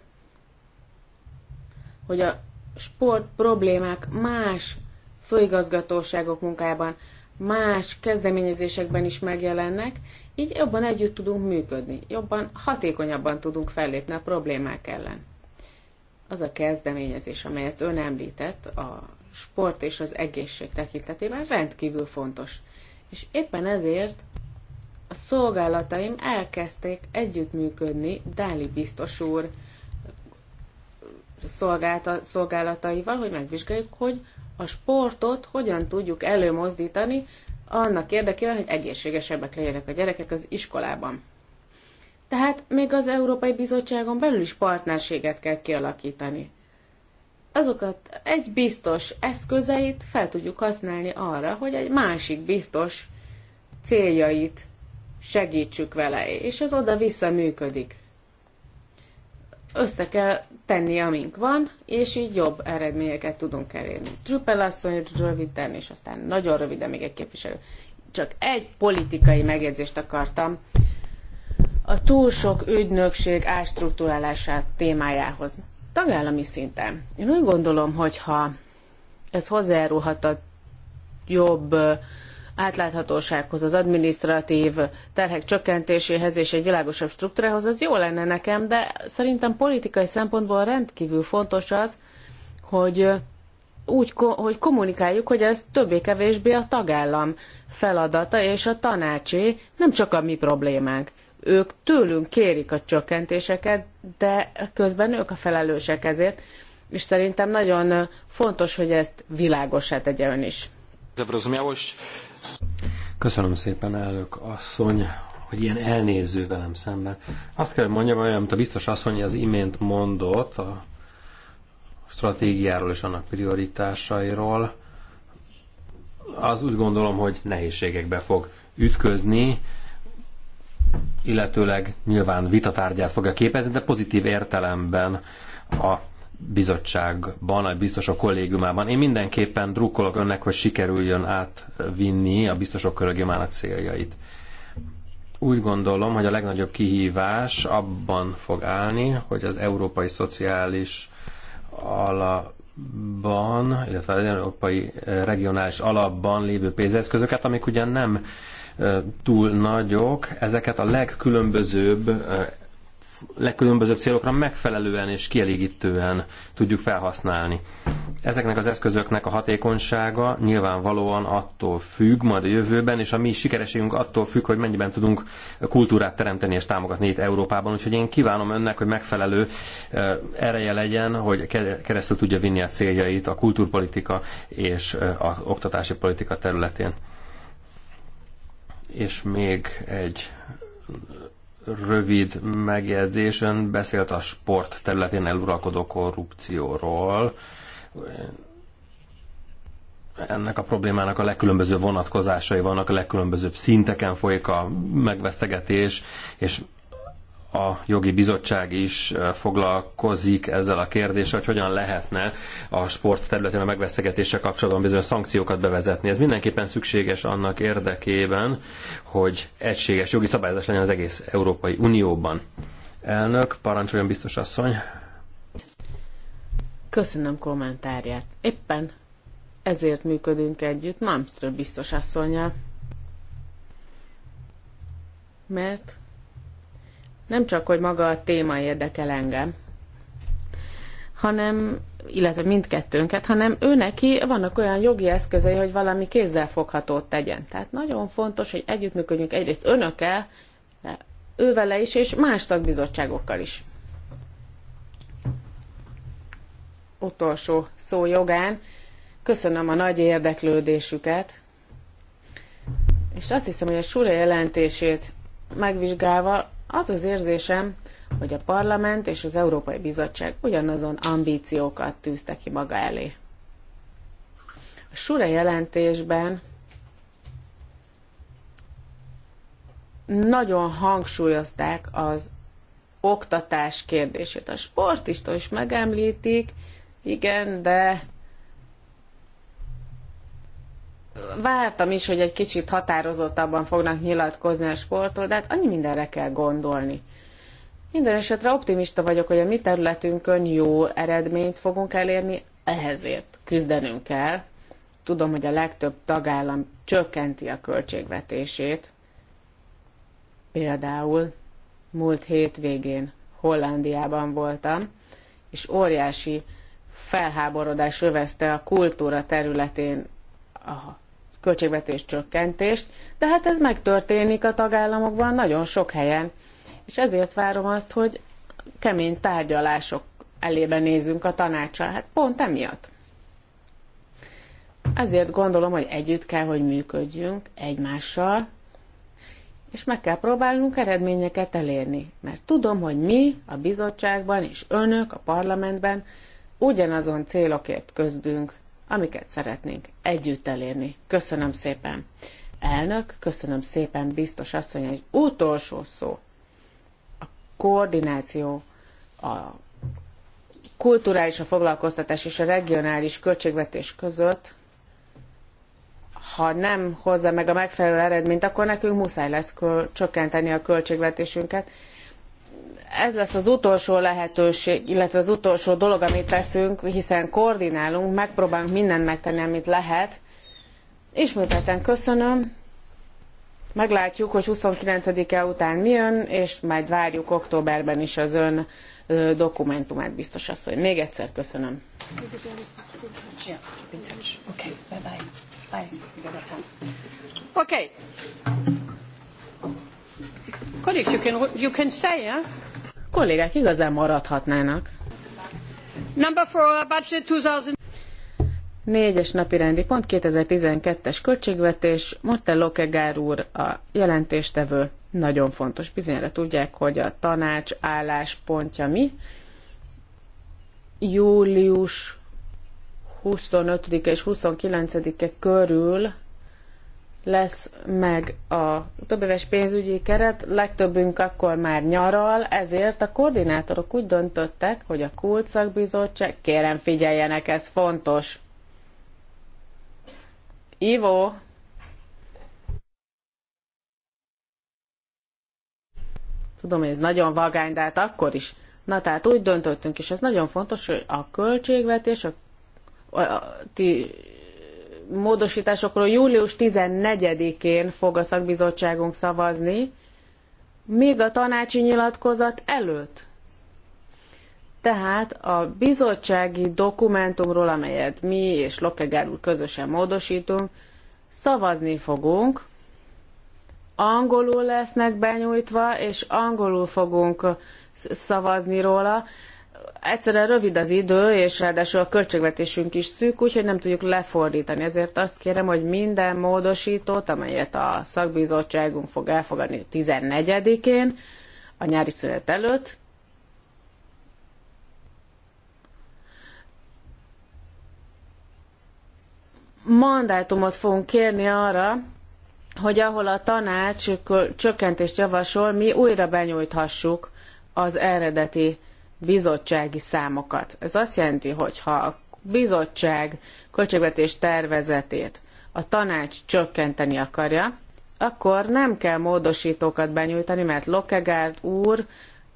hogy a sport problémák más főigazgatóságok munkájában, más kezdeményezésekben is megjelennek, így jobban együtt tudunk működni, jobban, hatékonyabban tudunk fellépni a problémák ellen. Az a kezdeményezés, amelyet ön említett, a sport és az egészség tekintetében rendkívül fontos. És éppen ezért a szolgálataim elkezdték együttműködni Dáli biztos úr szolgálataival, hogy megvizsgáljuk, hogy a sportot hogyan tudjuk előmozdítani annak érdekében, hogy egészségesebbek legyenek a gyerekek az iskolában. Tehát még az Európai Bizottságon belül is partnerséget kell kialakítani. Azokat egy biztos eszközeit fel tudjuk használni arra, hogy egy másik biztos céljait segítsük vele, és az oda-vissza működik össze kell tenni, amink van, és így jobb eredményeket tudunk elérni. Drupal asszony röviden, és aztán nagyon röviden még egy képviselő. Csak egy politikai megjegyzést akartam a túl sok ügynökség ástruktúrálását témájához. Tagállami szinten. Én úgy gondolom, hogy ha ez hozzájárulhat a jobb átláthatósághoz, az administratív terhek csökkentéséhez és egy világosabb struktúrához, az jó lenne nekem, de szerintem politikai szempontból rendkívül fontos az, hogy úgy, hogy kommunikáljuk, hogy ez többé-kevésbé a tagállam feladata és a tanácsé, nem csak a mi problémánk. Ők tőlünk kérik a csökkentéseket, de közben ők a felelősek ezért, és szerintem nagyon fontos, hogy ezt világossá tegye ön is. Köszönöm szépen, elnök asszony, hogy ilyen elnéző velem szemben. Azt kell mondjam, hogy amit a biztos asszony az imént mondott, a stratégiáról és annak prioritásairól, az úgy gondolom, hogy nehézségekbe fog ütközni, illetőleg nyilván vitatárgyát fogja képezni, de pozitív értelemben a bizottságban, a biztosok kollégiumában. Én mindenképpen drukkolok önnek, hogy sikerüljön átvinni a biztosok kollégiumának céljait. Úgy gondolom, hogy a legnagyobb kihívás abban fog állni, hogy az európai szociális alapban, illetve az európai regionális alapban lévő pénzeszközöket, amik ugyan nem túl nagyok, ezeket a legkülönbözőbb legkülönbözőbb célokra megfelelően és kielégítően tudjuk felhasználni. Ezeknek az eszközöknek a hatékonysága nyilvánvalóan attól függ majd a jövőben, és a mi sikerességünk attól függ, hogy mennyiben tudunk kultúrát teremteni és támogatni itt Európában. Úgyhogy én kívánom önnek, hogy megfelelő eh, ereje legyen, hogy keresztül tudja vinni a céljait a kultúrpolitika és eh, a oktatási politika területén. És még egy rövid megjegyzés. Ön beszélt a sport területén eluralkodó korrupcióról. Ennek a problémának a legkülönböző vonatkozásai vannak, a legkülönbözőbb szinteken folyik a megvesztegetés, és a jogi bizottság is foglalkozik ezzel a kérdéssel, hogy hogyan lehetne a sport területén a megvesztegetéssel kapcsolatban bizonyos szankciókat bevezetni. Ez mindenképpen szükséges annak érdekében, hogy egységes jogi szabályozás legyen az egész Európai Unióban. Elnök, parancsoljon biztos asszony. Köszönöm kommentárját. Éppen ezért működünk együtt Malmström biztos asszonyjal. Mert nem csak, hogy maga a téma érdekel engem, hanem, illetve mindkettőnket, hanem ő neki vannak olyan jogi eszközei, hogy valami kézzel foghatót tegyen. Tehát nagyon fontos, hogy együttműködjünk egyrészt önökkel, ővele is, és más szakbizottságokkal is. Utolsó szó jogán. Köszönöm a nagy érdeklődésüket, és azt hiszem, hogy a sura jelentését megvizsgálva az az érzésem, hogy a parlament és az Európai Bizottság ugyanazon ambíciókat tűzte ki maga elé. A Sure jelentésben nagyon hangsúlyozták az oktatás kérdését. A sport is megemlítik, igen, de vártam is, hogy egy kicsit határozottabban fognak nyilatkozni a sportról, de hát annyi mindenre kell gondolni. Minden esetre optimista vagyok, hogy a mi területünkön jó eredményt fogunk elérni, ehhezért küzdenünk kell. Tudom, hogy a legtöbb tagállam csökkenti a költségvetését. Például múlt hétvégén Hollandiában voltam, és óriási felháborodás övezte a kultúra területén a költségvetés csökkentést, de hát ez megtörténik a tagállamokban nagyon sok helyen. És ezért várom azt, hogy kemény tárgyalások elébe nézzünk a tanácsal. Hát pont emiatt. Ezért gondolom, hogy együtt kell, hogy működjünk egymással, és meg kell próbálnunk eredményeket elérni. Mert tudom, hogy mi a bizottságban és önök a parlamentben ugyanazon célokért közdünk amiket szeretnénk együtt elérni. Köszönöm szépen. Elnök, köszönöm szépen, biztos asszony, egy utolsó szó. A koordináció, a kulturális, a foglalkoztatás és a regionális költségvetés között, ha nem hozza meg a megfelelő eredményt, akkor nekünk muszáj lesz csökkenteni a költségvetésünket, ez lesz az utolsó lehetőség, illetve az utolsó dolog, amit teszünk, hiszen koordinálunk, megpróbálunk mindent megtenni, amit lehet. Ismételten köszönöm. Meglátjuk, hogy 29-e után mi jön, és majd várjuk októberben is az ön dokumentumát, biztos asszony. Még egyszer köszönöm. Okay. Colleagues, you can, you can stay, yeah? kollégák igazán maradhatnának. Number four, budget 2000. Négyes napi rendi pont 2012-es költségvetés. Morten Lokegár úr a jelentéstevő. Nagyon fontos. Bizonyára tudják, hogy a tanács álláspontja mi. Július 25 -e és 29-e körül lesz meg a többéves pénzügyi keret, legtöbbünk akkor már nyaral, ezért a koordinátorok úgy döntöttek, hogy a Kult kérem figyeljenek, ez fontos. Ivo, tudom, ez nagyon vagány, de hát akkor is. Na tehát úgy döntöttünk, és ez nagyon fontos, hogy a költségvetés, a, a, a ti módosításokról július 14-én fog a szakbizottságunk szavazni, még a tanácsi nyilatkozat előtt. Tehát a bizottsági dokumentumról, amelyet mi és Lokegár úr közösen módosítunk, szavazni fogunk, angolul lesznek benyújtva, és angolul fogunk szavazni róla, egyszerűen rövid az idő, és ráadásul a költségvetésünk is szűk, úgyhogy nem tudjuk lefordítani. Ezért azt kérem, hogy minden módosítót, amelyet a szakbizottságunk fog elfogadni 14-én, a nyári szünet előtt, mandátumot fogunk kérni arra, hogy ahol a tanács csökkentést javasol, mi újra benyújthassuk az eredeti bizottsági számokat. Ez azt jelenti, hogy ha a bizottság költségvetés tervezetét a tanács csökkenteni akarja, akkor nem kell módosítókat benyújtani, mert Lokegárd úr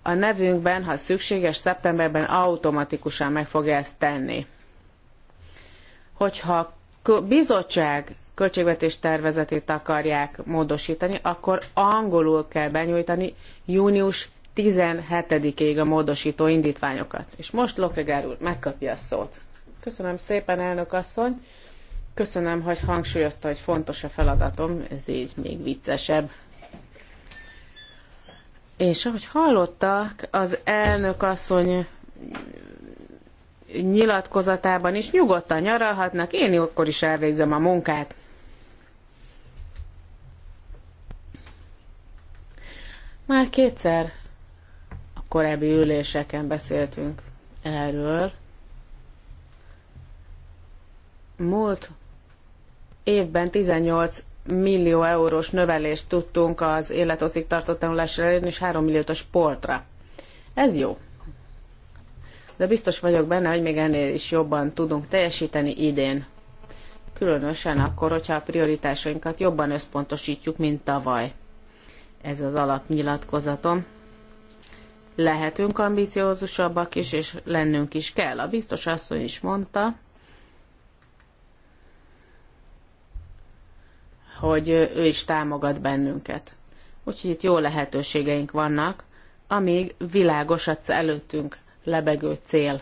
a nevünkben, ha szükséges, szeptemberben automatikusan meg fogja ezt tenni. Hogyha a bizottság költségvetés tervezetét akarják módosítani, akkor angolul kell benyújtani június 17-ig a módosító indítványokat. És most Lokegár úr megkapja a szót. Köszönöm szépen, elnök asszony. Köszönöm, hogy hangsúlyozta, hogy fontos a feladatom, ez így még viccesebb. És ahogy hallottak, az elnök asszony nyilatkozatában is nyugodtan nyaralhatnak, én akkor is elvégzem a munkát. Már kétszer korábbi üléseken beszéltünk erről. Múlt évben 18 millió eurós növelést tudtunk az élethosszig tartott tanulásra érni, és 3 milliót a sportra. Ez jó. De biztos vagyok benne, hogy még ennél is jobban tudunk teljesíteni idén. Különösen akkor, hogyha a prioritásainkat jobban összpontosítjuk, mint tavaly. Ez az alapnyilatkozatom lehetünk ambiciózusabbak is, és lennünk is kell. A biztos asszony is mondta, hogy ő is támogat bennünket. Úgyhogy itt jó lehetőségeink vannak, amíg világos az előttünk lebegő cél.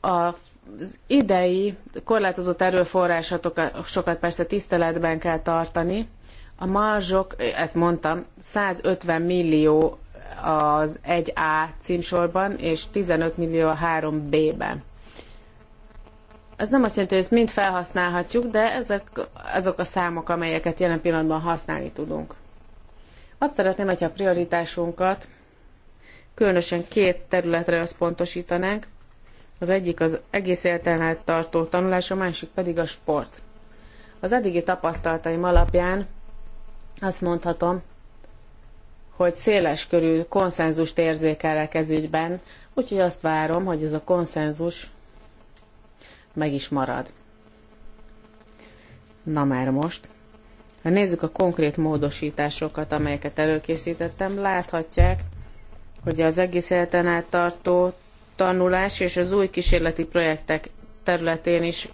A az idei korlátozott erőforrásokat persze tiszteletben kell tartani. A marzsok, ezt mondtam, 150 millió az 1A címsorban, és 15 millió a 3B-ben. Ez nem azt jelenti, hogy ezt mind felhasználhatjuk, de ezek azok a számok, amelyeket jelen pillanatban használni tudunk. Azt szeretném, hogyha a prioritásunkat különösen két területre összpontosítanánk. Az egyik az egész értelmet tartó tanulás, a másik pedig a sport. Az eddigi tapasztalataim alapján azt mondhatom, hogy széles körű konszenzust érzékelek ez ügyben, úgyhogy azt várom, hogy ez a konszenzus meg is marad. Na már most. Ha nézzük a konkrét módosításokat, amelyeket előkészítettem, láthatják, hogy az egész életen át tartó tanulás és az új kísérleti projektek területén is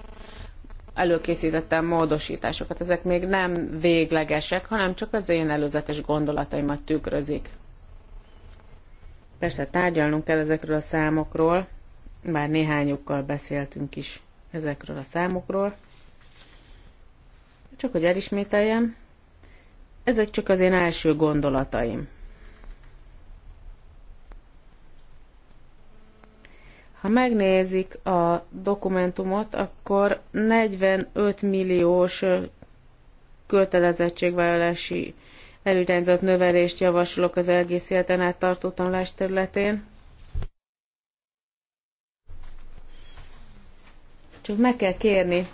előkészítettem módosításokat. Ezek még nem véglegesek, hanem csak az én előzetes gondolataimat tükrözik. Persze tárgyalnunk kell ezekről a számokról, bár néhányukkal beszéltünk is ezekről a számokról. Csak hogy elismételjem, ezek csak az én első gondolataim. Ha megnézik a dokumentumot, akkor 45 milliós kötelezettségvállalási előirányzat növelést javasolok az egész életen át tartó tanulás területén. Csak meg kell kérni.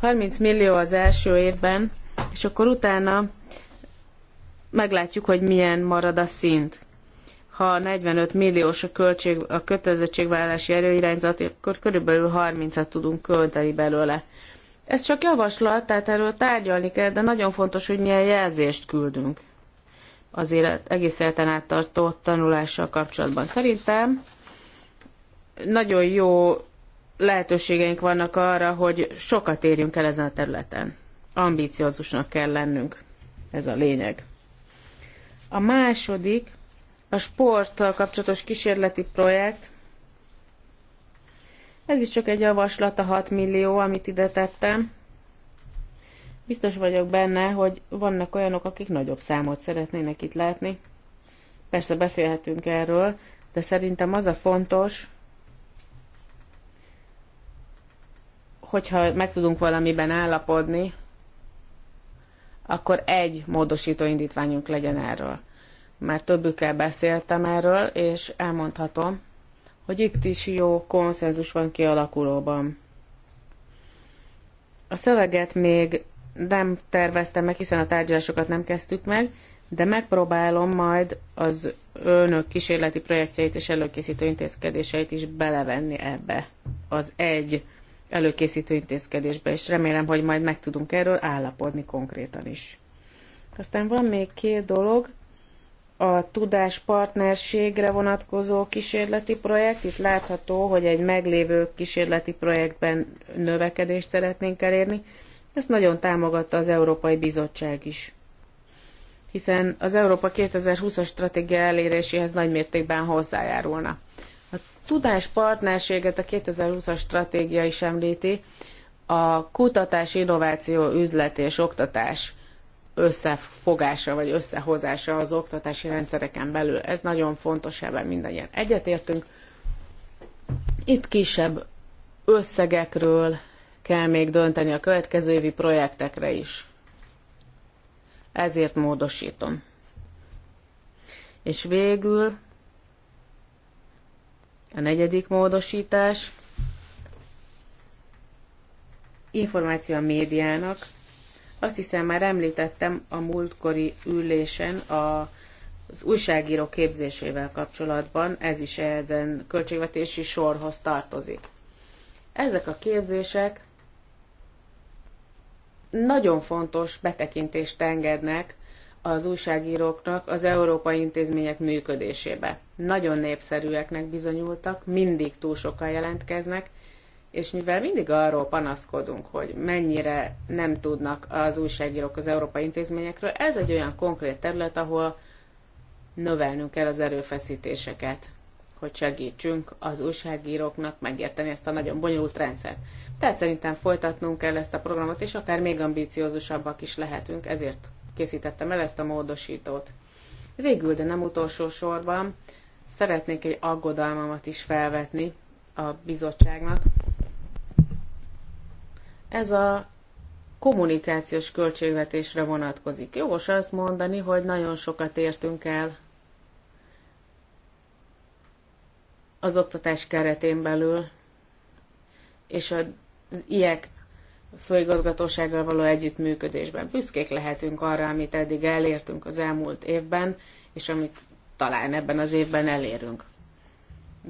Harminc millió az első évben, és akkor utána meglátjuk, hogy milyen marad a szint. Ha 45 milliós a, költség, a kötelezettségvállalási erőirányzat, akkor körülbelül 30-at tudunk költeni belőle. Ez csak javaslat, tehát erről tárgyalni kell, de nagyon fontos, hogy milyen jelzést küldünk az élet, egész életen áttartó tanulással kapcsolatban. Szerintem nagyon jó lehetőségeink vannak arra, hogy sokat érjünk el ezen a területen. Ambíciózusnak kell lennünk. Ez a lényeg. A második, a sporttal kapcsolatos kísérleti projekt. Ez is csak egy javaslat, a 6 millió, amit ide tettem. Biztos vagyok benne, hogy vannak olyanok, akik nagyobb számot szeretnének itt látni. Persze beszélhetünk erről, de szerintem az a fontos, hogyha meg tudunk valamiben állapodni, akkor egy módosító indítványunk legyen erről. Már többükkel beszéltem erről, és elmondhatom, hogy itt is jó konszenzus van kialakulóban. A szöveget még nem terveztem meg, hiszen a tárgyalásokat nem kezdtük meg, de megpróbálom majd az önök kísérleti projektjeit és előkészítő intézkedéseit is belevenni ebbe az egy előkészítő intézkedésbe, és remélem, hogy majd meg tudunk erről állapodni konkrétan is. Aztán van még két dolog, a partnerségre vonatkozó kísérleti projekt. Itt látható, hogy egy meglévő kísérleti projektben növekedést szeretnénk elérni. Ezt nagyon támogatta az Európai Bizottság is. Hiszen az Európa 2020-as stratégia eléréséhez nagymértékben hozzájárulna tudáspartnerséget a 2020-as stratégia is említi, a kutatás, innováció, üzlet és oktatás összefogása vagy összehozása az oktatási rendszereken belül. Ez nagyon fontos, ebben mindannyian egyetértünk. Itt kisebb összegekről kell még dönteni a következő évi projektekre is. Ezért módosítom. És végül a negyedik módosítás információ a médiának. Azt hiszem már említettem a múltkori ülésen a az újságíró képzésével kapcsolatban, ez is ezen költségvetési sorhoz tartozik. Ezek a képzések nagyon fontos betekintést engednek az újságíróknak az európai intézmények működésébe. Nagyon népszerűeknek bizonyultak, mindig túl sokan jelentkeznek, és mivel mindig arról panaszkodunk, hogy mennyire nem tudnak az újságírók az európai intézményekről, ez egy olyan konkrét terület, ahol növelnünk kell az erőfeszítéseket, hogy segítsünk az újságíróknak megérteni ezt a nagyon bonyolult rendszert. Tehát szerintem folytatnunk kell ezt a programot, és akár még ambíciózusabbak is lehetünk, ezért készítettem el ezt a módosítót. Végül, de nem utolsó sorban, szeretnék egy aggodalmamat is felvetni a bizottságnak. Ez a kommunikációs költségvetésre vonatkozik. Jogos azt mondani, hogy nagyon sokat értünk el az oktatás keretén belül, és az ilyek főigazgatósággal való együttműködésben. Büszkék lehetünk arra, amit eddig elértünk az elmúlt évben, és amit talán ebben az évben elérünk.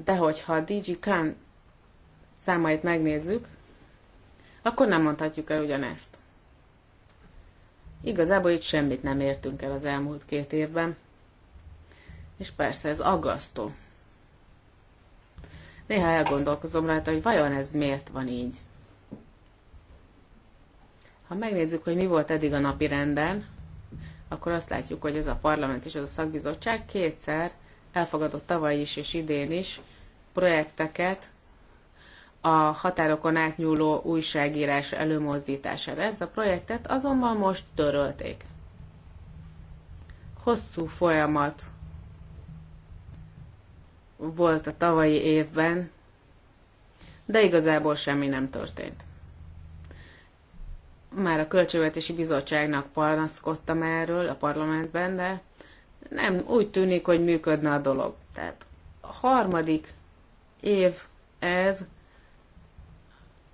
De hogyha a DG Khan számait megnézzük, akkor nem mondhatjuk el ugyanezt. Igazából itt semmit nem értünk el az elmúlt két évben, és persze ez aggasztó. Néha elgondolkozom rajta, hogy vajon ez miért van így. Ha megnézzük, hogy mi volt eddig a napi renden, akkor azt látjuk, hogy ez a parlament és ez a szakbizottság kétszer elfogadott tavaly is és idén is projekteket a határokon átnyúló újságírás előmozdítására. ez a projektet azonban most törölték. Hosszú folyamat volt a tavalyi évben, de igazából semmi nem történt már a Költségvetési Bizottságnak panaszkodtam erről a parlamentben, de nem úgy tűnik, hogy működne a dolog. Tehát a harmadik év ez,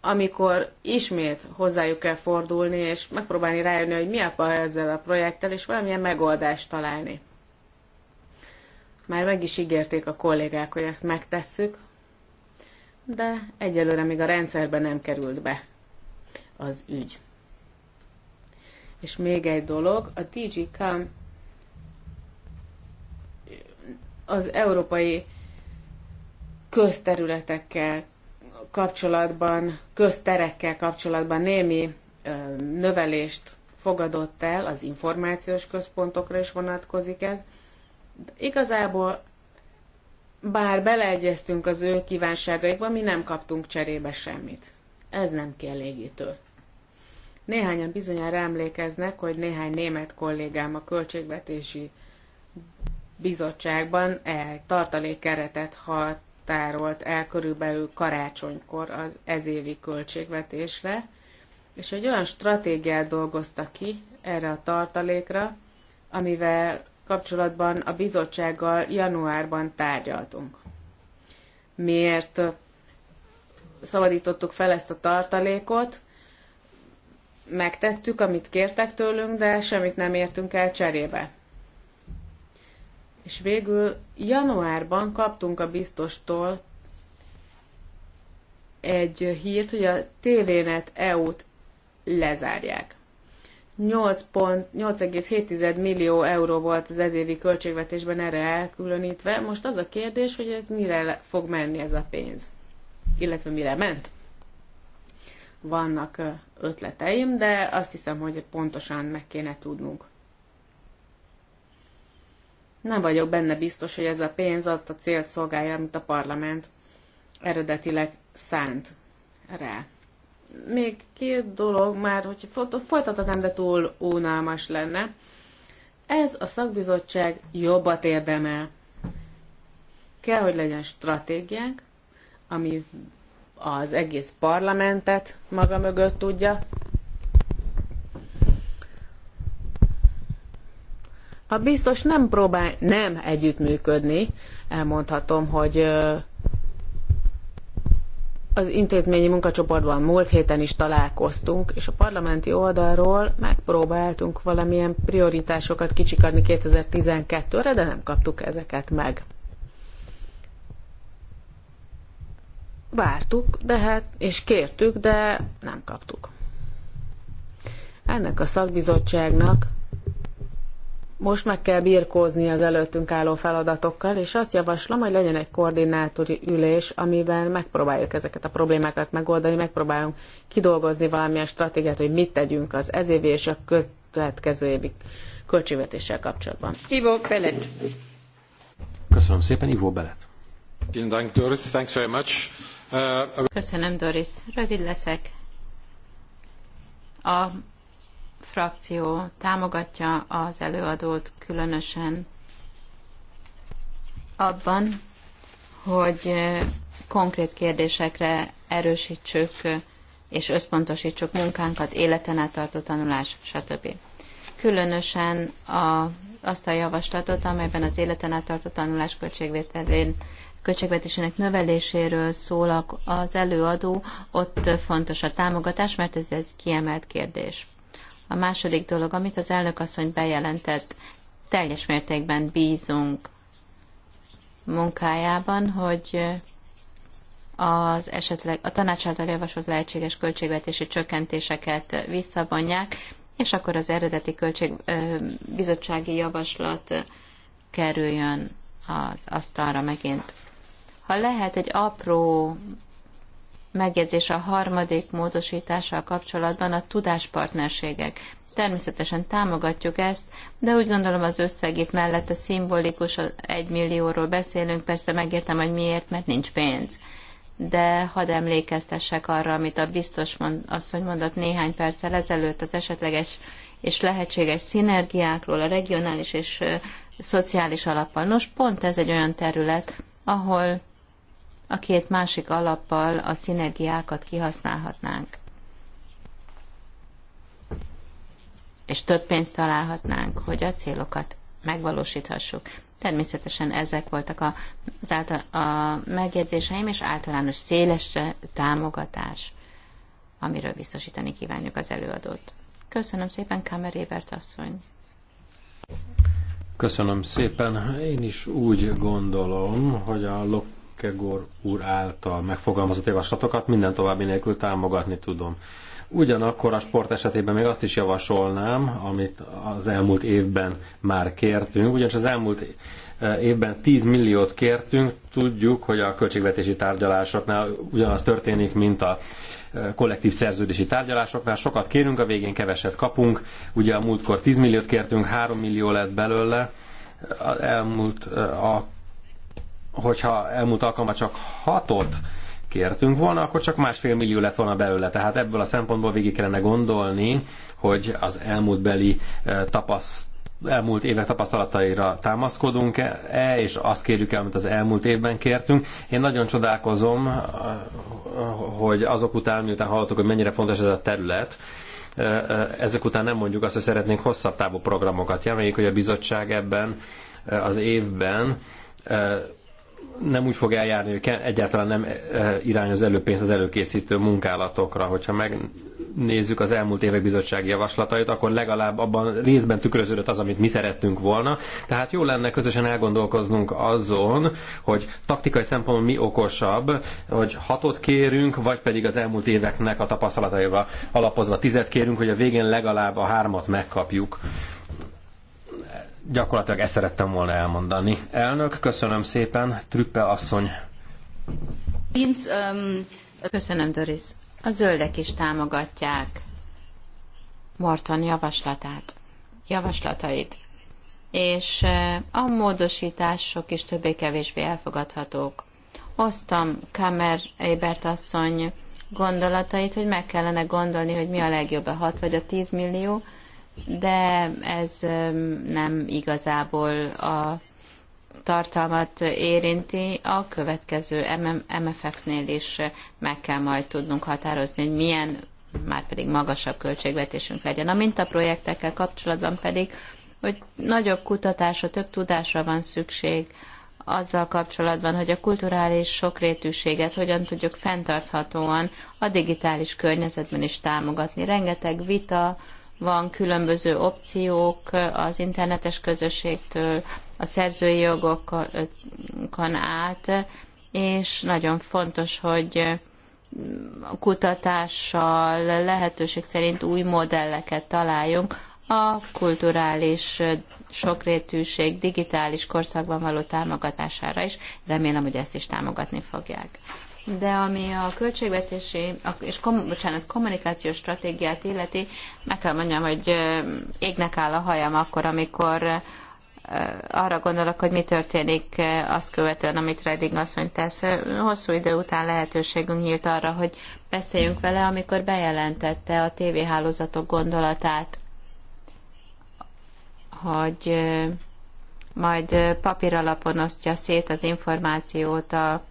amikor ismét hozzájuk kell fordulni, és megpróbálni rájönni, hogy mi a baj ezzel a projekttel, és valamilyen megoldást találni. Már meg is ígérték a kollégák, hogy ezt megtesszük, de egyelőre még a rendszerben nem került be az ügy. És még egy dolog, a DigiCam az európai közterületekkel kapcsolatban, közterekkel kapcsolatban némi növelést fogadott el, az információs központokra is vonatkozik ez. De igazából bár beleegyeztünk az ő kívánságaikba, mi nem kaptunk cserébe semmit. Ez nem kielégítő. Néhányan bizonyára emlékeznek, hogy néhány német kollégám a költségvetési bizottságban e tartalékkeretet határolt el körülbelül karácsonykor az ezévi költségvetésre, és egy olyan stratégiát dolgoztak ki erre a tartalékra, amivel kapcsolatban a bizottsággal januárban tárgyaltunk. Miért szabadítottuk fel ezt a tartalékot? megtettük, amit kértek tőlünk, de semmit nem értünk el cserébe. És végül januárban kaptunk a biztostól egy hírt, hogy a TVNet EU-t lezárják. 8,7 millió euró volt az ezévi költségvetésben erre elkülönítve. Most az a kérdés, hogy ez mire fog menni ez a pénz, illetve mire ment vannak ötleteim, de azt hiszem, hogy pontosan meg kéne tudnunk. Nem vagyok benne biztos, hogy ez a pénz azt a célt szolgálja, amit a parlament eredetileg szánt rá. Még két dolog már, hogy folytathatnám, de túl unalmas lenne. Ez a szakbizottság jobbat érdemel. Kell, hogy legyen stratégiánk, ami az egész parlamentet maga mögött tudja. A biztos nem próbál nem együttműködni. Elmondhatom, hogy az intézményi munkacsoportban múlt héten is találkoztunk, és a parlamenti oldalról megpróbáltunk valamilyen prioritásokat kicsikarni 2012-re, de nem kaptuk ezeket meg. vártuk, de hát, és kértük, de nem kaptuk. Ennek a szakbizottságnak most meg kell birkózni az előttünk álló feladatokkal, és azt javaslom, hogy legyen egy koordinátori ülés, amiben megpróbáljuk ezeket a problémákat megoldani, megpróbálunk kidolgozni valamilyen stratégiát, hogy mit tegyünk az ezévi és a következő évi költségvetéssel kapcsolatban. Ivo Belet. Köszönöm szépen, Ivo Belet. Thanks very much. Köszönöm, Doris. Rövid leszek. A frakció támogatja az előadót különösen abban, hogy konkrét kérdésekre erősítsük és összpontosítsuk munkánkat, életen át tartó tanulás, stb. Különösen a, azt a javaslatot, amelyben az életen át tartó tanulás költségvételén költségvetésének növeléséről szól az előadó, ott fontos a támogatás, mert ez egy kiemelt kérdés. A második dolog, amit az elnök asszony bejelentett, teljes mértékben bízunk munkájában, hogy az esetleg a tanács által javasolt lehetséges költségvetési csökkentéseket visszavonják, és akkor az eredeti költség, bizottsági javaslat kerüljön az asztalra megint. Ha lehet egy apró megjegyzés a harmadik módosítással kapcsolatban a tudáspartnerségek. Természetesen támogatjuk ezt, de úgy gondolom az összeg itt mellett a szimbolikus, egy millióról beszélünk, persze megértem, hogy miért, mert nincs pénz. De hadd emlékeztessek arra, amit a biztos mond, asszony mondott néhány perccel ezelőtt az esetleges és lehetséges szinergiákról, a regionális és szociális alappal. Nos, pont ez egy olyan terület, ahol a két másik alappal a szinergiákat kihasználhatnánk. És több pénzt találhatnánk, hogy a célokat megvalósíthassuk. Természetesen ezek voltak a, az által, a megjegyzéseim, és általános széles támogatás, amiről biztosítani kívánjuk az előadót. Köszönöm szépen, Ébert asszony! Köszönöm szépen. Én is úgy gondolom, hogy a Lokegor úr által megfogalmazott javaslatokat minden további nélkül támogatni tudom. Ugyanakkor a sport esetében még azt is javasolnám, amit az elmúlt évben már kértünk, ugyanis az elmúlt eh, évben 10 milliót kértünk, tudjuk, hogy a költségvetési tárgyalásoknál ugyanaz történik, mint a eh, kollektív szerződési tárgyalásoknál. Sokat kérünk, a végén keveset kapunk. Ugye a múltkor 10 milliót kértünk, 3 millió lett belőle. Az elmúlt a eh, hogyha elmúlt alkalommal csak hatot kértünk volna, akkor csak másfél millió lett volna belőle. Tehát ebből a szempontból végig kellene gondolni, hogy az elmúlt beli eh, tapaszt elmúlt évek tapasztalataira támaszkodunk-e, -e, és azt kérjük el, amit az elmúlt évben kértünk. Én nagyon csodálkozom, eh, hogy azok után, miután hallottuk, hogy mennyire fontos ez a terület, eh, ezek után nem mondjuk azt, hogy szeretnénk hosszabb távú programokat. Reméljük, hogy a bizottság ebben az évben nem úgy fog eljárni, hogy egyáltalán nem e, e, irányoz előpénz az előkészítő munkálatokra. Hogyha megnézzük az elmúlt évek bizottsági javaslatait, akkor legalább abban részben tükröződött az, amit mi szerettünk volna. Tehát jó lenne közösen elgondolkoznunk azon, hogy taktikai szempontból mi okosabb, hogy hatot kérünk, vagy pedig az elmúlt éveknek a tapasztalataival alapozva tizet kérünk, hogy a végén legalább a hármat megkapjuk Gyakorlatilag ezt szerettem volna elmondani. Elnök, köszönöm szépen, Trüppe asszony. Köszönöm, Doris. A zöldek is támogatják Morton javaslatát, javaslatait, és eh, a módosítások is többé-kevésbé elfogadhatók. Osztam Kamer Ebert asszony gondolatait, hogy meg kellene gondolni, hogy mi a legjobb a 6 vagy a 10 millió, de ez nem igazából a tartalmat érinti, a következő MFF-nél is meg kell majd tudnunk határozni, hogy milyen már pedig magasabb költségvetésünk legyen. A mintaprojektekkel kapcsolatban pedig, hogy nagyobb kutatásra, több tudásra van szükség azzal kapcsolatban, hogy a kulturális sokrétűséget hogyan tudjuk fenntarthatóan a digitális környezetben is támogatni. Rengeteg vita, van különböző opciók az internetes közösségtől, a szerzői jogokon át, és nagyon fontos, hogy kutatással lehetőség szerint új modelleket találjunk a kulturális sokrétűség digitális korszakban való támogatására is. Remélem, hogy ezt is támogatni fogják de ami a költségvetési és kom, bocsánat, kommunikációs stratégiát illeti, meg kell mondjam, hogy égnek áll a hajam akkor, amikor arra gondolok, hogy mi történik azt követően, amit Redding asszony tesz. Hosszú idő után lehetőségünk nyílt arra, hogy beszéljünk vele, amikor bejelentette a tévéhálózatok gondolatát, hogy majd papír alapon osztja szét az információt a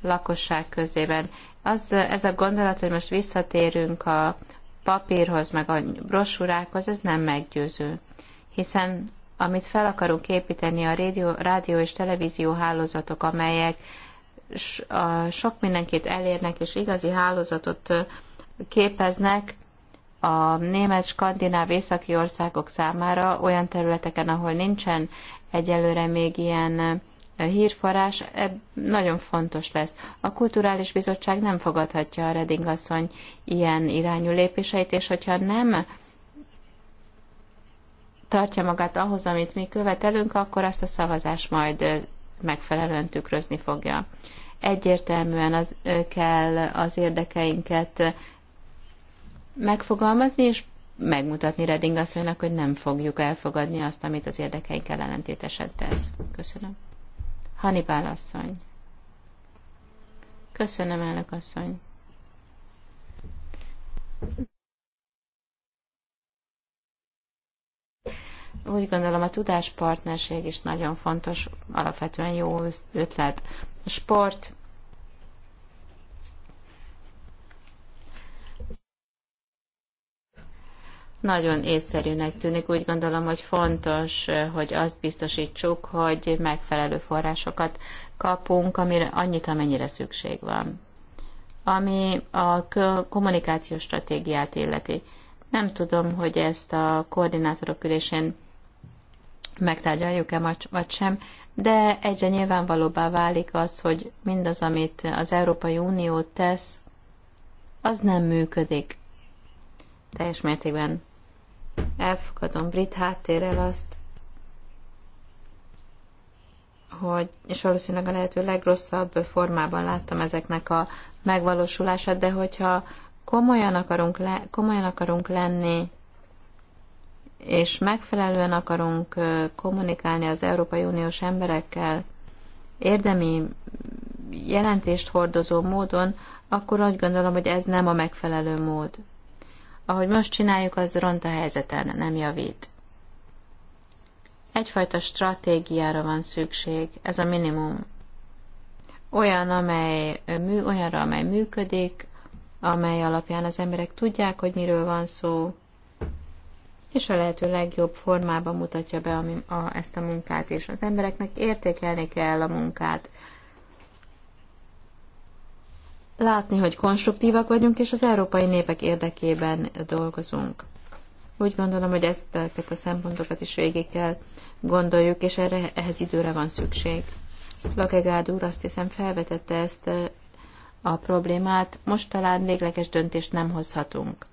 lakosság közében. Az, ez a gondolat, hogy most visszatérünk a papírhoz, meg a brosúrákhoz, ez nem meggyőző. Hiszen amit fel akarunk építeni a rádió, rádió és televízió hálózatok, amelyek a sok mindenkit elérnek és igazi hálózatot képeznek a német, skandináv, északi országok számára olyan területeken, ahol nincsen egyelőre még ilyen hírforrás e, nagyon fontos lesz. A Kulturális Bizottság nem fogadhatja a Reding asszony ilyen irányú lépéseit, és hogyha nem tartja magát ahhoz, amit mi követelünk, akkor azt a szavazás majd megfelelően tükrözni fogja. Egyértelműen az, kell az érdekeinket megfogalmazni, és megmutatni Reding asszonynak, hogy nem fogjuk elfogadni azt, amit az érdekeink ellentétesen tesz. Köszönöm. Hannibal asszony. Köszönöm, elnök asszony. Úgy gondolom a tudáspartnerség is nagyon fontos, alapvetően jó ötlet. A sport nagyon észszerűnek tűnik. Úgy gondolom, hogy fontos, hogy azt biztosítsuk, hogy megfelelő forrásokat kapunk, amire annyit, amennyire szükség van. Ami a kommunikációs stratégiát illeti. Nem tudom, hogy ezt a koordinátorok ülésén megtárgyaljuk-e vagy sem, de egyre nyilvánvalóbbá válik az, hogy mindaz, amit az Európai Unió tesz, az nem működik teljes mértékben elfogadom brit háttérrel azt, hogy, és valószínűleg a lehető legrosszabb formában láttam ezeknek a megvalósulását, de hogyha komolyan akarunk, le, komolyan akarunk lenni, és megfelelően akarunk kommunikálni az Európai Uniós emberekkel, érdemi jelentést hordozó módon, akkor úgy gondolom, hogy ez nem a megfelelő mód ahogy most csináljuk, az ront a helyzeten, nem javít. Egyfajta stratégiára van szükség, ez a minimum. Olyan, amely, mű, olyanra, amely működik, amely alapján az emberek tudják, hogy miről van szó, és a lehető legjobb formában mutatja be a, a, ezt a munkát, és az embereknek értékelni kell a munkát, látni, hogy konstruktívak vagyunk, és az európai népek érdekében dolgozunk. Úgy gondolom, hogy ezeket a szempontokat is végig kell gondoljuk, és erre, ehhez időre van szükség. Lakegárd úr azt hiszem felvetette ezt a problémát, most talán végleges döntést nem hozhatunk.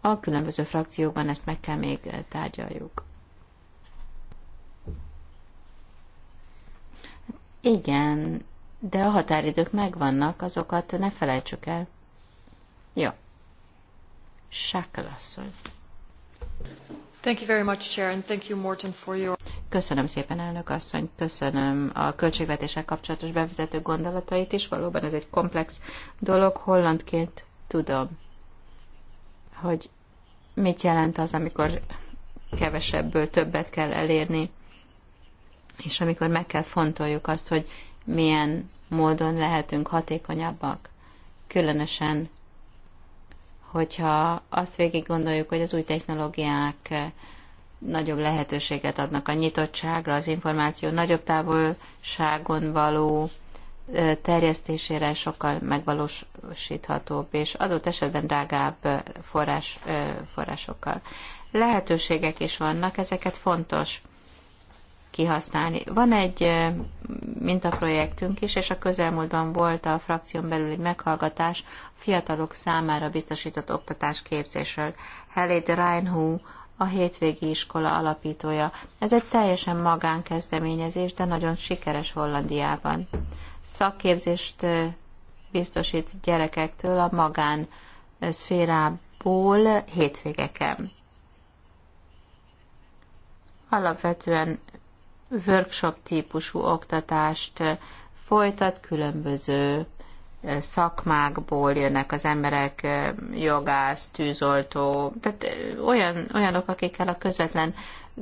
A különböző frakciókban ezt meg kell még tárgyaljuk. Igen, de a határidők megvannak, azokat ne felejtsük el. Jó. Sákalasszony. Thank you very much, Chair, and thank you, Morton, for your... Köszönöm szépen, elnök asszony, köszönöm a költségvetéssel kapcsolatos bevezető gondolatait is. Valóban ez egy komplex dolog. Hollandként tudom, hogy mit jelent az, amikor kevesebből többet kell elérni, és amikor meg kell fontoljuk azt, hogy milyen módon lehetünk hatékonyabbak. Különösen, hogyha azt végig gondoljuk, hogy az új technológiák eh, nagyobb lehetőséget adnak a nyitottságra, az információ nagyobb távolságon való eh, terjesztésére sokkal megvalósíthatóbb és adott esetben drágább eh, forrás, forrásokkal. Lehetőségek is vannak, ezeket fontos kihasználni. Van egy mintaprojektünk is, és a közelmúltban volt a frakción belül egy meghallgatás a fiatalok számára biztosított oktatás képzésről. Helét Reinhu, a hétvégi iskola alapítója. Ez egy teljesen magánkezdeményezés, de nagyon sikeres Hollandiában. Szakképzést biztosít gyerekektől a magán szférából hétvégeken. Alapvetően workshop típusú oktatást folytat, különböző eh, szakmákból jönnek az emberek, eh, jogász, tűzoltó, tehát eh, olyan, olyanok, akikkel a közvetlen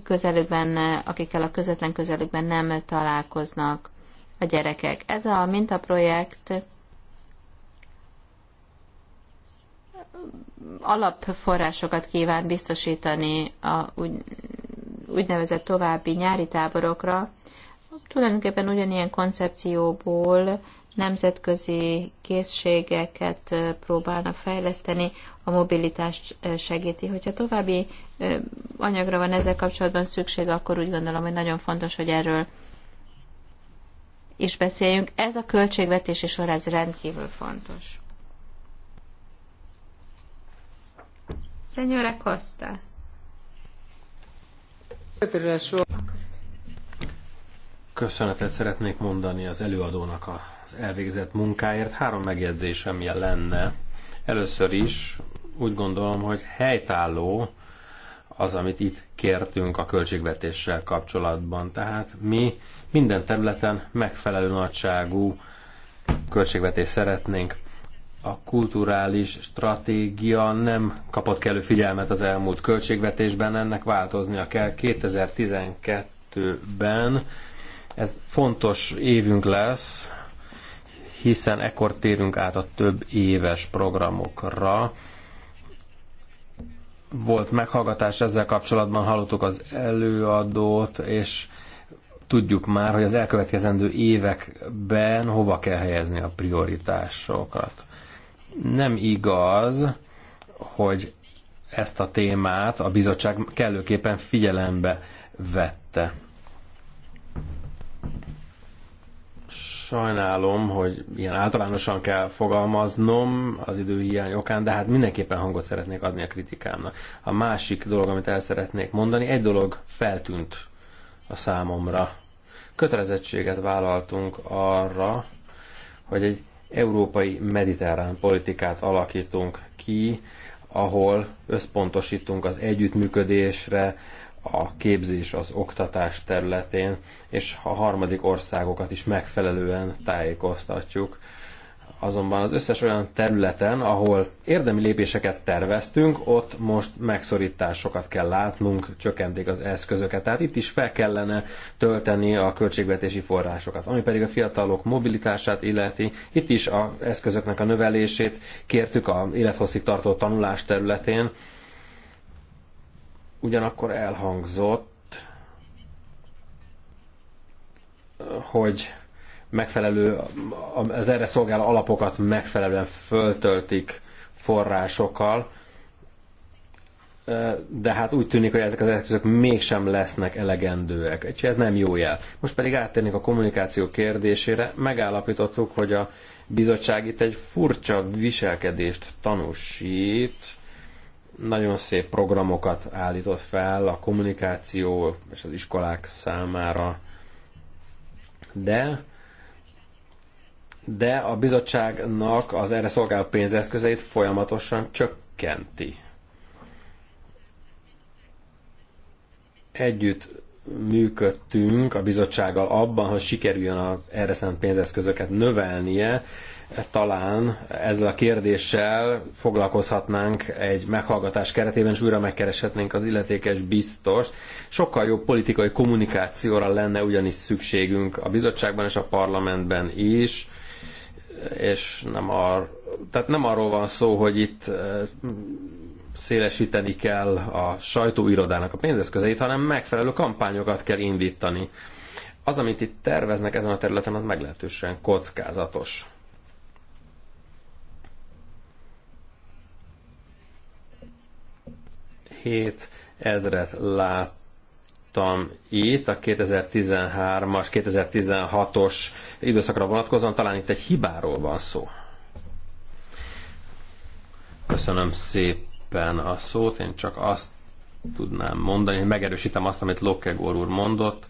közelükben, akikkel a közvetlen közelükben nem találkoznak a gyerekek. Ez a mintaprojekt alapforrásokat kíván biztosítani a, úgy, úgynevezett további nyári táborokra, tulajdonképpen ugyanilyen koncepcióból nemzetközi készségeket próbálnak fejleszteni, a mobilitást segíti. Hogyha további anyagra van ezzel kapcsolatban szükség, akkor úgy gondolom, hogy nagyon fontos, hogy erről is beszéljünk. Ez a költségvetési sor, ez rendkívül fontos. Senyora Costa. Köszönetet szeretnék mondani az előadónak az elvégzett munkáért. Három megjegyzésem lenne. Először is úgy gondolom, hogy helytálló az, amit itt kértünk a költségvetéssel kapcsolatban. Tehát mi minden területen megfelelő nagyságú költségvetést szeretnénk a kulturális stratégia nem kapott kellő figyelmet az elmúlt költségvetésben, ennek változnia kell. 2012-ben ez fontos évünk lesz, hiszen ekkor térünk át a több éves programokra. Volt meghallgatás ezzel kapcsolatban, hallottuk az előadót, és tudjuk már, hogy az elkövetkezendő években hova kell helyezni a prioritásokat nem igaz, hogy ezt a témát a bizottság kellőképpen figyelembe vette. Sajnálom, hogy ilyen általánosan kell fogalmaznom az időhiány okán, de hát mindenképpen hangot szeretnék adni a kritikámnak. A másik dolog, amit el szeretnék mondani, egy dolog feltűnt a számomra. Kötelezettséget vállaltunk arra, hogy egy európai mediterrán politikát alakítunk ki, ahol összpontosítunk az együttműködésre, a képzés, az oktatás területén, és a harmadik országokat is megfelelően tájékoztatjuk Azonban az összes olyan területen, ahol érdemi lépéseket terveztünk, ott most megszorításokat kell látnunk, csökkentik az eszközöket. Tehát itt is fel kellene tölteni a költségvetési forrásokat. Ami pedig a fiatalok mobilitását illeti, itt is az eszközöknek a növelését kértük a élethosszig tartó tanulás területén. Ugyanakkor elhangzott, hogy megfelelő, az erre szolgáló alapokat megfelelően föltöltik forrásokkal, de hát úgy tűnik, hogy ezek az eszközök mégsem lesznek elegendőek. Úgyhogy ez nem jó jel. Most pedig áttérnék a kommunikáció kérdésére. Megállapítottuk, hogy a bizottság itt egy furcsa viselkedést tanúsít, nagyon szép programokat állított fel a kommunikáció és az iskolák számára, de de a bizottságnak az erre szolgáló pénzeszközeit folyamatosan csökkenti. Együtt működtünk a bizottsággal abban, hogy sikerüljön a erre szánt pénzeszközöket növelnie, talán ezzel a kérdéssel foglalkozhatnánk egy meghallgatás keretében, és újra megkereshetnénk az illetékes biztos. Sokkal jobb politikai kommunikációra lenne ugyanis szükségünk a bizottságban és a parlamentben is és nem, ar, tehát nem arról van szó, hogy itt szélesíteni kell a sajtóirodának a pénzeszközeit, hanem megfelelő kampányokat kell indítani. Az, amit itt terveznek ezen a területen, az meglehetősen kockázatos. Hét ezret lát láttam itt a 2013-as, 2016-os időszakra vonatkozóan, talán itt egy hibáról van szó. Köszönöm szépen a szót, én csak azt tudnám mondani, hogy megerősítem azt, amit Lokegor úr mondott,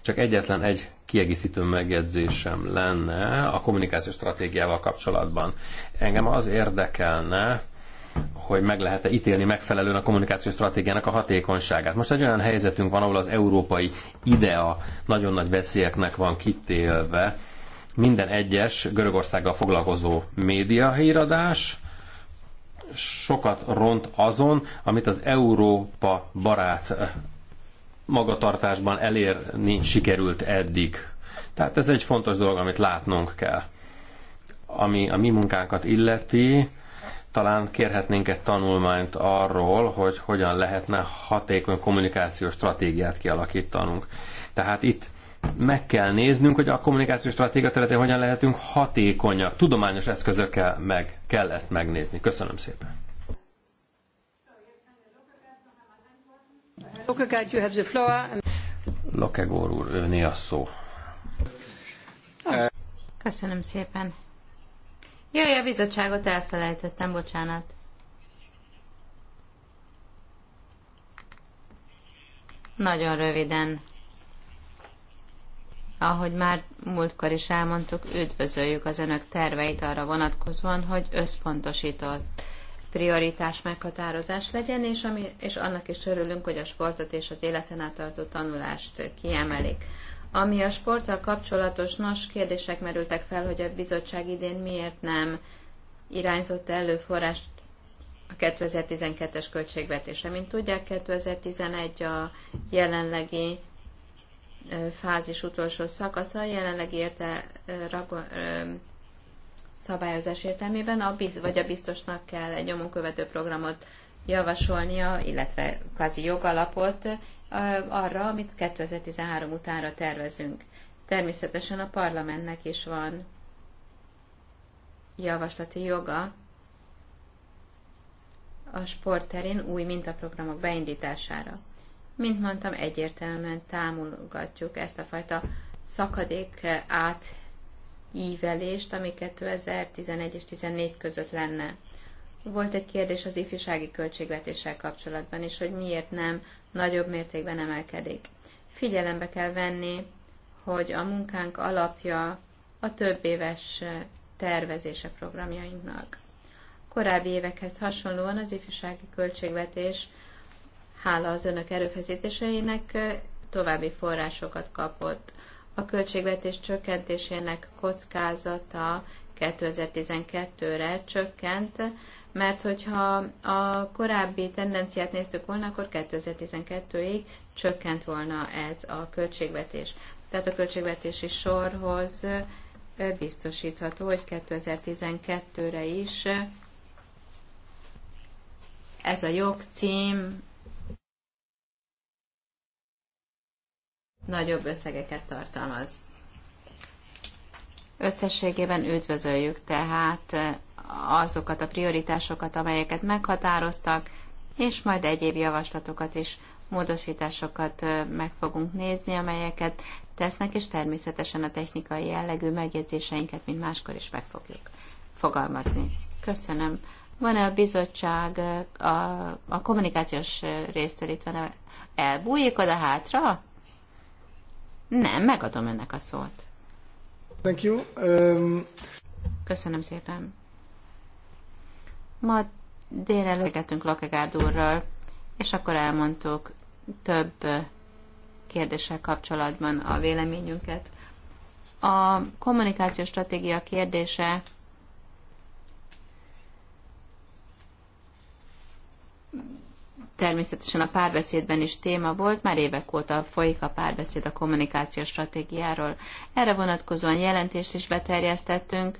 csak egyetlen egy kiegészítő megjegyzésem lenne a kommunikációs stratégiával kapcsolatban. Engem az érdekelne, hogy meg lehet-e ítélni megfelelően a kommunikációs stratégiának a hatékonyságát. Most egy olyan helyzetünk van, ahol az európai idea nagyon nagy veszélyeknek van kitélve. Minden egyes Görögországgal foglalkozó média híradás sokat ront azon, amit az Európa barát eh, magatartásban elérni sikerült eddig. Tehát ez egy fontos dolog, amit látnunk kell. Ami a mi munkánkat illeti, talán kérhetnénk egy tanulmányt arról, hogy hogyan lehetne hatékony kommunikációs stratégiát kialakítanunk. Tehát itt meg kell néznünk, hogy a kommunikációs stratégia területén hogyan lehetünk hatékonyak. Tudományos eszközökkel meg kell ezt megnézni. Köszönöm szépen. Lokegár, Lokegór úr, őné a szó. Köszönöm szépen. Jaj, a bizottságot elfelejtettem, bocsánat. Nagyon röviden. Ahogy már múltkor is elmondtuk, üdvözöljük az önök terveit arra vonatkozóan, hogy összpontosított prioritás meghatározás legyen, és, ami, és annak is örülünk, hogy a sportot és az életen át tartó tanulást kiemelik. Ami a sporttal kapcsolatos nos kérdések merültek fel, hogy a bizottság idén miért nem irányzott előforrást a 2012-es költségvetésre. Mint tudják, 2011 a jelenlegi fázis utolsó szakasza, a jelenlegi érte, rago, szabályozás értelmében, a biz, vagy a biztosnak kell egy nyomon követő programot javasolnia, illetve kvázi jogalapot, arra, amit 2013 utánra tervezünk. Természetesen a parlamentnek is van javaslati joga a sportterén új mintaprogramok beindítására. Mint mondtam, egyértelműen támogatjuk ezt a fajta szakadék átívelést, ami 2011 és 2014 között lenne. Volt egy kérdés az ifjúsági költségvetéssel kapcsolatban is, hogy miért nem nagyobb mértékben emelkedik. Figyelembe kell venni, hogy a munkánk alapja a több éves tervezése programjainknak. Korábbi évekhez hasonlóan az ifjúsági költségvetés hála az önök erőfeszítéseinek további forrásokat kapott. A költségvetés csökkentésének kockázata 2012-re csökkent mert hogyha a korábbi tendenciát néztük volna, akkor 2012-ig csökkent volna ez a költségvetés. Tehát a költségvetési sorhoz biztosítható, hogy 2012-re is ez a jogcím nagyobb összegeket tartalmaz. Összességében üdvözöljük tehát azokat a prioritásokat, amelyeket meghatároztak, és majd egyéb javaslatokat és módosításokat meg fogunk nézni, amelyeket tesznek, és természetesen a technikai jellegű megjegyzéseinket, mint máskor is meg fogjuk fogalmazni. Köszönöm. Van-e a bizottság, a, a kommunikációs résztől itt van-e? Elbújik oda hátra? Nem, megadom ennek a szót. Thank you. Um... Köszönöm szépen. Ma délelőgetünk Lokegárd úrral, és akkor elmondtuk több kérdéssel kapcsolatban a véleményünket. A kommunikációs stratégia kérdése természetesen a párbeszédben is téma volt, már évek óta folyik a párbeszéd a kommunikációs stratégiáról. Erre vonatkozóan jelentést is beterjesztettünk.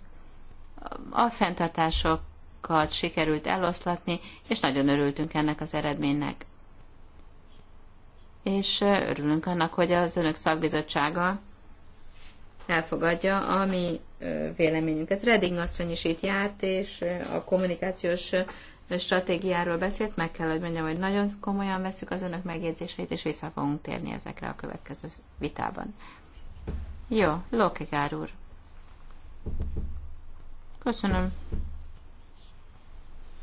A fenntartások kutyákat sikerült eloszlatni, és nagyon örültünk ennek az eredménynek. És örülünk annak, hogy az önök szakbizottsága elfogadja a mi véleményünket. Redding asszony is itt járt, és a kommunikációs stratégiáról beszélt, meg kell, hogy mondjam, hogy nagyon komolyan veszük az önök megjegyzéseit, és vissza fogunk térni ezekre a következő vitában. Jó, Lokegár úr. Köszönöm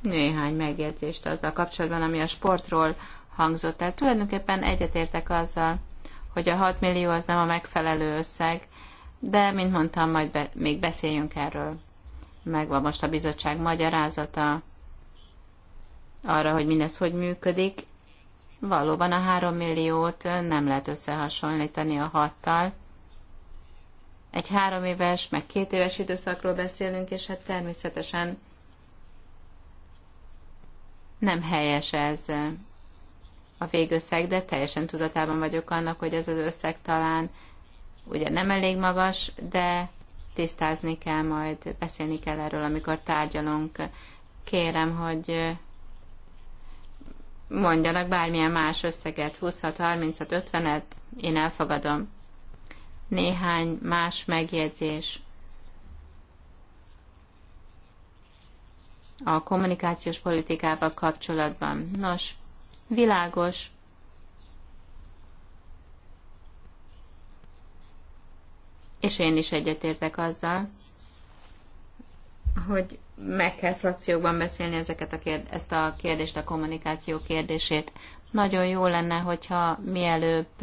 néhány megjegyzést azzal kapcsolatban, ami a sportról hangzott el. Tulajdonképpen egyetértek azzal, hogy a 6 millió az nem a megfelelő összeg, de, mint mondtam, majd be, még beszéljünk erről. Megvan most a bizottság magyarázata arra, hogy mindez hogy működik. Valóban a 3 milliót nem lehet összehasonlítani a hattal. Egy három éves, meg két éves időszakról beszélünk, és hát természetesen nem helyes ez a végösszeg, de teljesen tudatában vagyok annak, hogy ez az összeg talán ugye nem elég magas, de tisztázni kell majd, beszélni kell erről, amikor tárgyalunk. Kérem, hogy mondjanak bármilyen más összeget, 20-at, 30-at, 50-et, én elfogadom. Néhány más megjegyzés a kommunikációs politikával kapcsolatban. Nos, világos, és én is egyetértek azzal, hogy meg kell frakciókban beszélni ezeket a kérd- ezt a kérdést, a kommunikáció kérdését. Nagyon jó lenne, hogyha mielőbb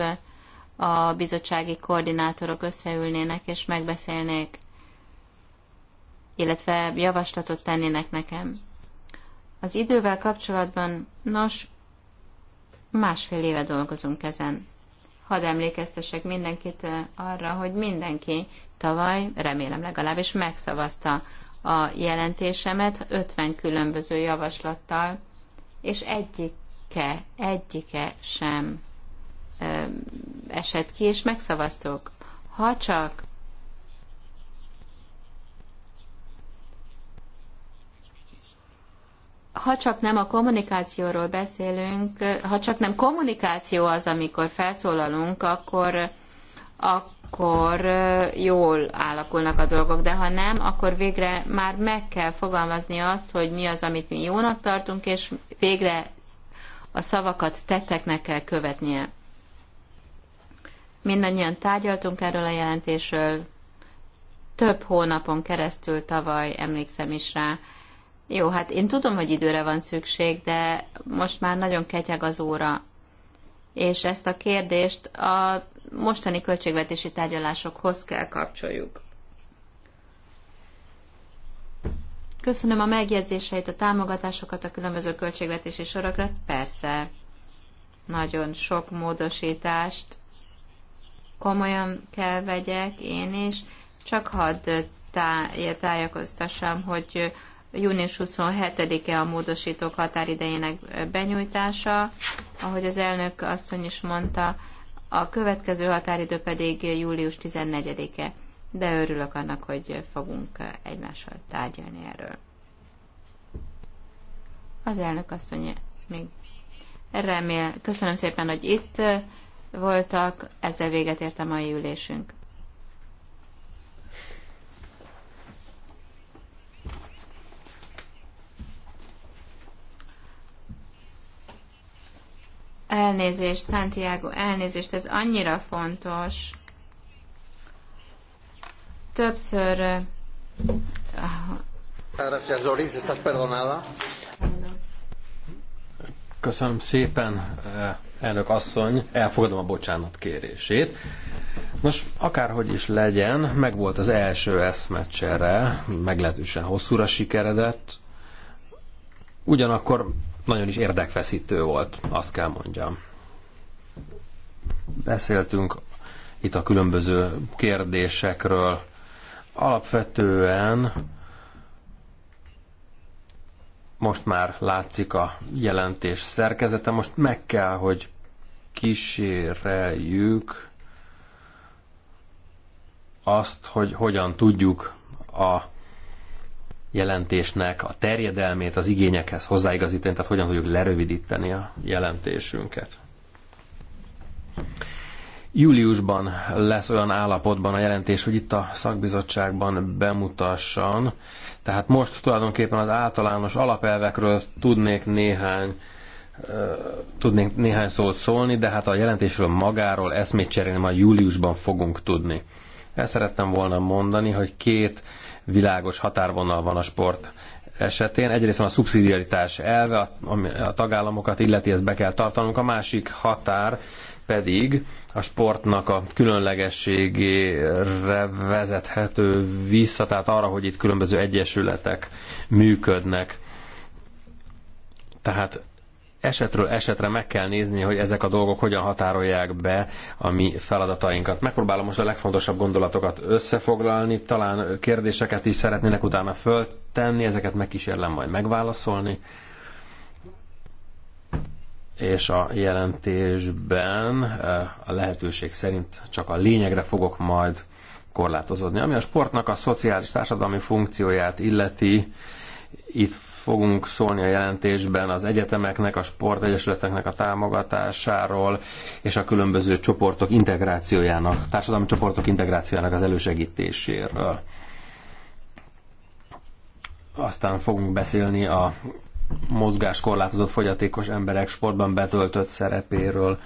a bizottsági koordinátorok összeülnének és megbeszélnék illetve javaslatot tennének nekem. Az idővel kapcsolatban, nos, másfél éve dolgozunk ezen. Hadd emlékeztessek mindenkit eh, arra, hogy mindenki tavaly, remélem legalábbis, megszavazta a jelentésemet 50 különböző javaslattal, és egyike, egyike sem ö, eh, esett ki, és megszavaztuk. Ha csak ha csak nem a kommunikációról beszélünk, ha csak nem kommunikáció az, amikor felszólalunk, akkor, akkor jól állakulnak a dolgok, de ha nem, akkor végre már meg kell fogalmazni azt, hogy mi az, amit mi jónak tartunk, és végre a szavakat tetteknek kell követnie. Mindannyian tárgyaltunk erről a jelentésről, több hónapon keresztül tavaly, emlékszem is rá, jó, hát én tudom, hogy időre van szükség, de most már nagyon ketyeg az óra. És ezt a kérdést a mostani költségvetési tárgyalásokhoz kell kapcsoljuk. Köszönöm a megjegyzéseit, a támogatásokat a különböző költségvetési sorokra. Persze, nagyon sok módosítást komolyan kell vegyek én is, csak hadd tájékoztassam, hogy június 27-e a módosítók határidejének benyújtása. Ahogy az elnök asszony is mondta, a következő határidő pedig július 14-e, de örülök annak, hogy fogunk egymással tárgyalni erről. Az elnök asszony még remél. Köszönöm szépen, hogy itt voltak, ezzel véget ért a mai ülésünk. Elnézést, Santiago, elnézést, ez annyira fontos. Többször... Eh, gracias, Doris, estás perdonada. Köszönöm szépen, eh, elnök asszony, elfogadom a bocsánat kérését. Nos, akárhogy is legyen, megvolt az első eszmecsere, meglehetősen hosszúra sikeredett, ugyanakkor nagyon is érdekfeszítő volt, azt kell mondjam. Beszéltünk itt a különböző kérdésekről. Alapvetően most már látszik a jelentés szerkezete, most meg kell, hogy kíséreljük azt, hogy hogyan tudjuk a jelentésnek a terjedelmét az igényekhez hozzáigazítani, tehát hogyan tudjuk lerövidíteni a jelentésünket. Júliusban lesz olyan állapotban a jelentés, hogy itt a szakbizottságban bemutassan. Tehát most tulajdonképpen az általános alapelvekről tudnék néhány tudnék néhány szót szólni, de hát a jelentésről magáról eszmét cserélni majd júliusban fogunk tudni. Ezt szerettem volna mondani, hogy két világos határvonal van a sport esetén. Egyrészt van a szubszidiaritás elve, ami a tagállamokat illeti, ezt be kell tartanunk. A másik határ pedig a sportnak a különlegességére vezethető vissza, tehát arra, hogy itt különböző egyesületek működnek. Tehát esetről esetre meg kell nézni, hogy ezek a dolgok hogyan határolják be a mi feladatainkat. Megpróbálom most a legfontosabb gondolatokat összefoglalni, talán kérdéseket is szeretnének utána föltenni, ezeket megkísérlem majd megválaszolni. És a jelentésben eh, a lehetőség szerint csak a lényegre fogok majd korlátozódni. Ami a sportnak a szociális társadalmi funkcióját illeti, itt fogunk szólni a jelentésben az egyetemeknek, a sportegyesületeknek a támogatásáról és a különböző csoportok integrációjának, társadalmi csoportok integrációjának az elősegítéséről. Aztán fogunk beszélni a mozgáskorlátozott fogyatékos emberek sportban betöltött szerepéről,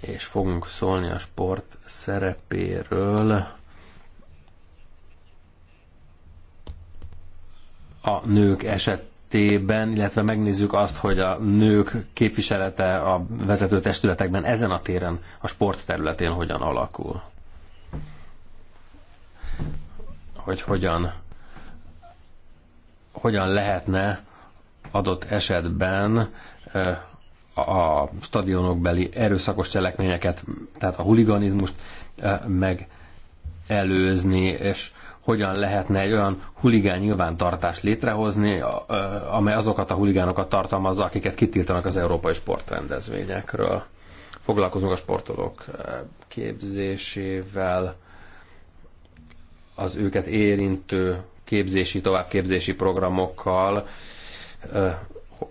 és fogunk szólni a sport szerepéről a nők esetében, illetve megnézzük azt, hogy a nők képviselete a vezető testületekben ezen a téren, a sport területén hogyan alakul. Hogy hogyan, hogyan lehetne adott esetben a stadionok beli erőszakos cselekményeket, tehát a huliganizmust megelőzni, és hogyan lehetne egy olyan huligán nyilvántartást létrehozni, amely azokat a huligánokat tartalmazza, akiket kitiltanak az európai sportrendezvényekről. Foglalkozunk a sportolók képzésével, az őket érintő képzési, továbbképzési programokkal,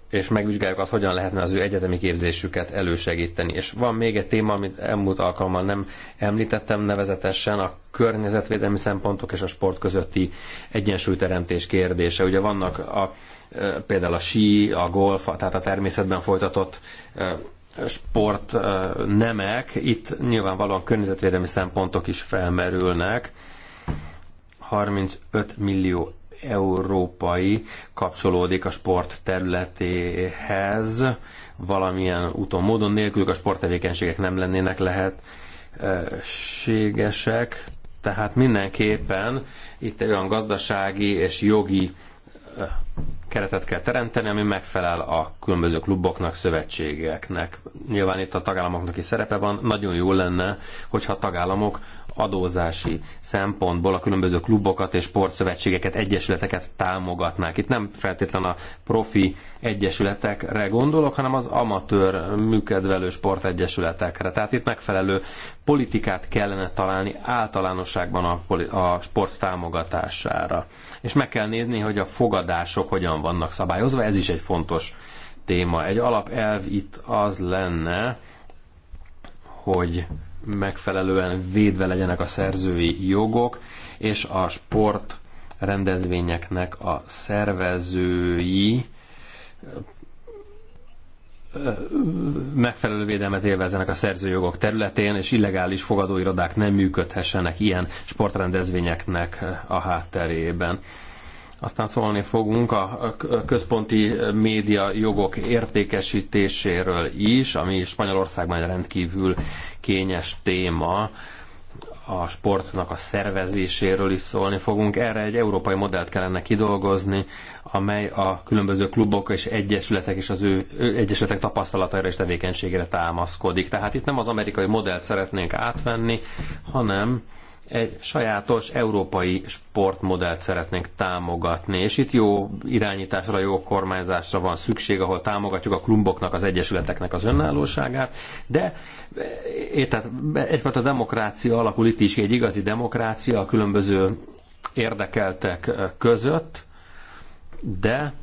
és megvizsgáljuk azt, hogyan lehetne az ő egyetemi képzésüket elősegíteni. És van még egy téma, amit elmúlt alkalommal nem említettem, nevezetesen a környezetvédelmi szempontok és a sport közötti egyensúlyteremtés kérdése. Ugye vannak a, például a sí, a golf, tehát a természetben folytatott sport nemek, itt nyilvánvalóan környezetvédelmi szempontok is felmerülnek. 35 millió európai kapcsolódik a sport területéhez valamilyen úton, módon nélkülük a sporttevékenységek nem lennének lehetségesek. Tehát mindenképpen itt egy olyan gazdasági és jogi keretet kell teremteni, ami megfelel a különböző kluboknak, szövetségeknek. Nyilván itt a tagállamoknak is szerepe van, nagyon jó lenne, hogyha a tagállamok adózási szempontból a különböző klubokat és sportszövetségeket, egyesületeket támogatnák. Itt nem feltétlen a profi egyesületekre gondolok, hanem az amatőr műkedvelő sportegyesületekre. Tehát itt megfelelő politikát kellene találni általánosságban a, a sport támogatására. És meg kell nézni, hogy a fogadások hogyan vannak szabályozva, ez is egy fontos téma. Egy alapelv itt az lenne, hogy megfelelően védve legyenek a szerzői jogok, és a sport rendezvényeknek a szervezői megfelelő védelmet élvezzenek a szerzőjogok területén, és illegális fogadóirodák nem működhessenek ilyen sportrendezvényeknek a hátterében. Aztán szólni fogunk a központi média jogok értékesítéséről is, ami Spanyolországban egy rendkívül kényes téma. A sportnak a szervezéséről is szólni fogunk. Erre egy európai modellt kellene kidolgozni, amely a különböző klubok és egyesületek és az ő, ő egyesületek tapasztalataira és tevékenységére támaszkodik. Tehát itt nem az amerikai modellt szeretnénk átvenni, hanem egy sajátos európai sportmodellt szeretnénk támogatni, és itt jó irányításra, jó kormányzásra van szükség, ahol támogatjuk a klumboknak, az egyesületeknek az önállóságát, de eh, tehát egyfajta demokrácia alakul itt is, egy igazi demokrácia a különböző érdekeltek eh, között, de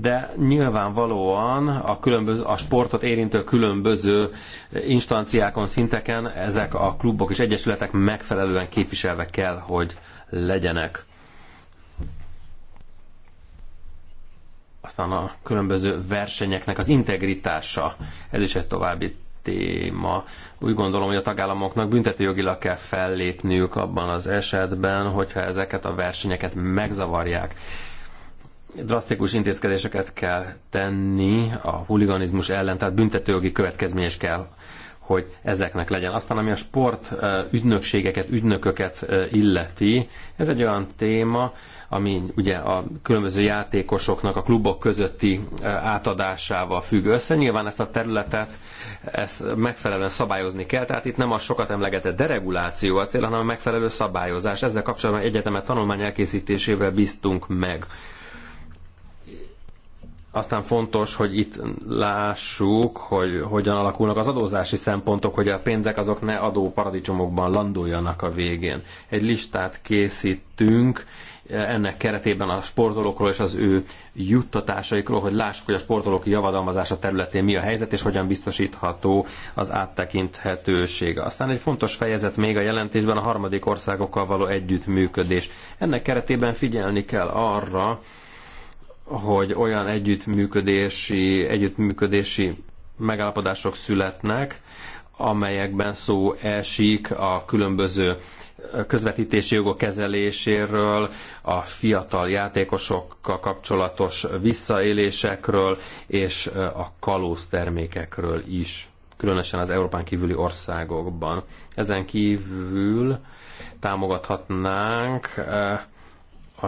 de nyilvánvalóan a, különböző, a sportot érintő különböző instanciákon, szinteken ezek a klubok és egyesületek megfelelően képviselve kell, hogy legyenek. Aztán a különböző versenyeknek az integritása, ez is egy további téma. Úgy gondolom, hogy a tagállamoknak büntetőjogilag kell fellépniük abban az esetben, hogyha ezeket a versenyeket megzavarják drasztikus intézkedéseket kell tenni a huliganizmus ellen, tehát büntetőjogi következményes kell, hogy ezeknek legyen. Aztán ami a sport ügynökségeket, ügynököket illeti, ez egy olyan téma, ami ugye a különböző játékosoknak a klubok közötti átadásával függ össze. Nyilván ezt a területet ezt megfelelően szabályozni kell, tehát itt nem a sokat emlegetett dereguláció a cél, hanem a megfelelő szabályozás. Ezzel kapcsolatban egyetemet tanulmány elkészítésével bíztunk meg. Aztán fontos, hogy itt lássuk, hogy hogyan alakulnak az adózási szempontok, hogy a pénzek azok ne adó paradicsomokban landoljanak a végén. Egy listát készítünk, eh, ennek keretében a sportolókról és az ő juttatásaikról, hogy lássuk, hogy a sportolók javadalmazása területén mi a helyzet, és hogyan biztosítható az áttekinthetőség. Aztán egy fontos fejezet még a jelentésben a harmadik országokkal való együttműködés. Ennek keretében figyelni kell arra, hogy olyan együttműködési, együttműködési megállapodások születnek, amelyekben szó esik a különböző közvetítési jogok kezeléséről, a fiatal játékosokkal kapcsolatos visszaélésekről és a kalóz termékekről is különösen az Európán kívüli országokban. Ezen kívül támogathatnánk a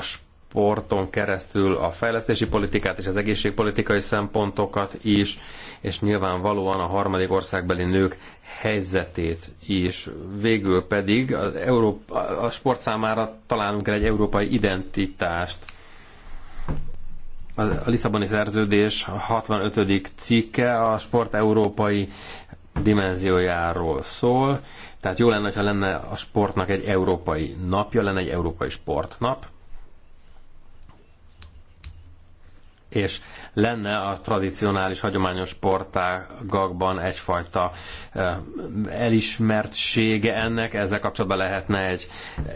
sporton keresztül a fejlesztési politikát és az egészségpolitikai szempontokat is, és nyilvánvalóan a harmadik országbeli nők helyzetét is. Végül pedig az Európa, a sport számára találunk el egy európai identitást. A Lisszaboni szerződés 65. cikke a sport európai dimenziójáról szól, tehát jó lenne, ha lenne a sportnak egy európai napja, lenne egy európai sportnap, és lenne a tradicionális, hagyományos sportágakban egyfajta elismertsége ennek, ezzel kapcsolatban lehetne egy,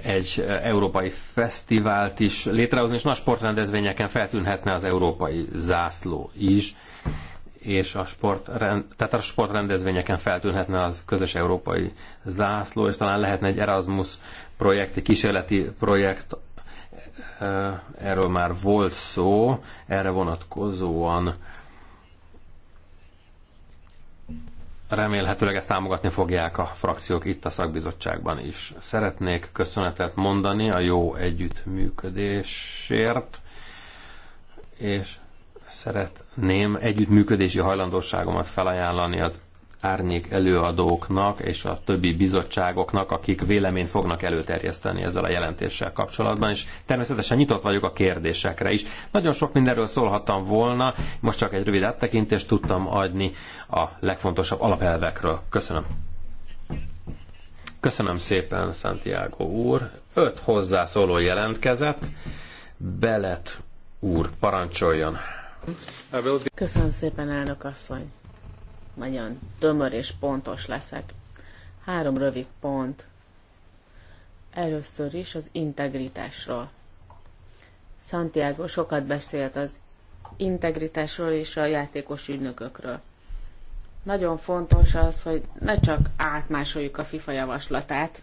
egy európai fesztivált is létrehozni, és nagy sportrendezvényeken feltűnhetne az európai zászló is és a, sport, tehát a sportrendezvényeken feltűnhetne az közös európai zászló, és talán lehetne egy Erasmus projekt, egy kísérleti projekt Eh, erről már volt szó, erre vonatkozóan remélhetőleg ezt támogatni fogják a frakciók itt a szakbizottságban is. Szeretnék köszönetet mondani a jó együttműködésért, és szeretném együttműködési hajlandóságomat felajánlani az árnyék előadóknak és a többi bizottságoknak, akik véleményt fognak előterjeszteni ezzel a jelentéssel kapcsolatban, és természetesen nyitott vagyok a kérdésekre is. Nagyon sok mindenről szólhattam volna, most csak egy rövid áttekintést tudtam adni a legfontosabb alapelvekről. Köszönöm. Köszönöm szépen, Santiago úr. Öt hozzászóló jelentkezett. Belet úr, parancsoljon. Köszönöm szépen, elnök asszony. Nagyon tömör és pontos leszek. Három rövid pont. Először is az integritásról. Santiago sokat beszélt az integritásról és a játékos ügynökökről. Nagyon fontos az, hogy ne csak átmásoljuk a FIFA javaslatát,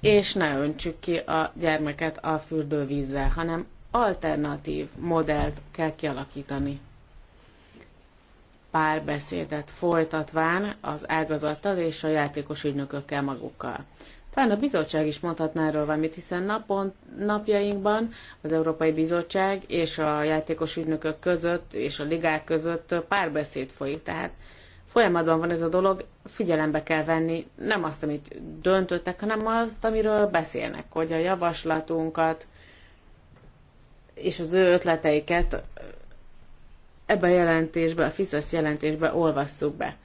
és ne öntsük ki a gyermeket a fürdővízzel, hanem alternatív modellt kell kialakítani párbeszédet folytatván az ágazattal és a játékos ügynökökkel magukkal. Talán a bizottság is mondhatná erről valamit, hiszen napon, napjainkban az Európai Bizottság és a játékos ügynökök között és a ligák között párbeszéd folyik. Tehát folyamatban van ez a dolog, figyelembe kell venni nem azt, amit döntöttek, hanem azt, amiről beszélnek, hogy a javaslatunkat és az ő ötleteiket ebbe a jelentésbe, a FISZESZ jelentésbe olvasszuk be.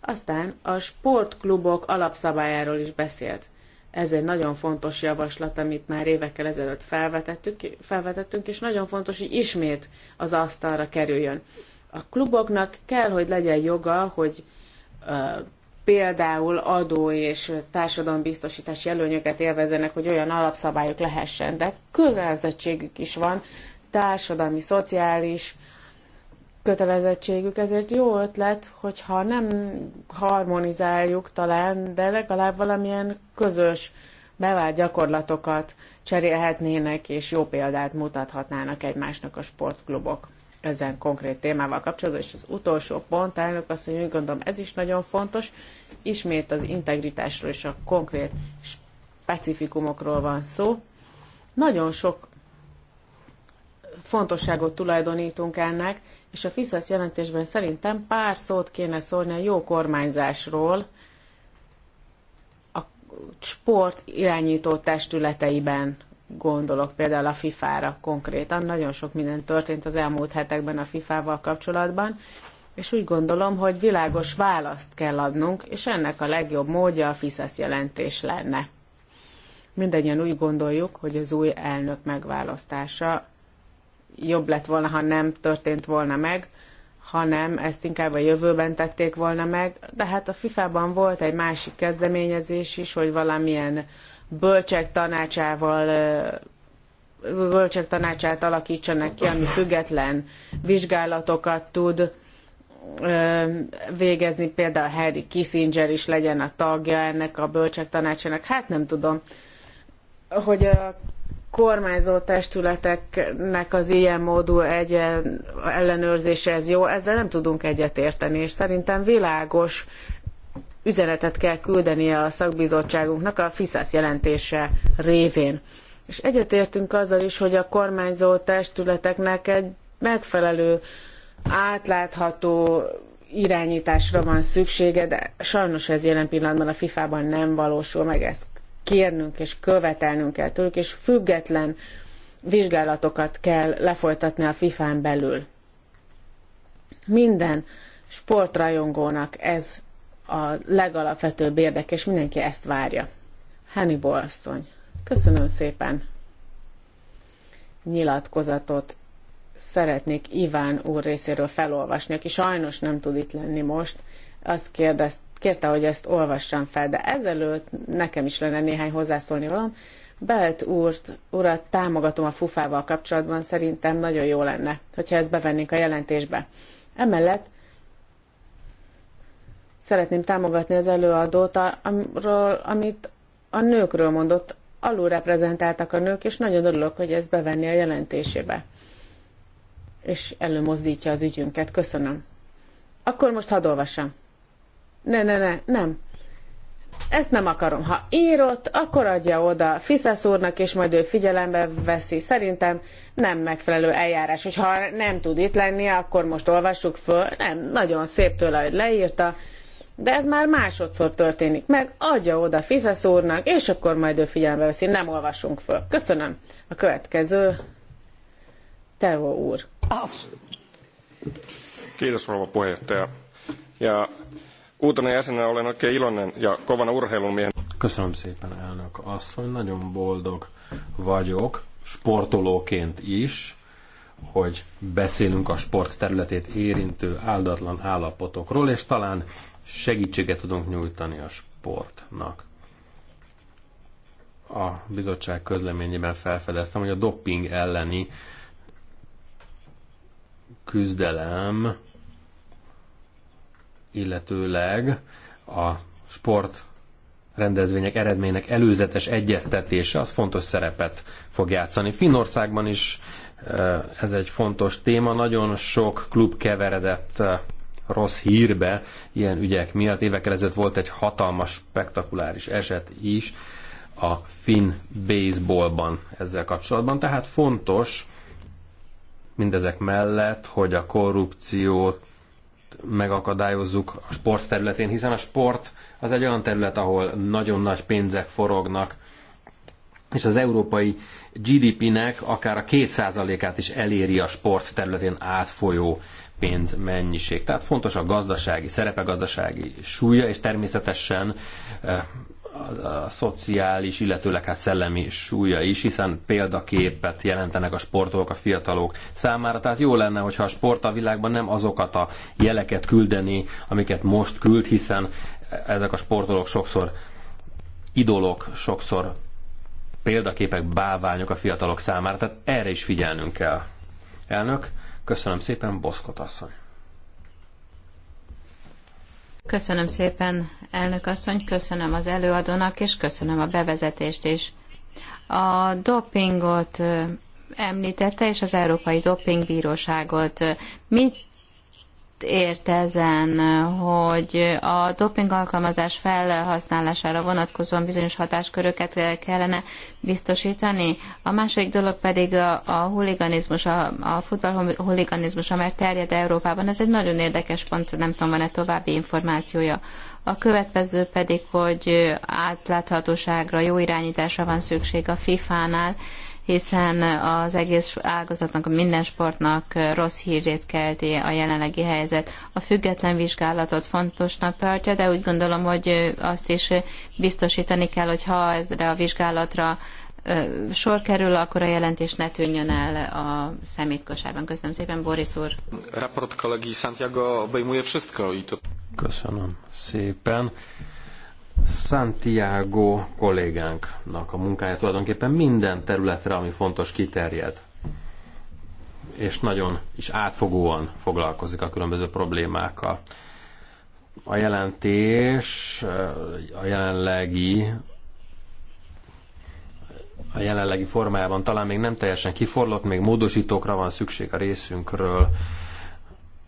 Aztán a sportklubok alapszabályáról is beszélt. Ez egy nagyon fontos javaslat, amit már évekkel ezelőtt felvetettük, felvetettünk, és nagyon fontos, hogy ismét az asztalra kerüljön. A kluboknak kell, hogy legyen joga, hogy ö, például adó és társadalombiztosítási előnyöket élvezzenek, hogy olyan alapszabályok lehessen, de kövezettségük is van társadalmi, szociális kötelezettségük, ezért jó ötlet, hogyha nem harmonizáljuk talán, de legalább valamilyen közös bevált gyakorlatokat cserélhetnének, és jó példát mutathatnának egymásnak a sportklubok ezen konkrét témával kapcsolatban. És az utolsó pont, elnök azt mondja, úgy gondolom ez is nagyon fontos, ismét az integritásról és a konkrét specifikumokról van szó. Nagyon sok fontosságot tulajdonítunk ennek, és a FISZASZ jelentésben szerintem pár szót kéne szólni a jó kormányzásról a sport irányító testületeiben gondolok például a FIFA-ra konkrétan. Nagyon sok minden történt az elmúlt hetekben a FIFA-val kapcsolatban, és úgy gondolom, hogy világos választ kell adnunk, és ennek a legjobb módja a FISZASZ jelentés lenne. Mindennyian úgy gondoljuk, hogy az új elnök megválasztása jobb lett volna, ha nem történt volna meg, hanem ezt inkább a jövőben tették volna meg. De hát a FIFA-ban volt egy másik kezdeményezés is, hogy valamilyen bölcsek tanácsával bölcsek tanácsát alakítsanak ki, ami független vizsgálatokat tud végezni, például Harry Kissinger is legyen a tagja ennek a bölcsek tanácsának. Hát nem tudom, hogy a kormányzó testületeknek az ilyen módú egyen ellenőrzése ez jó, ezzel nem tudunk egyetérteni, és szerintem világos üzenetet kell küldenie a szakbizottságunknak a FISZASZ jelentése révén. És egyetértünk azzal is, hogy a kormányzó testületeknek egy megfelelő, átlátható irányításra van szüksége, de sajnos ez jelen pillanatban a FIFA-ban nem valósul meg, ezt kérnünk és követelnünk kell tőlük, és független vizsgálatokat kell lefolytatni a FIFA-n belül. Minden sportrajongónak ez a legalapvetőbb érdek, és mindenki ezt várja. Hannibal asszony, köszönöm szépen. Nyilatkozatot szeretnék Iván úr részéről felolvasni, aki sajnos nem tud itt lenni most. Azt kérdezte, kérte, hogy ezt olvassam fel, de ezelőtt nekem is lenne néhány hozzászólni valam. Belt úrt, urat támogatom a fufával kapcsolatban, szerintem nagyon jó lenne, hogyha ezt bevennénk a jelentésbe. Emellett szeretném támogatni az előadót, amiről, amit a nőkről mondott, alulreprezentáltak a nők, és nagyon örülök, hogy ezt bevenni a jelentésébe. És előmozdítja az ügyünket. Köszönöm. Akkor most hadd olvassam. Ne, ne, ne, nem. Ezt nem akarom. Ha írott, akkor adja oda Fiszesz úrnak, és majd ő figyelembe veszi. Szerintem nem megfelelő eljárás. hogy ha nem tud itt lenni, akkor most olvassuk föl. Nem, nagyon szép tőle, hogy leírta. De ez már másodszor történik meg. Adja oda Fiszesz úrnak, és akkor majd ő figyelembe veszi. Nem olvasunk föl. Köszönöm. A következő Teó úr. Kiitos a poéter. Ja Uutena jäsenenä olen oikein iloinen ja kovana urheilumiehen. Köszönöm szépen, elnök asszony. Nagyon boldog vagyok, sportolóként is, hogy beszélünk a sport területét érintő áldatlan állapotokról, és talán segítséget tudunk nyújtani a sportnak. A bizottság közleményében felfedeztem, hogy a dopping elleni küzdelem illetőleg a sport rendezvények eredménynek előzetes egyeztetése az fontos szerepet fog játszani. Finnországban is ez egy fontos téma. Nagyon sok klub keveredett rossz hírbe ilyen ügyek miatt. Évekkel ezelőtt volt egy hatalmas, spektakuláris eset is a finn baseballban ezzel kapcsolatban. Tehát fontos mindezek mellett, hogy a korrupciót megakadályozzuk a sport területén, hiszen a sport az egy olyan terület, ahol nagyon nagy pénzek forognak, és az európai GDP-nek akár a kétszázalékát át is eléri a sport területén átfolyó pénzmennyiség. Tehát fontos a gazdasági, szerepe gazdasági súlya, és természetesen eh, a szociális, illetőleg hát szellemi súlya is, hiszen példaképet jelentenek a sportolók a fiatalok számára. Tehát jó lenne, hogyha a sport a világban nem azokat a jeleket küldeni, amiket most küld, hiszen ezek a sportolók sokszor idolok, sokszor példaképek, báványok a fiatalok számára. Tehát erre is figyelnünk kell. Elnök, köszönöm szépen, Boszkot asszony. Köszönöm szépen, elnök asszony, köszönöm az előadónak, és köszönöm a bevezetést is. A dopingot említette, és az Európai Dopingbíróságot. Mit ért ezen, hogy a doping alkalmazás felhasználására vonatkozóan bizonyos hatásköröket kellene biztosítani. A második dolog pedig a, a huliganizmus, a, a futball huliganizmus, amely terjed Európában. Ez egy nagyon érdekes pont, nem tudom, van-e további információja. A következő pedig, hogy átláthatóságra, jó irányításra van szükség a FIFA-nál, hiszen az egész ágazatnak, minden sportnak rossz hírét kelti a jelenlegi helyzet. A független vizsgálatot fontosnak tartja, de úgy gondolom, hogy azt is biztosítani kell, hogy ha ezre a vizsgálatra sor kerül, akkor a jelentés ne tűnjön el a szemétkosárban. Köszönöm szépen, Boris úr. Raport kolegi Santiago obejmuje wszystko. Köszönöm szépen. Santiago kollégánknak a munkája tulajdonképpen minden területre, ami fontos, kiterjed. És nagyon is átfogóan foglalkozik a különböző problémákkal. A jelentés eh, a jelenlegi a jelenlegi formájában talán még nem teljesen kiforlott, még módosítókra van szükség a részünkről.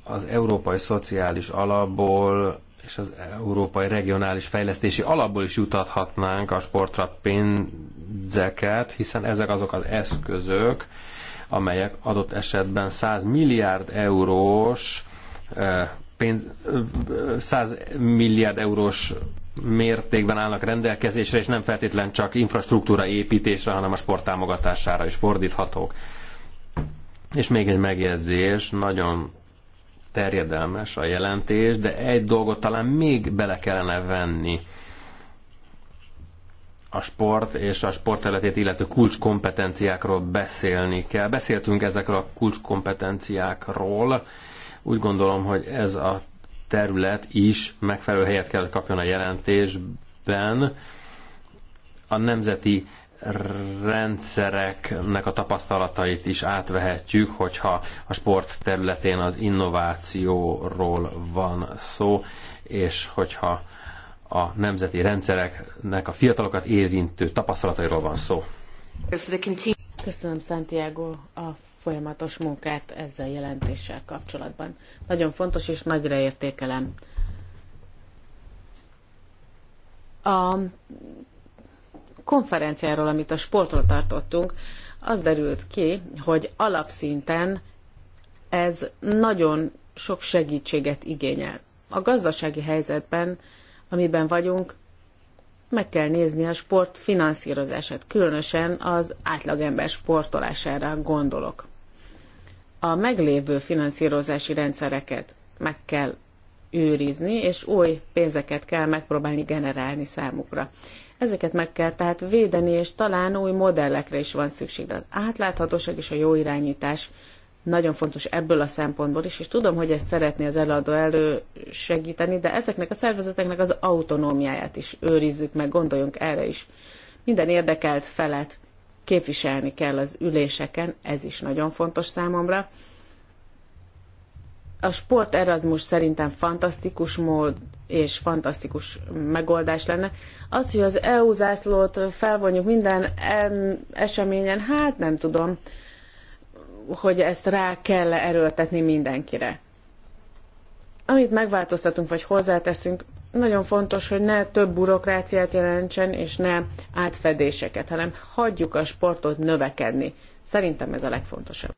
Az európai szociális alapból és az Európai Regionális Fejlesztési Alapból is jutathatnánk a sportra pénzeket, hiszen ezek azok az eszközök, amelyek adott esetben 100 milliárd eurós eh, pénz, 100 eh, milliárd eurós mértékben állnak rendelkezésre, és nem feltétlen csak infrastruktúra építésre, hanem a sport támogatására is fordíthatók. És még egy megjegyzés, nagyon terjedelmes a jelentés, de egy dolgot talán még bele kellene venni a sport és a sportterületét illető kulcskompetenciákról beszélni kell. Beszéltünk ezekről a kulcskompetenciákról. Úgy gondolom, hogy ez a terület is megfelelő helyet kell kapjon a jelentésben. A nemzeti rendszereknek a tapasztalatait is átvehetjük, hogyha a sport területén az innovációról van szó, és hogyha a nemzeti rendszereknek a fiatalokat érintő tapasztalatairól van szó. Köszönöm, Santiago, a folyamatos munkát ezzel jelentéssel kapcsolatban. Nagyon fontos és nagyra értékelem. A konferenciáról, amit a sportról tartottunk, az derült ki, hogy alapszinten ez nagyon sok segítséget igényel. A gazdasági helyzetben, amiben vagyunk, meg kell nézni a sport finanszírozását, különösen az átlagember sportolására gondolok. A meglévő finanszírozási rendszereket meg kell őrizni, és új pénzeket kell megpróbálni generálni számukra. Ezeket meg kell tehát védeni, és talán új modellekre is van szükség. De az átláthatóság és a jó irányítás nagyon fontos ebből a szempontból is, és tudom, hogy ezt szeretné az eladó elősegíteni, de ezeknek a szervezeteknek az autonómiáját is őrizzük meg, gondoljunk erre is. Minden érdekelt felet képviselni kell az üléseken, ez is nagyon fontos számomra, a sport Erasmus szerintem fantasztikus mód és fantasztikus megoldás lenne. Az, hogy az EU zászlót felvonjuk minden eseményen, hát nem tudom, hogy ezt rá kell -e erőltetni mindenkire. Amit megváltoztatunk vagy hozzáteszünk, nagyon fontos, hogy ne több burokráciát jelentsen, és ne átfedéseket, hanem hagyjuk a sportot növekedni. Szerintem ez a legfontosabb.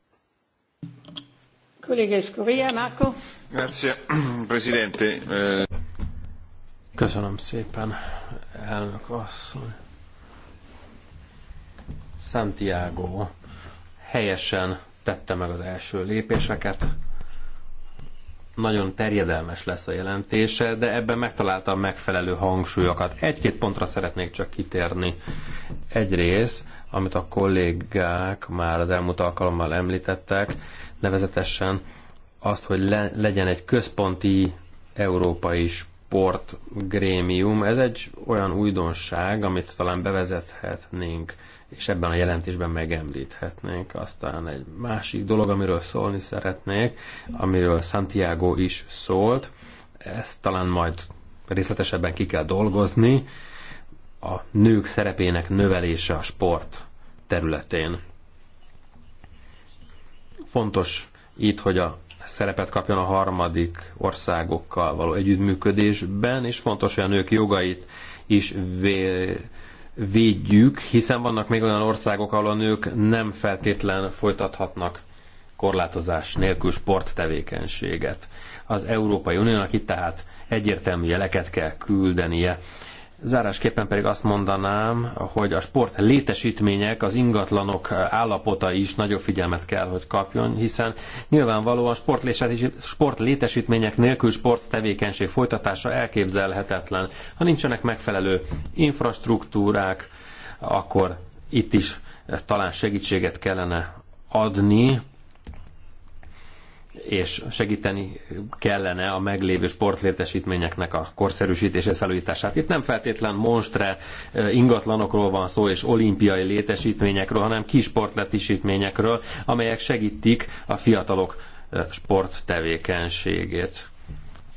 Grazie, Presidente. Eh. Köszönöm szépen, elnök asszony. Santiago helyesen tette meg az első lépéseket. Nagyon terjedelmes lesz a jelentése, de ebben megtalálta a megfelelő hangsúlyokat. Egy-két pontra szeretnék csak kitérni. Egyrészt amit a kollégák már az elmúlt alkalommal említettek, nevezetesen azt, hogy le, legyen egy központi európai sportgrémium. Ez egy olyan újdonság, amit talán bevezethetnénk, és ebben a jelentésben megemlíthetnénk. Aztán egy másik dolog, amiről szólni szeretnék, amiről Santiago is szólt, ezt talán majd részletesebben ki kell dolgozni, a nők szerepének növelése a sport területén. Fontos itt, hogy a szerepet kapjon a harmadik országokkal való együttműködésben, és fontos, hogy a nők jogait is védjük, hiszen vannak még olyan országok, ahol a nők nem feltétlen folytathatnak korlátozás nélkül sporttevékenységet. Az Európai Uniónak itt tehát egyértelmű jeleket kell küldenie Zárásképpen pedig azt mondanám, hogy a sport létesítmények, az ingatlanok állapota is nagyobb figyelmet kell, hogy kapjon, hiszen nyilvánvalóan sport létesítmények nélkül sporttevékenység folytatása elképzelhetetlen. Ha nincsenek megfelelő infrastruktúrák, akkor itt is talán segítséget kellene adni és segíteni kellene a meglévő sportlétesítményeknek a korszerűsítését, felújítását. Itt nem feltétlen monstre ingatlanokról van szó, és olimpiai létesítményekről, hanem kis sportletisítményekről, amelyek segítik a fiatalok sporttevékenységét.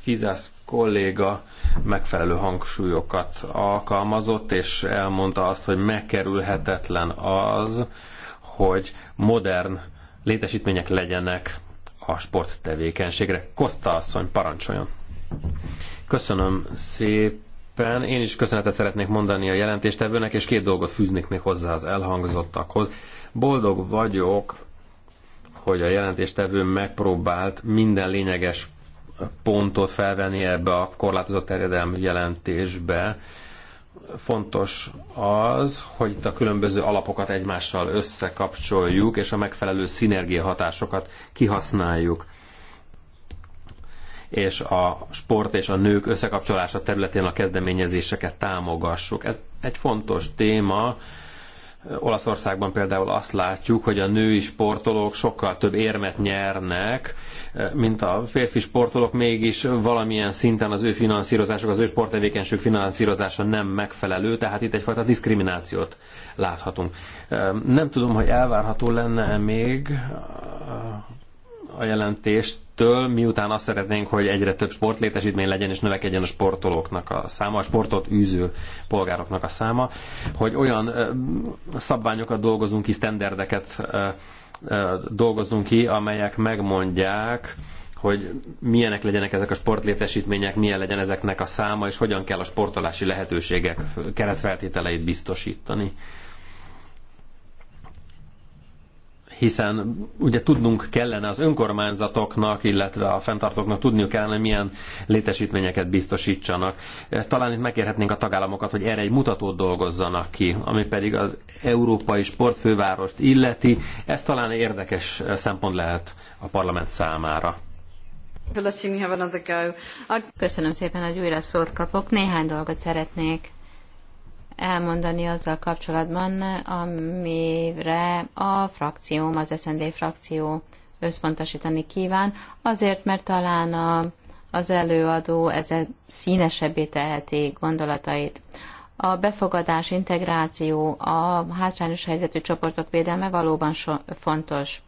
Fizász kolléga megfelelő hangsúlyokat alkalmazott, és elmondta azt, hogy megkerülhetetlen az, hogy modern létesítmények legyenek a sporttevékenységre. Kosta asszony, parancsoljon! Köszönöm szépen. Én is köszönetet szeretnék mondani a jelentéstevőnek, és két dolgot fűznék még hozzá az elhangzottakhoz. Boldog vagyok, hogy a jelentéstevő megpróbált minden lényeges pontot felvenni ebbe a korlátozott terjedelmű jelentésbe, fontos az, hogy itt a különböző alapokat egymással összekapcsoljuk, és a megfelelő szinergiahatásokat kihasználjuk és a sport és a nők összekapcsolása területén a kezdeményezéseket támogassuk. Ez egy fontos téma, Olaszországban például azt látjuk, hogy a női sportolók sokkal több érmet nyernek, eh, mint a férfi sportolók, mégis valamilyen szinten az ő finanszírozásuk, az ő sporttevékenység finanszírozása nem megfelelő, tehát itt egyfajta diszkriminációt láthatunk. Eh, nem tudom, hogy elvárható lenne még eh, a jelentéstől, miután azt szeretnénk, hogy egyre több sportlétesítmény legyen, és növekedjen a sportolóknak a száma, a sportot űző polgároknak a száma, hogy olyan szabványokat dolgozunk ki, sztenderdeket dolgozunk ki, amelyek megmondják, hogy milyenek legyenek ezek a sportlétesítmények, milyen legyen ezeknek a száma, és hogyan kell a sportolási lehetőségek keretfeltételeit biztosítani. hiszen ugye tudnunk kellene az önkormányzatoknak, illetve a fenntartóknak tudniuk kellene, milyen létesítményeket biztosítsanak. Talán itt megkérhetnénk a tagállamokat, hogy erre egy mutatót dolgozzanak ki, ami pedig az európai sportfővárost illeti. Ez talán egy érdekes szempont lehet a parlament számára. Köszönöm szépen, hogy újra szót kapok. Néhány dolgot szeretnék elmondani azzal kapcsolatban, amire a frakcióm, az SND frakció összpontosítani kíván, azért, mert talán a, az előadó ezzel színesebbé teheti gondolatait. A befogadás, integráció, a hátrányos helyzetű csoportok védelme valóban so- fontos.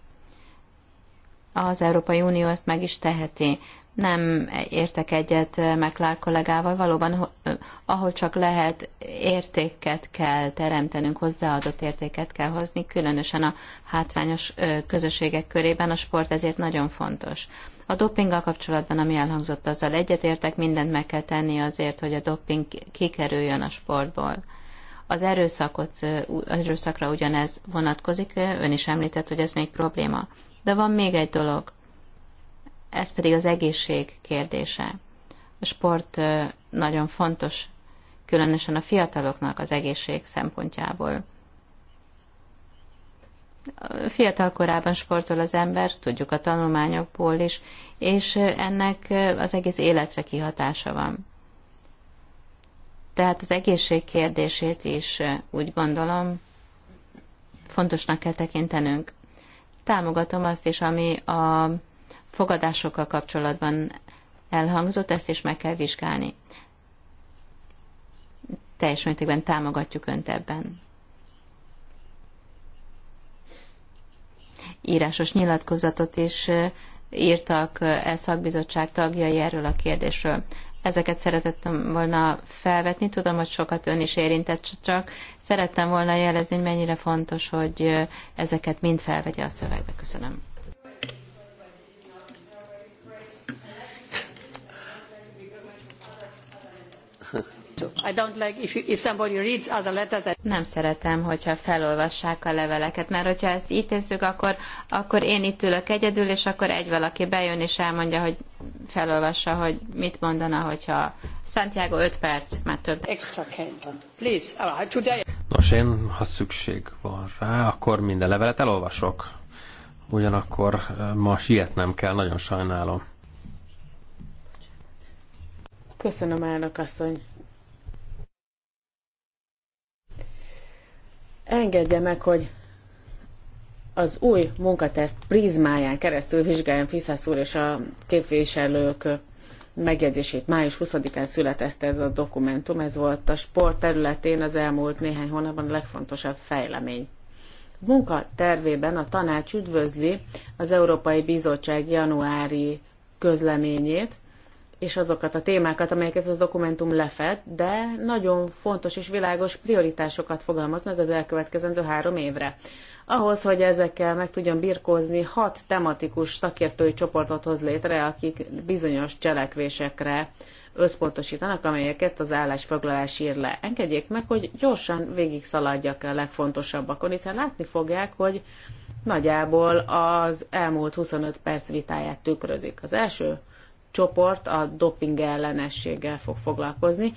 Az Európai Unió ezt meg is teheti, nem értek egyet eh, McLár kollégával, valóban eh, ahol csak lehet értéket kell teremtenünk, hozzáadott értéket kell hozni, különösen a hátrányos eh, közösségek körében a sport ezért nagyon fontos. A doppinggal kapcsolatban, ami elhangzott, azzal egyetértek, mindent meg kell tenni azért, hogy a doping kikerüljön a sportból. Az erőszakot, erőszakra ugyanez vonatkozik, ön is említett, hogy ez még probléma. De van még egy dolog, ez pedig az egészség kérdése. A sport nagyon fontos, különösen a fiataloknak az egészség szempontjából. Fiatal korában sportol az ember, tudjuk a tanulmányokból is, és ennek az egész életre kihatása van. Tehát az egészség kérdését is úgy gondolom fontosnak kell tekintenünk. Támogatom azt is, ami a fogadásokkal kapcsolatban elhangzott, ezt is meg kell vizsgálni. Teljes mértékben támogatjuk Önt ebben. Írásos nyilatkozatot is írtak e szakbizottság tagjai erről a kérdésről. Ezeket szeretettem volna felvetni, tudom, hogy sokat ön is érintett, csak szerettem volna jelezni, mennyire fontos, hogy ezeket mind felvegye a szövegbe. Köszönöm. Nem szeretem, hogyha felolvassák a leveleket, mert hogyha ezt így tesszük, akkor, akkor én itt ülök egyedül, és akkor egy valaki bejön és elmondja, hogy felolvassa, hogy mit mondana, hogyha Santiago 5 perc, már több. Extra Please, uh, Nos, én, ha szükség van rá, akkor minden levelet elolvasok. Ugyanakkor uh, ma sietnem kell, nagyon sajnálom. Köszönöm, elnök asszony. Engedje meg, hogy az új munkaterv prizmáján keresztül vizsgáljam Fiszász úr és a képviselők megjegyzését. Május 20-án született ez a dokumentum, ez volt a sport területén az elmúlt néhány hónapban a legfontosabb fejlemény. A munka tervében a tanács üdvözli az Európai Bizottság januári közleményét, és azokat a témákat, amelyeket ez a dokumentum lefed, de nagyon fontos és világos prioritásokat fogalmaz meg az elkövetkezendő három évre. Ahhoz, hogy ezekkel meg tudjon birkózni, hat tematikus szakértői csoportot hoz létre, akik bizonyos cselekvésekre összpontosítanak, amelyeket az állásfoglalás ír le. Engedjék meg, hogy gyorsan szaladjak a legfontosabbakon, hiszen látni fogják, hogy nagyjából az elmúlt 25 perc vitáját tükrözik. Az első csoport a doping ellenességgel fog foglalkozni.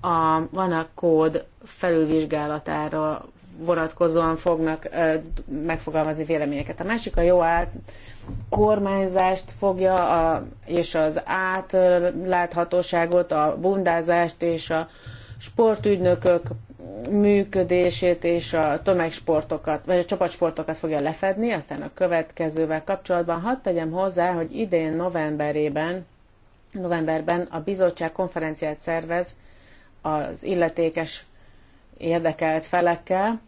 A, van a kód felülvizsgálatára vonatkozóan fognak ö, megfogalmazni véleményeket. A másik a jó át kormányzást fogja, a, és az átláthatóságot, a bundázást és a sportügynökök működését és a tömegsportokat, vagy a csapatsportokat fogja lefedni, aztán a következővel kapcsolatban hadd tegyem hozzá, hogy idén novemberében, novemberben a bizottság konferenciát szervez az illetékes érdekelt felekkel,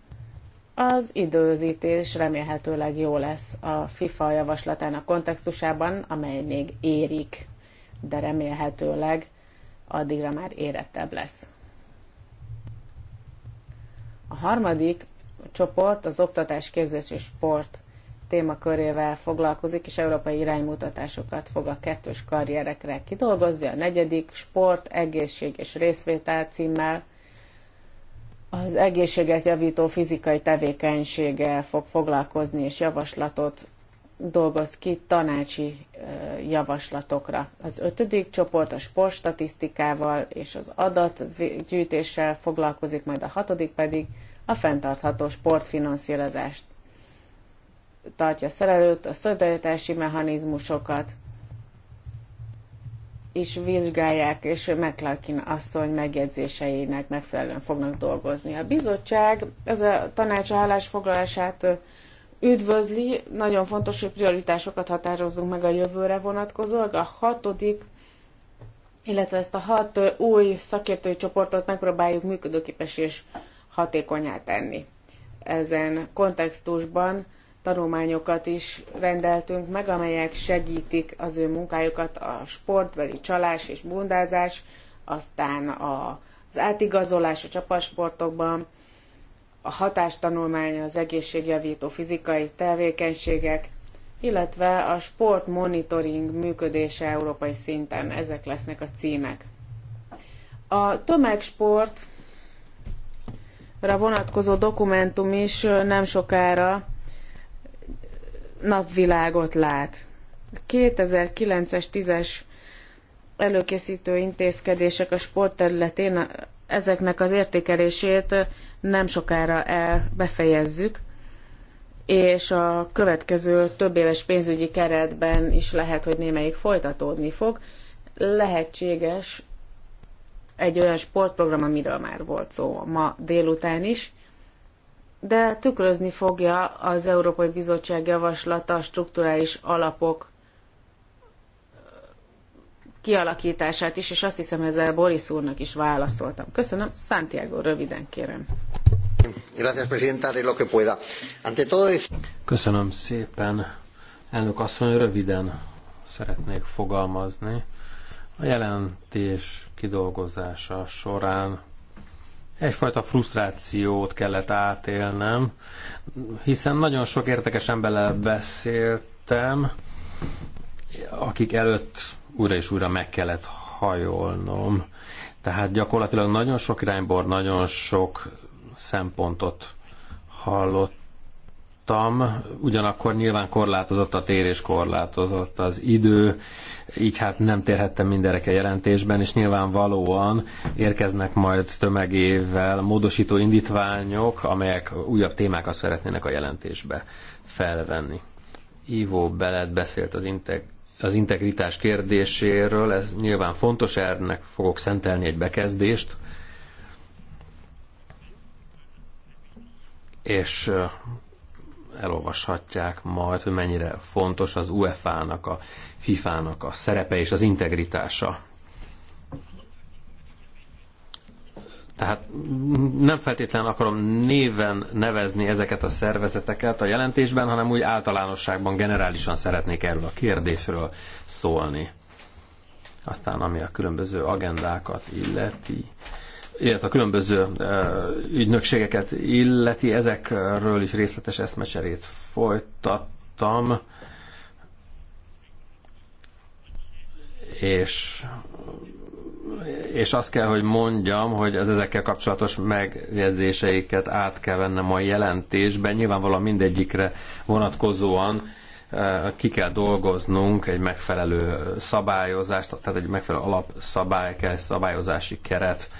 az időzítés remélhetőleg jó lesz a FIFA javaslatának kontextusában, amely még érik, de remélhetőleg addigra már érettebb lesz. A harmadik csoport az oktatás, képzés és sport témakörével foglalkozik, és európai iránymutatásokat fog a kettős karrierekre kidolgozni. A negyedik sport, egészség és részvétel címmel az egészséget javító fizikai tevékenységgel fog foglalkozni, és javaslatot dolgoz ki tanácsi javaslatokra. Az ötödik csoport a sportstatisztikával és az adatgyűjtéssel foglalkozik, majd a hatodik pedig a fenntartható sportfinanszírozást tartja szerelőt, a szolidaritási mechanizmusokat, és vizsgálják, és McClarkin asszony megjegyzéseinek megfelelően fognak dolgozni. A bizottság ez a tanács állásfoglalását üdvözli, nagyon fontos, hogy prioritásokat határozzunk meg a jövőre vonatkozólag A hatodik, illetve ezt a hat új szakértői csoportot megpróbáljuk működőképes és hatékonyá tenni. Ezen kontextusban tanulmányokat is rendeltünk meg, amelyek segítik az ő munkájukat a sportbeli csalás és bundázás, aztán az átigazolás a csapasportokban, a hatástanulmány, az egészségjavító fizikai tevékenységek, illetve a sportmonitoring működése európai szinten. Ezek lesznek a címek. A tömegsportra vonatkozó dokumentum is nem sokára napvilágot lát. 2009-es, 10-es előkészítő intézkedések a sportterületén ezeknek az értékelését nem sokára el befejezzük, és a következő több éves pénzügyi keretben is lehet, hogy némelyik folytatódni fog. Lehetséges egy olyan sportprogram, amiről már volt szó ma délután is, de tükrözni fogja az Európai Bizottság javaslata a strukturális alapok kialakítását is, és azt hiszem ezzel Boris úrnak is válaszoltam. Köszönöm. Santiago, röviden kérem. Köszönöm szépen. Elnök asszony, röviden szeretnék fogalmazni. A jelentés kidolgozása során egyfajta frusztrációt kellett átélnem, hiszen nagyon sok érdekes emberrel beszéltem, akik előtt újra és újra meg kellett hajolnom. Tehát gyakorlatilag nagyon sok irányból, nagyon sok szempontot hallottam, ugyanakkor nyilván korlátozott a térés, korlátozott az idő, így hát nem térhettem mindenre a jelentésben, és nyilvánvalóan érkeznek majd tömegével módosító indítványok, amelyek újabb témákat szeretnének a jelentésbe felvenni. Ivo Belet beszélt az integ az integritás kérdéséről, ez nyilván fontos, ennek fogok szentelni egy bekezdést, és eh, elolvashatják majd, hogy mennyire fontos az UEFA-nak, a FIFA-nak a szerepe és az integritása. Tehát nem feltétlenül akarom néven nevezni ezeket a szervezeteket a jelentésben, hanem úgy általánosságban, generálisan szeretnék erről a kérdésről szólni. Aztán ami a különböző agendákat illeti, illetve a különböző ügynökségeket illeti, ezekről is részletes eszmecserét folytattam. És és azt kell, hogy mondjam, hogy az ezekkel kapcsolatos megjegyzéseiket át kell vennem a jelentésben. Nyilvánvalóan mindegyikre vonatkozóan eh, ki kell dolgoznunk egy megfelelő szabályozást, tehát egy megfelelő alapszabály kell, szabályozási keret,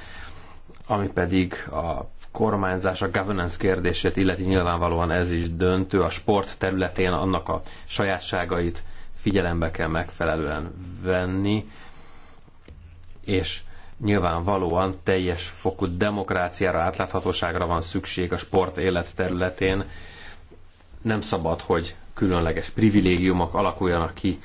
ami pedig a kormányzás, a governance kérdését illeti nyilvánvalóan ez is döntő. A sport területén annak a sajátságait figyelembe kell megfelelően venni és nyilvánvalóan teljes fokú demokráciára, átláthatóságra van szükség a sport élet területén. Nem szabad, hogy különleges privilégiumok alakuljanak ki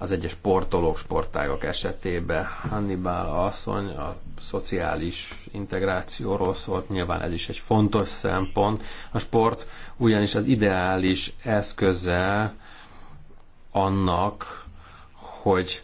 az egyes sportolók, sportágok esetében. Hannibal asszony a szociális integrációról szólt, nyilván ez is egy fontos szempont. A sport ugyanis az ideális eszköze annak, hogy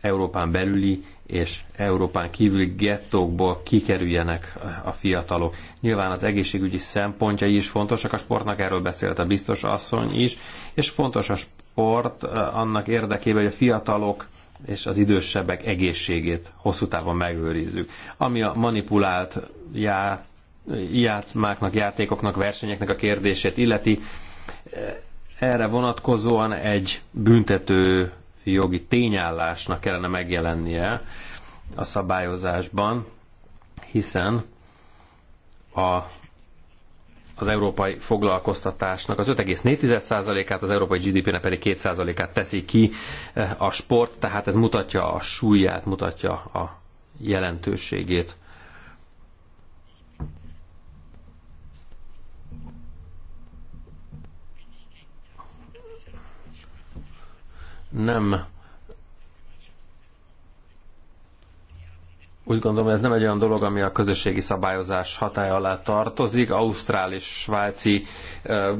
Európán belüli és Európán kívüli gettókból kikerüljenek a fiatalok. Nyilván az egészségügyi szempontjai is fontosak, a sportnak erről beszélt a biztos asszony is, és fontos a sport eh, annak érdekében, hogy a fiatalok és az idősebbek egészségét hosszú távon megőrizzük. Ami a manipulált já, játszmáknak, játékoknak, versenyeknek a kérdését illeti, eh, erre vonatkozóan egy büntető jogi tényállásnak kellene megjelennie a szabályozásban, hiszen a az európai foglalkoztatásnak az 5,4%-át, az európai GDP-nek pedig 2%-át teszi ki eh, a sport, tehát ez mutatja a súlyát, mutatja a jelentőségét. nem úgy gondolom, ez nem egy olyan dolog, ami a közösségi szabályozás hatája alá tartozik. Ausztrál és svájci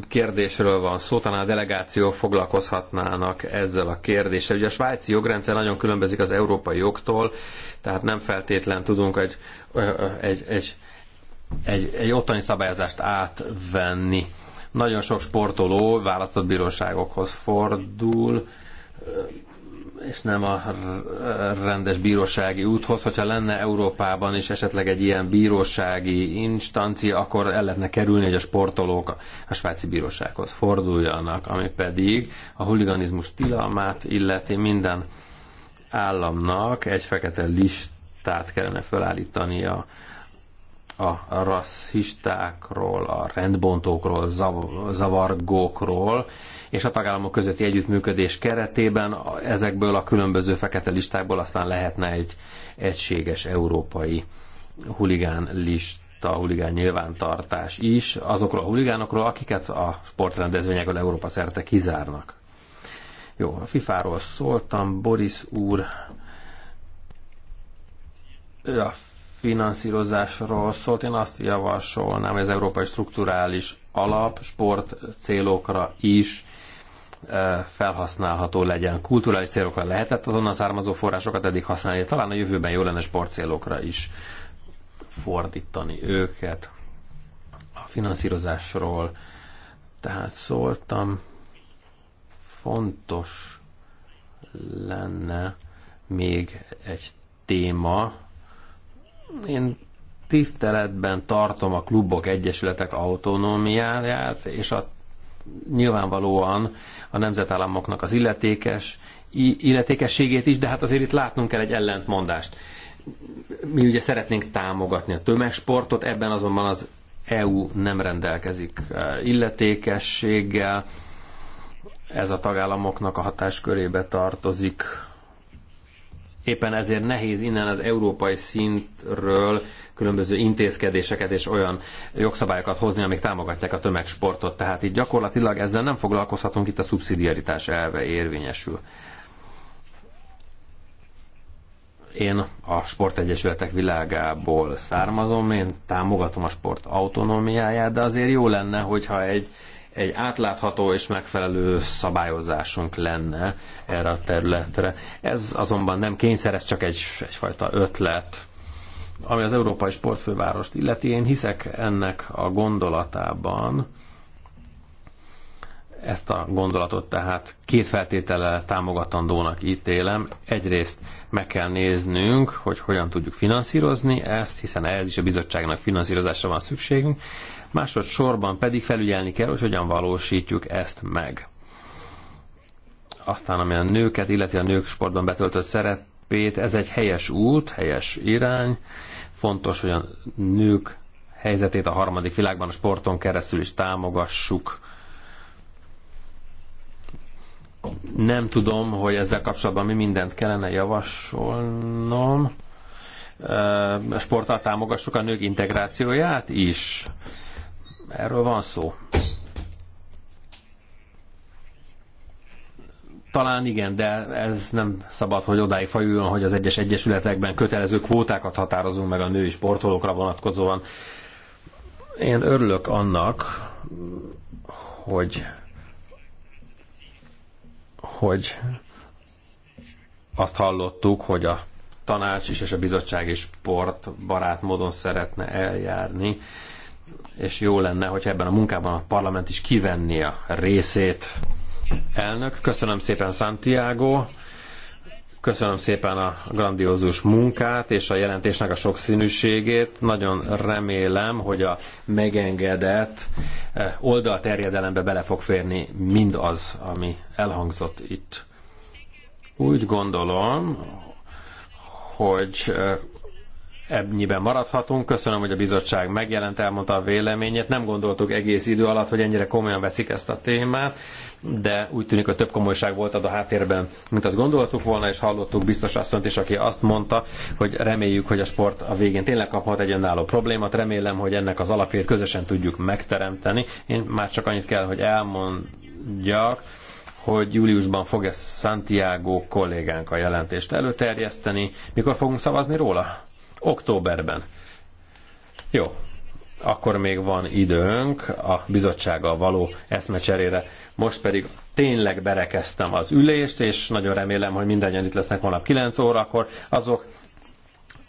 kérdésről van szó, talán a delegáció foglalkozhatnának ezzel a kérdéssel. Ugye a svájci jogrendszer nagyon különbözik az európai jogtól, tehát nem feltétlen tudunk egy, egy, egy, egy, egy ottani szabályozást átvenni. Nagyon sok sportoló választott bíróságokhoz fordul, és nem a rendes bírósági úthoz. Hogyha lenne Európában is esetleg egy ilyen bírósági instancia, akkor el lehetne kerülni, hogy a sportolók a svájci bírósághoz forduljanak, ami pedig a huliganizmus tilalmát illeti minden államnak egy fekete listát kellene felállítania a rasszistákról, a rendbontókról, zavargókról, és a tagállamok közötti együttműködés keretében ezekből a különböző fekete listákból aztán lehetne egy egységes európai huligán lista, huligán nyilvántartás is azokról a huligánokról, akiket a sportrendezvényekről Európa szerte kizárnak. Jó, a FIFA-ról szóltam, Boris úr, a finanszírozásról szólt, én azt javasolnám, hogy az európai strukturális alap sport célokra is e, felhasználható legyen. Kulturális célokra lehetett azonnal származó forrásokat eddig használni, talán a jövőben jó lenne sport célokra is fordítani őket. A finanszírozásról tehát szóltam, fontos lenne még egy téma, én tiszteletben tartom a klubok, egyesületek autonómiáját, és a, nyilvánvalóan a nemzetállamoknak az illetékes, illetékességét is, de hát azért itt látnunk kell egy ellentmondást. Mi ugye szeretnénk támogatni a tömegsportot, ebben azonban az EU nem rendelkezik e, illetékességgel, ez a tagállamoknak a hatáskörébe tartozik, éppen ezért nehéz innen az európai szintről különböző intézkedéseket és olyan jogszabályokat hozni, amik támogatják a tömegsportot. Tehát itt gyakorlatilag ezzel nem foglalkozhatunk, itt a szubszidiaritás elve érvényesül. Én a sportegyesületek világából származom, én támogatom a sport autonómiáját, de azért jó lenne, hogyha egy egy átlátható és megfelelő szabályozásunk lenne erre a területre. Ez azonban nem kényszer, ez csak egy, egyfajta ötlet. Ami az Európai Sportfővárost illeti, én hiszek ennek a gondolatában, ezt a gondolatot tehát két feltétellel támogatandónak ítélem. Egyrészt meg kell néznünk, hogy hogyan tudjuk finanszírozni ezt, hiszen ehhez is a bizottságnak finanszírozásra van szükségünk másodszorban pedig felügyelni kell, hogy hogyan valósítjuk ezt meg. Aztán, ami a nőket, illetve a nők sportban betöltött szerepét, ez egy helyes út, helyes irány. Fontos, hogy a nők helyzetét a harmadik világban a sporton keresztül is támogassuk. Nem tudom, hogy ezzel kapcsolatban mi mindent kellene javasolnom sporttal támogassuk a nők integrációját is. Erről van szó. Talán igen, de ez nem szabad, hogy odáig fajuljon, hogy az egyes egyesületekben kötelező kvótákat határozunk meg a női sportolókra vonatkozóan. Én örülök annak, hogy hogy azt hallottuk, hogy a tanács is és a bizottság is sport barát módon szeretne eljárni és jó lenne, hogyha ebben a munkában a parlament is kivenni a részét. Elnök, köszönöm szépen Santiago, köszönöm szépen a grandiózus munkát és a jelentésnek a sokszínűségét. Nagyon remélem, hogy a megengedett eh, oldalterjedelembe bele fog férni mindaz, ami elhangzott itt. Úgy gondolom, hogy eh, Ebnyiben maradhatunk. Köszönöm, hogy a bizottság megjelent, elmondta a véleményét. Nem gondoltuk egész idő alatt, hogy ennyire komolyan veszik ezt a témát, de úgy tűnik, hogy több komolyság volt ad a háttérben, mint azt gondoltuk volna, és hallottuk biztos asszonyt is, aki azt mondta, hogy reméljük, hogy a sport a végén tényleg kaphat egy önálló problémát. Remélem, hogy ennek az alapjét közösen tudjuk megteremteni. Én már csak annyit kell, hogy elmondjak, hogy júliusban fog-e Santiago kollégánk a jelentést előterjeszteni. Mikor fogunk szavazni róla? Októberben. Jó, akkor még van időnk a bizottsággal való eszmecserére. Most pedig tényleg berekeztem az ülést, és nagyon remélem, hogy mindannyian itt lesznek holnap 9 órakor. Azok,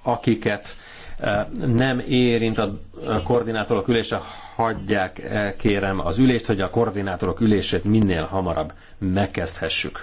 akiket e, nem érint a e, koordinátorok ülése, hagyják kérem az ülést, hogy a koordinátorok ülését minél hamarabb megkezdhessük.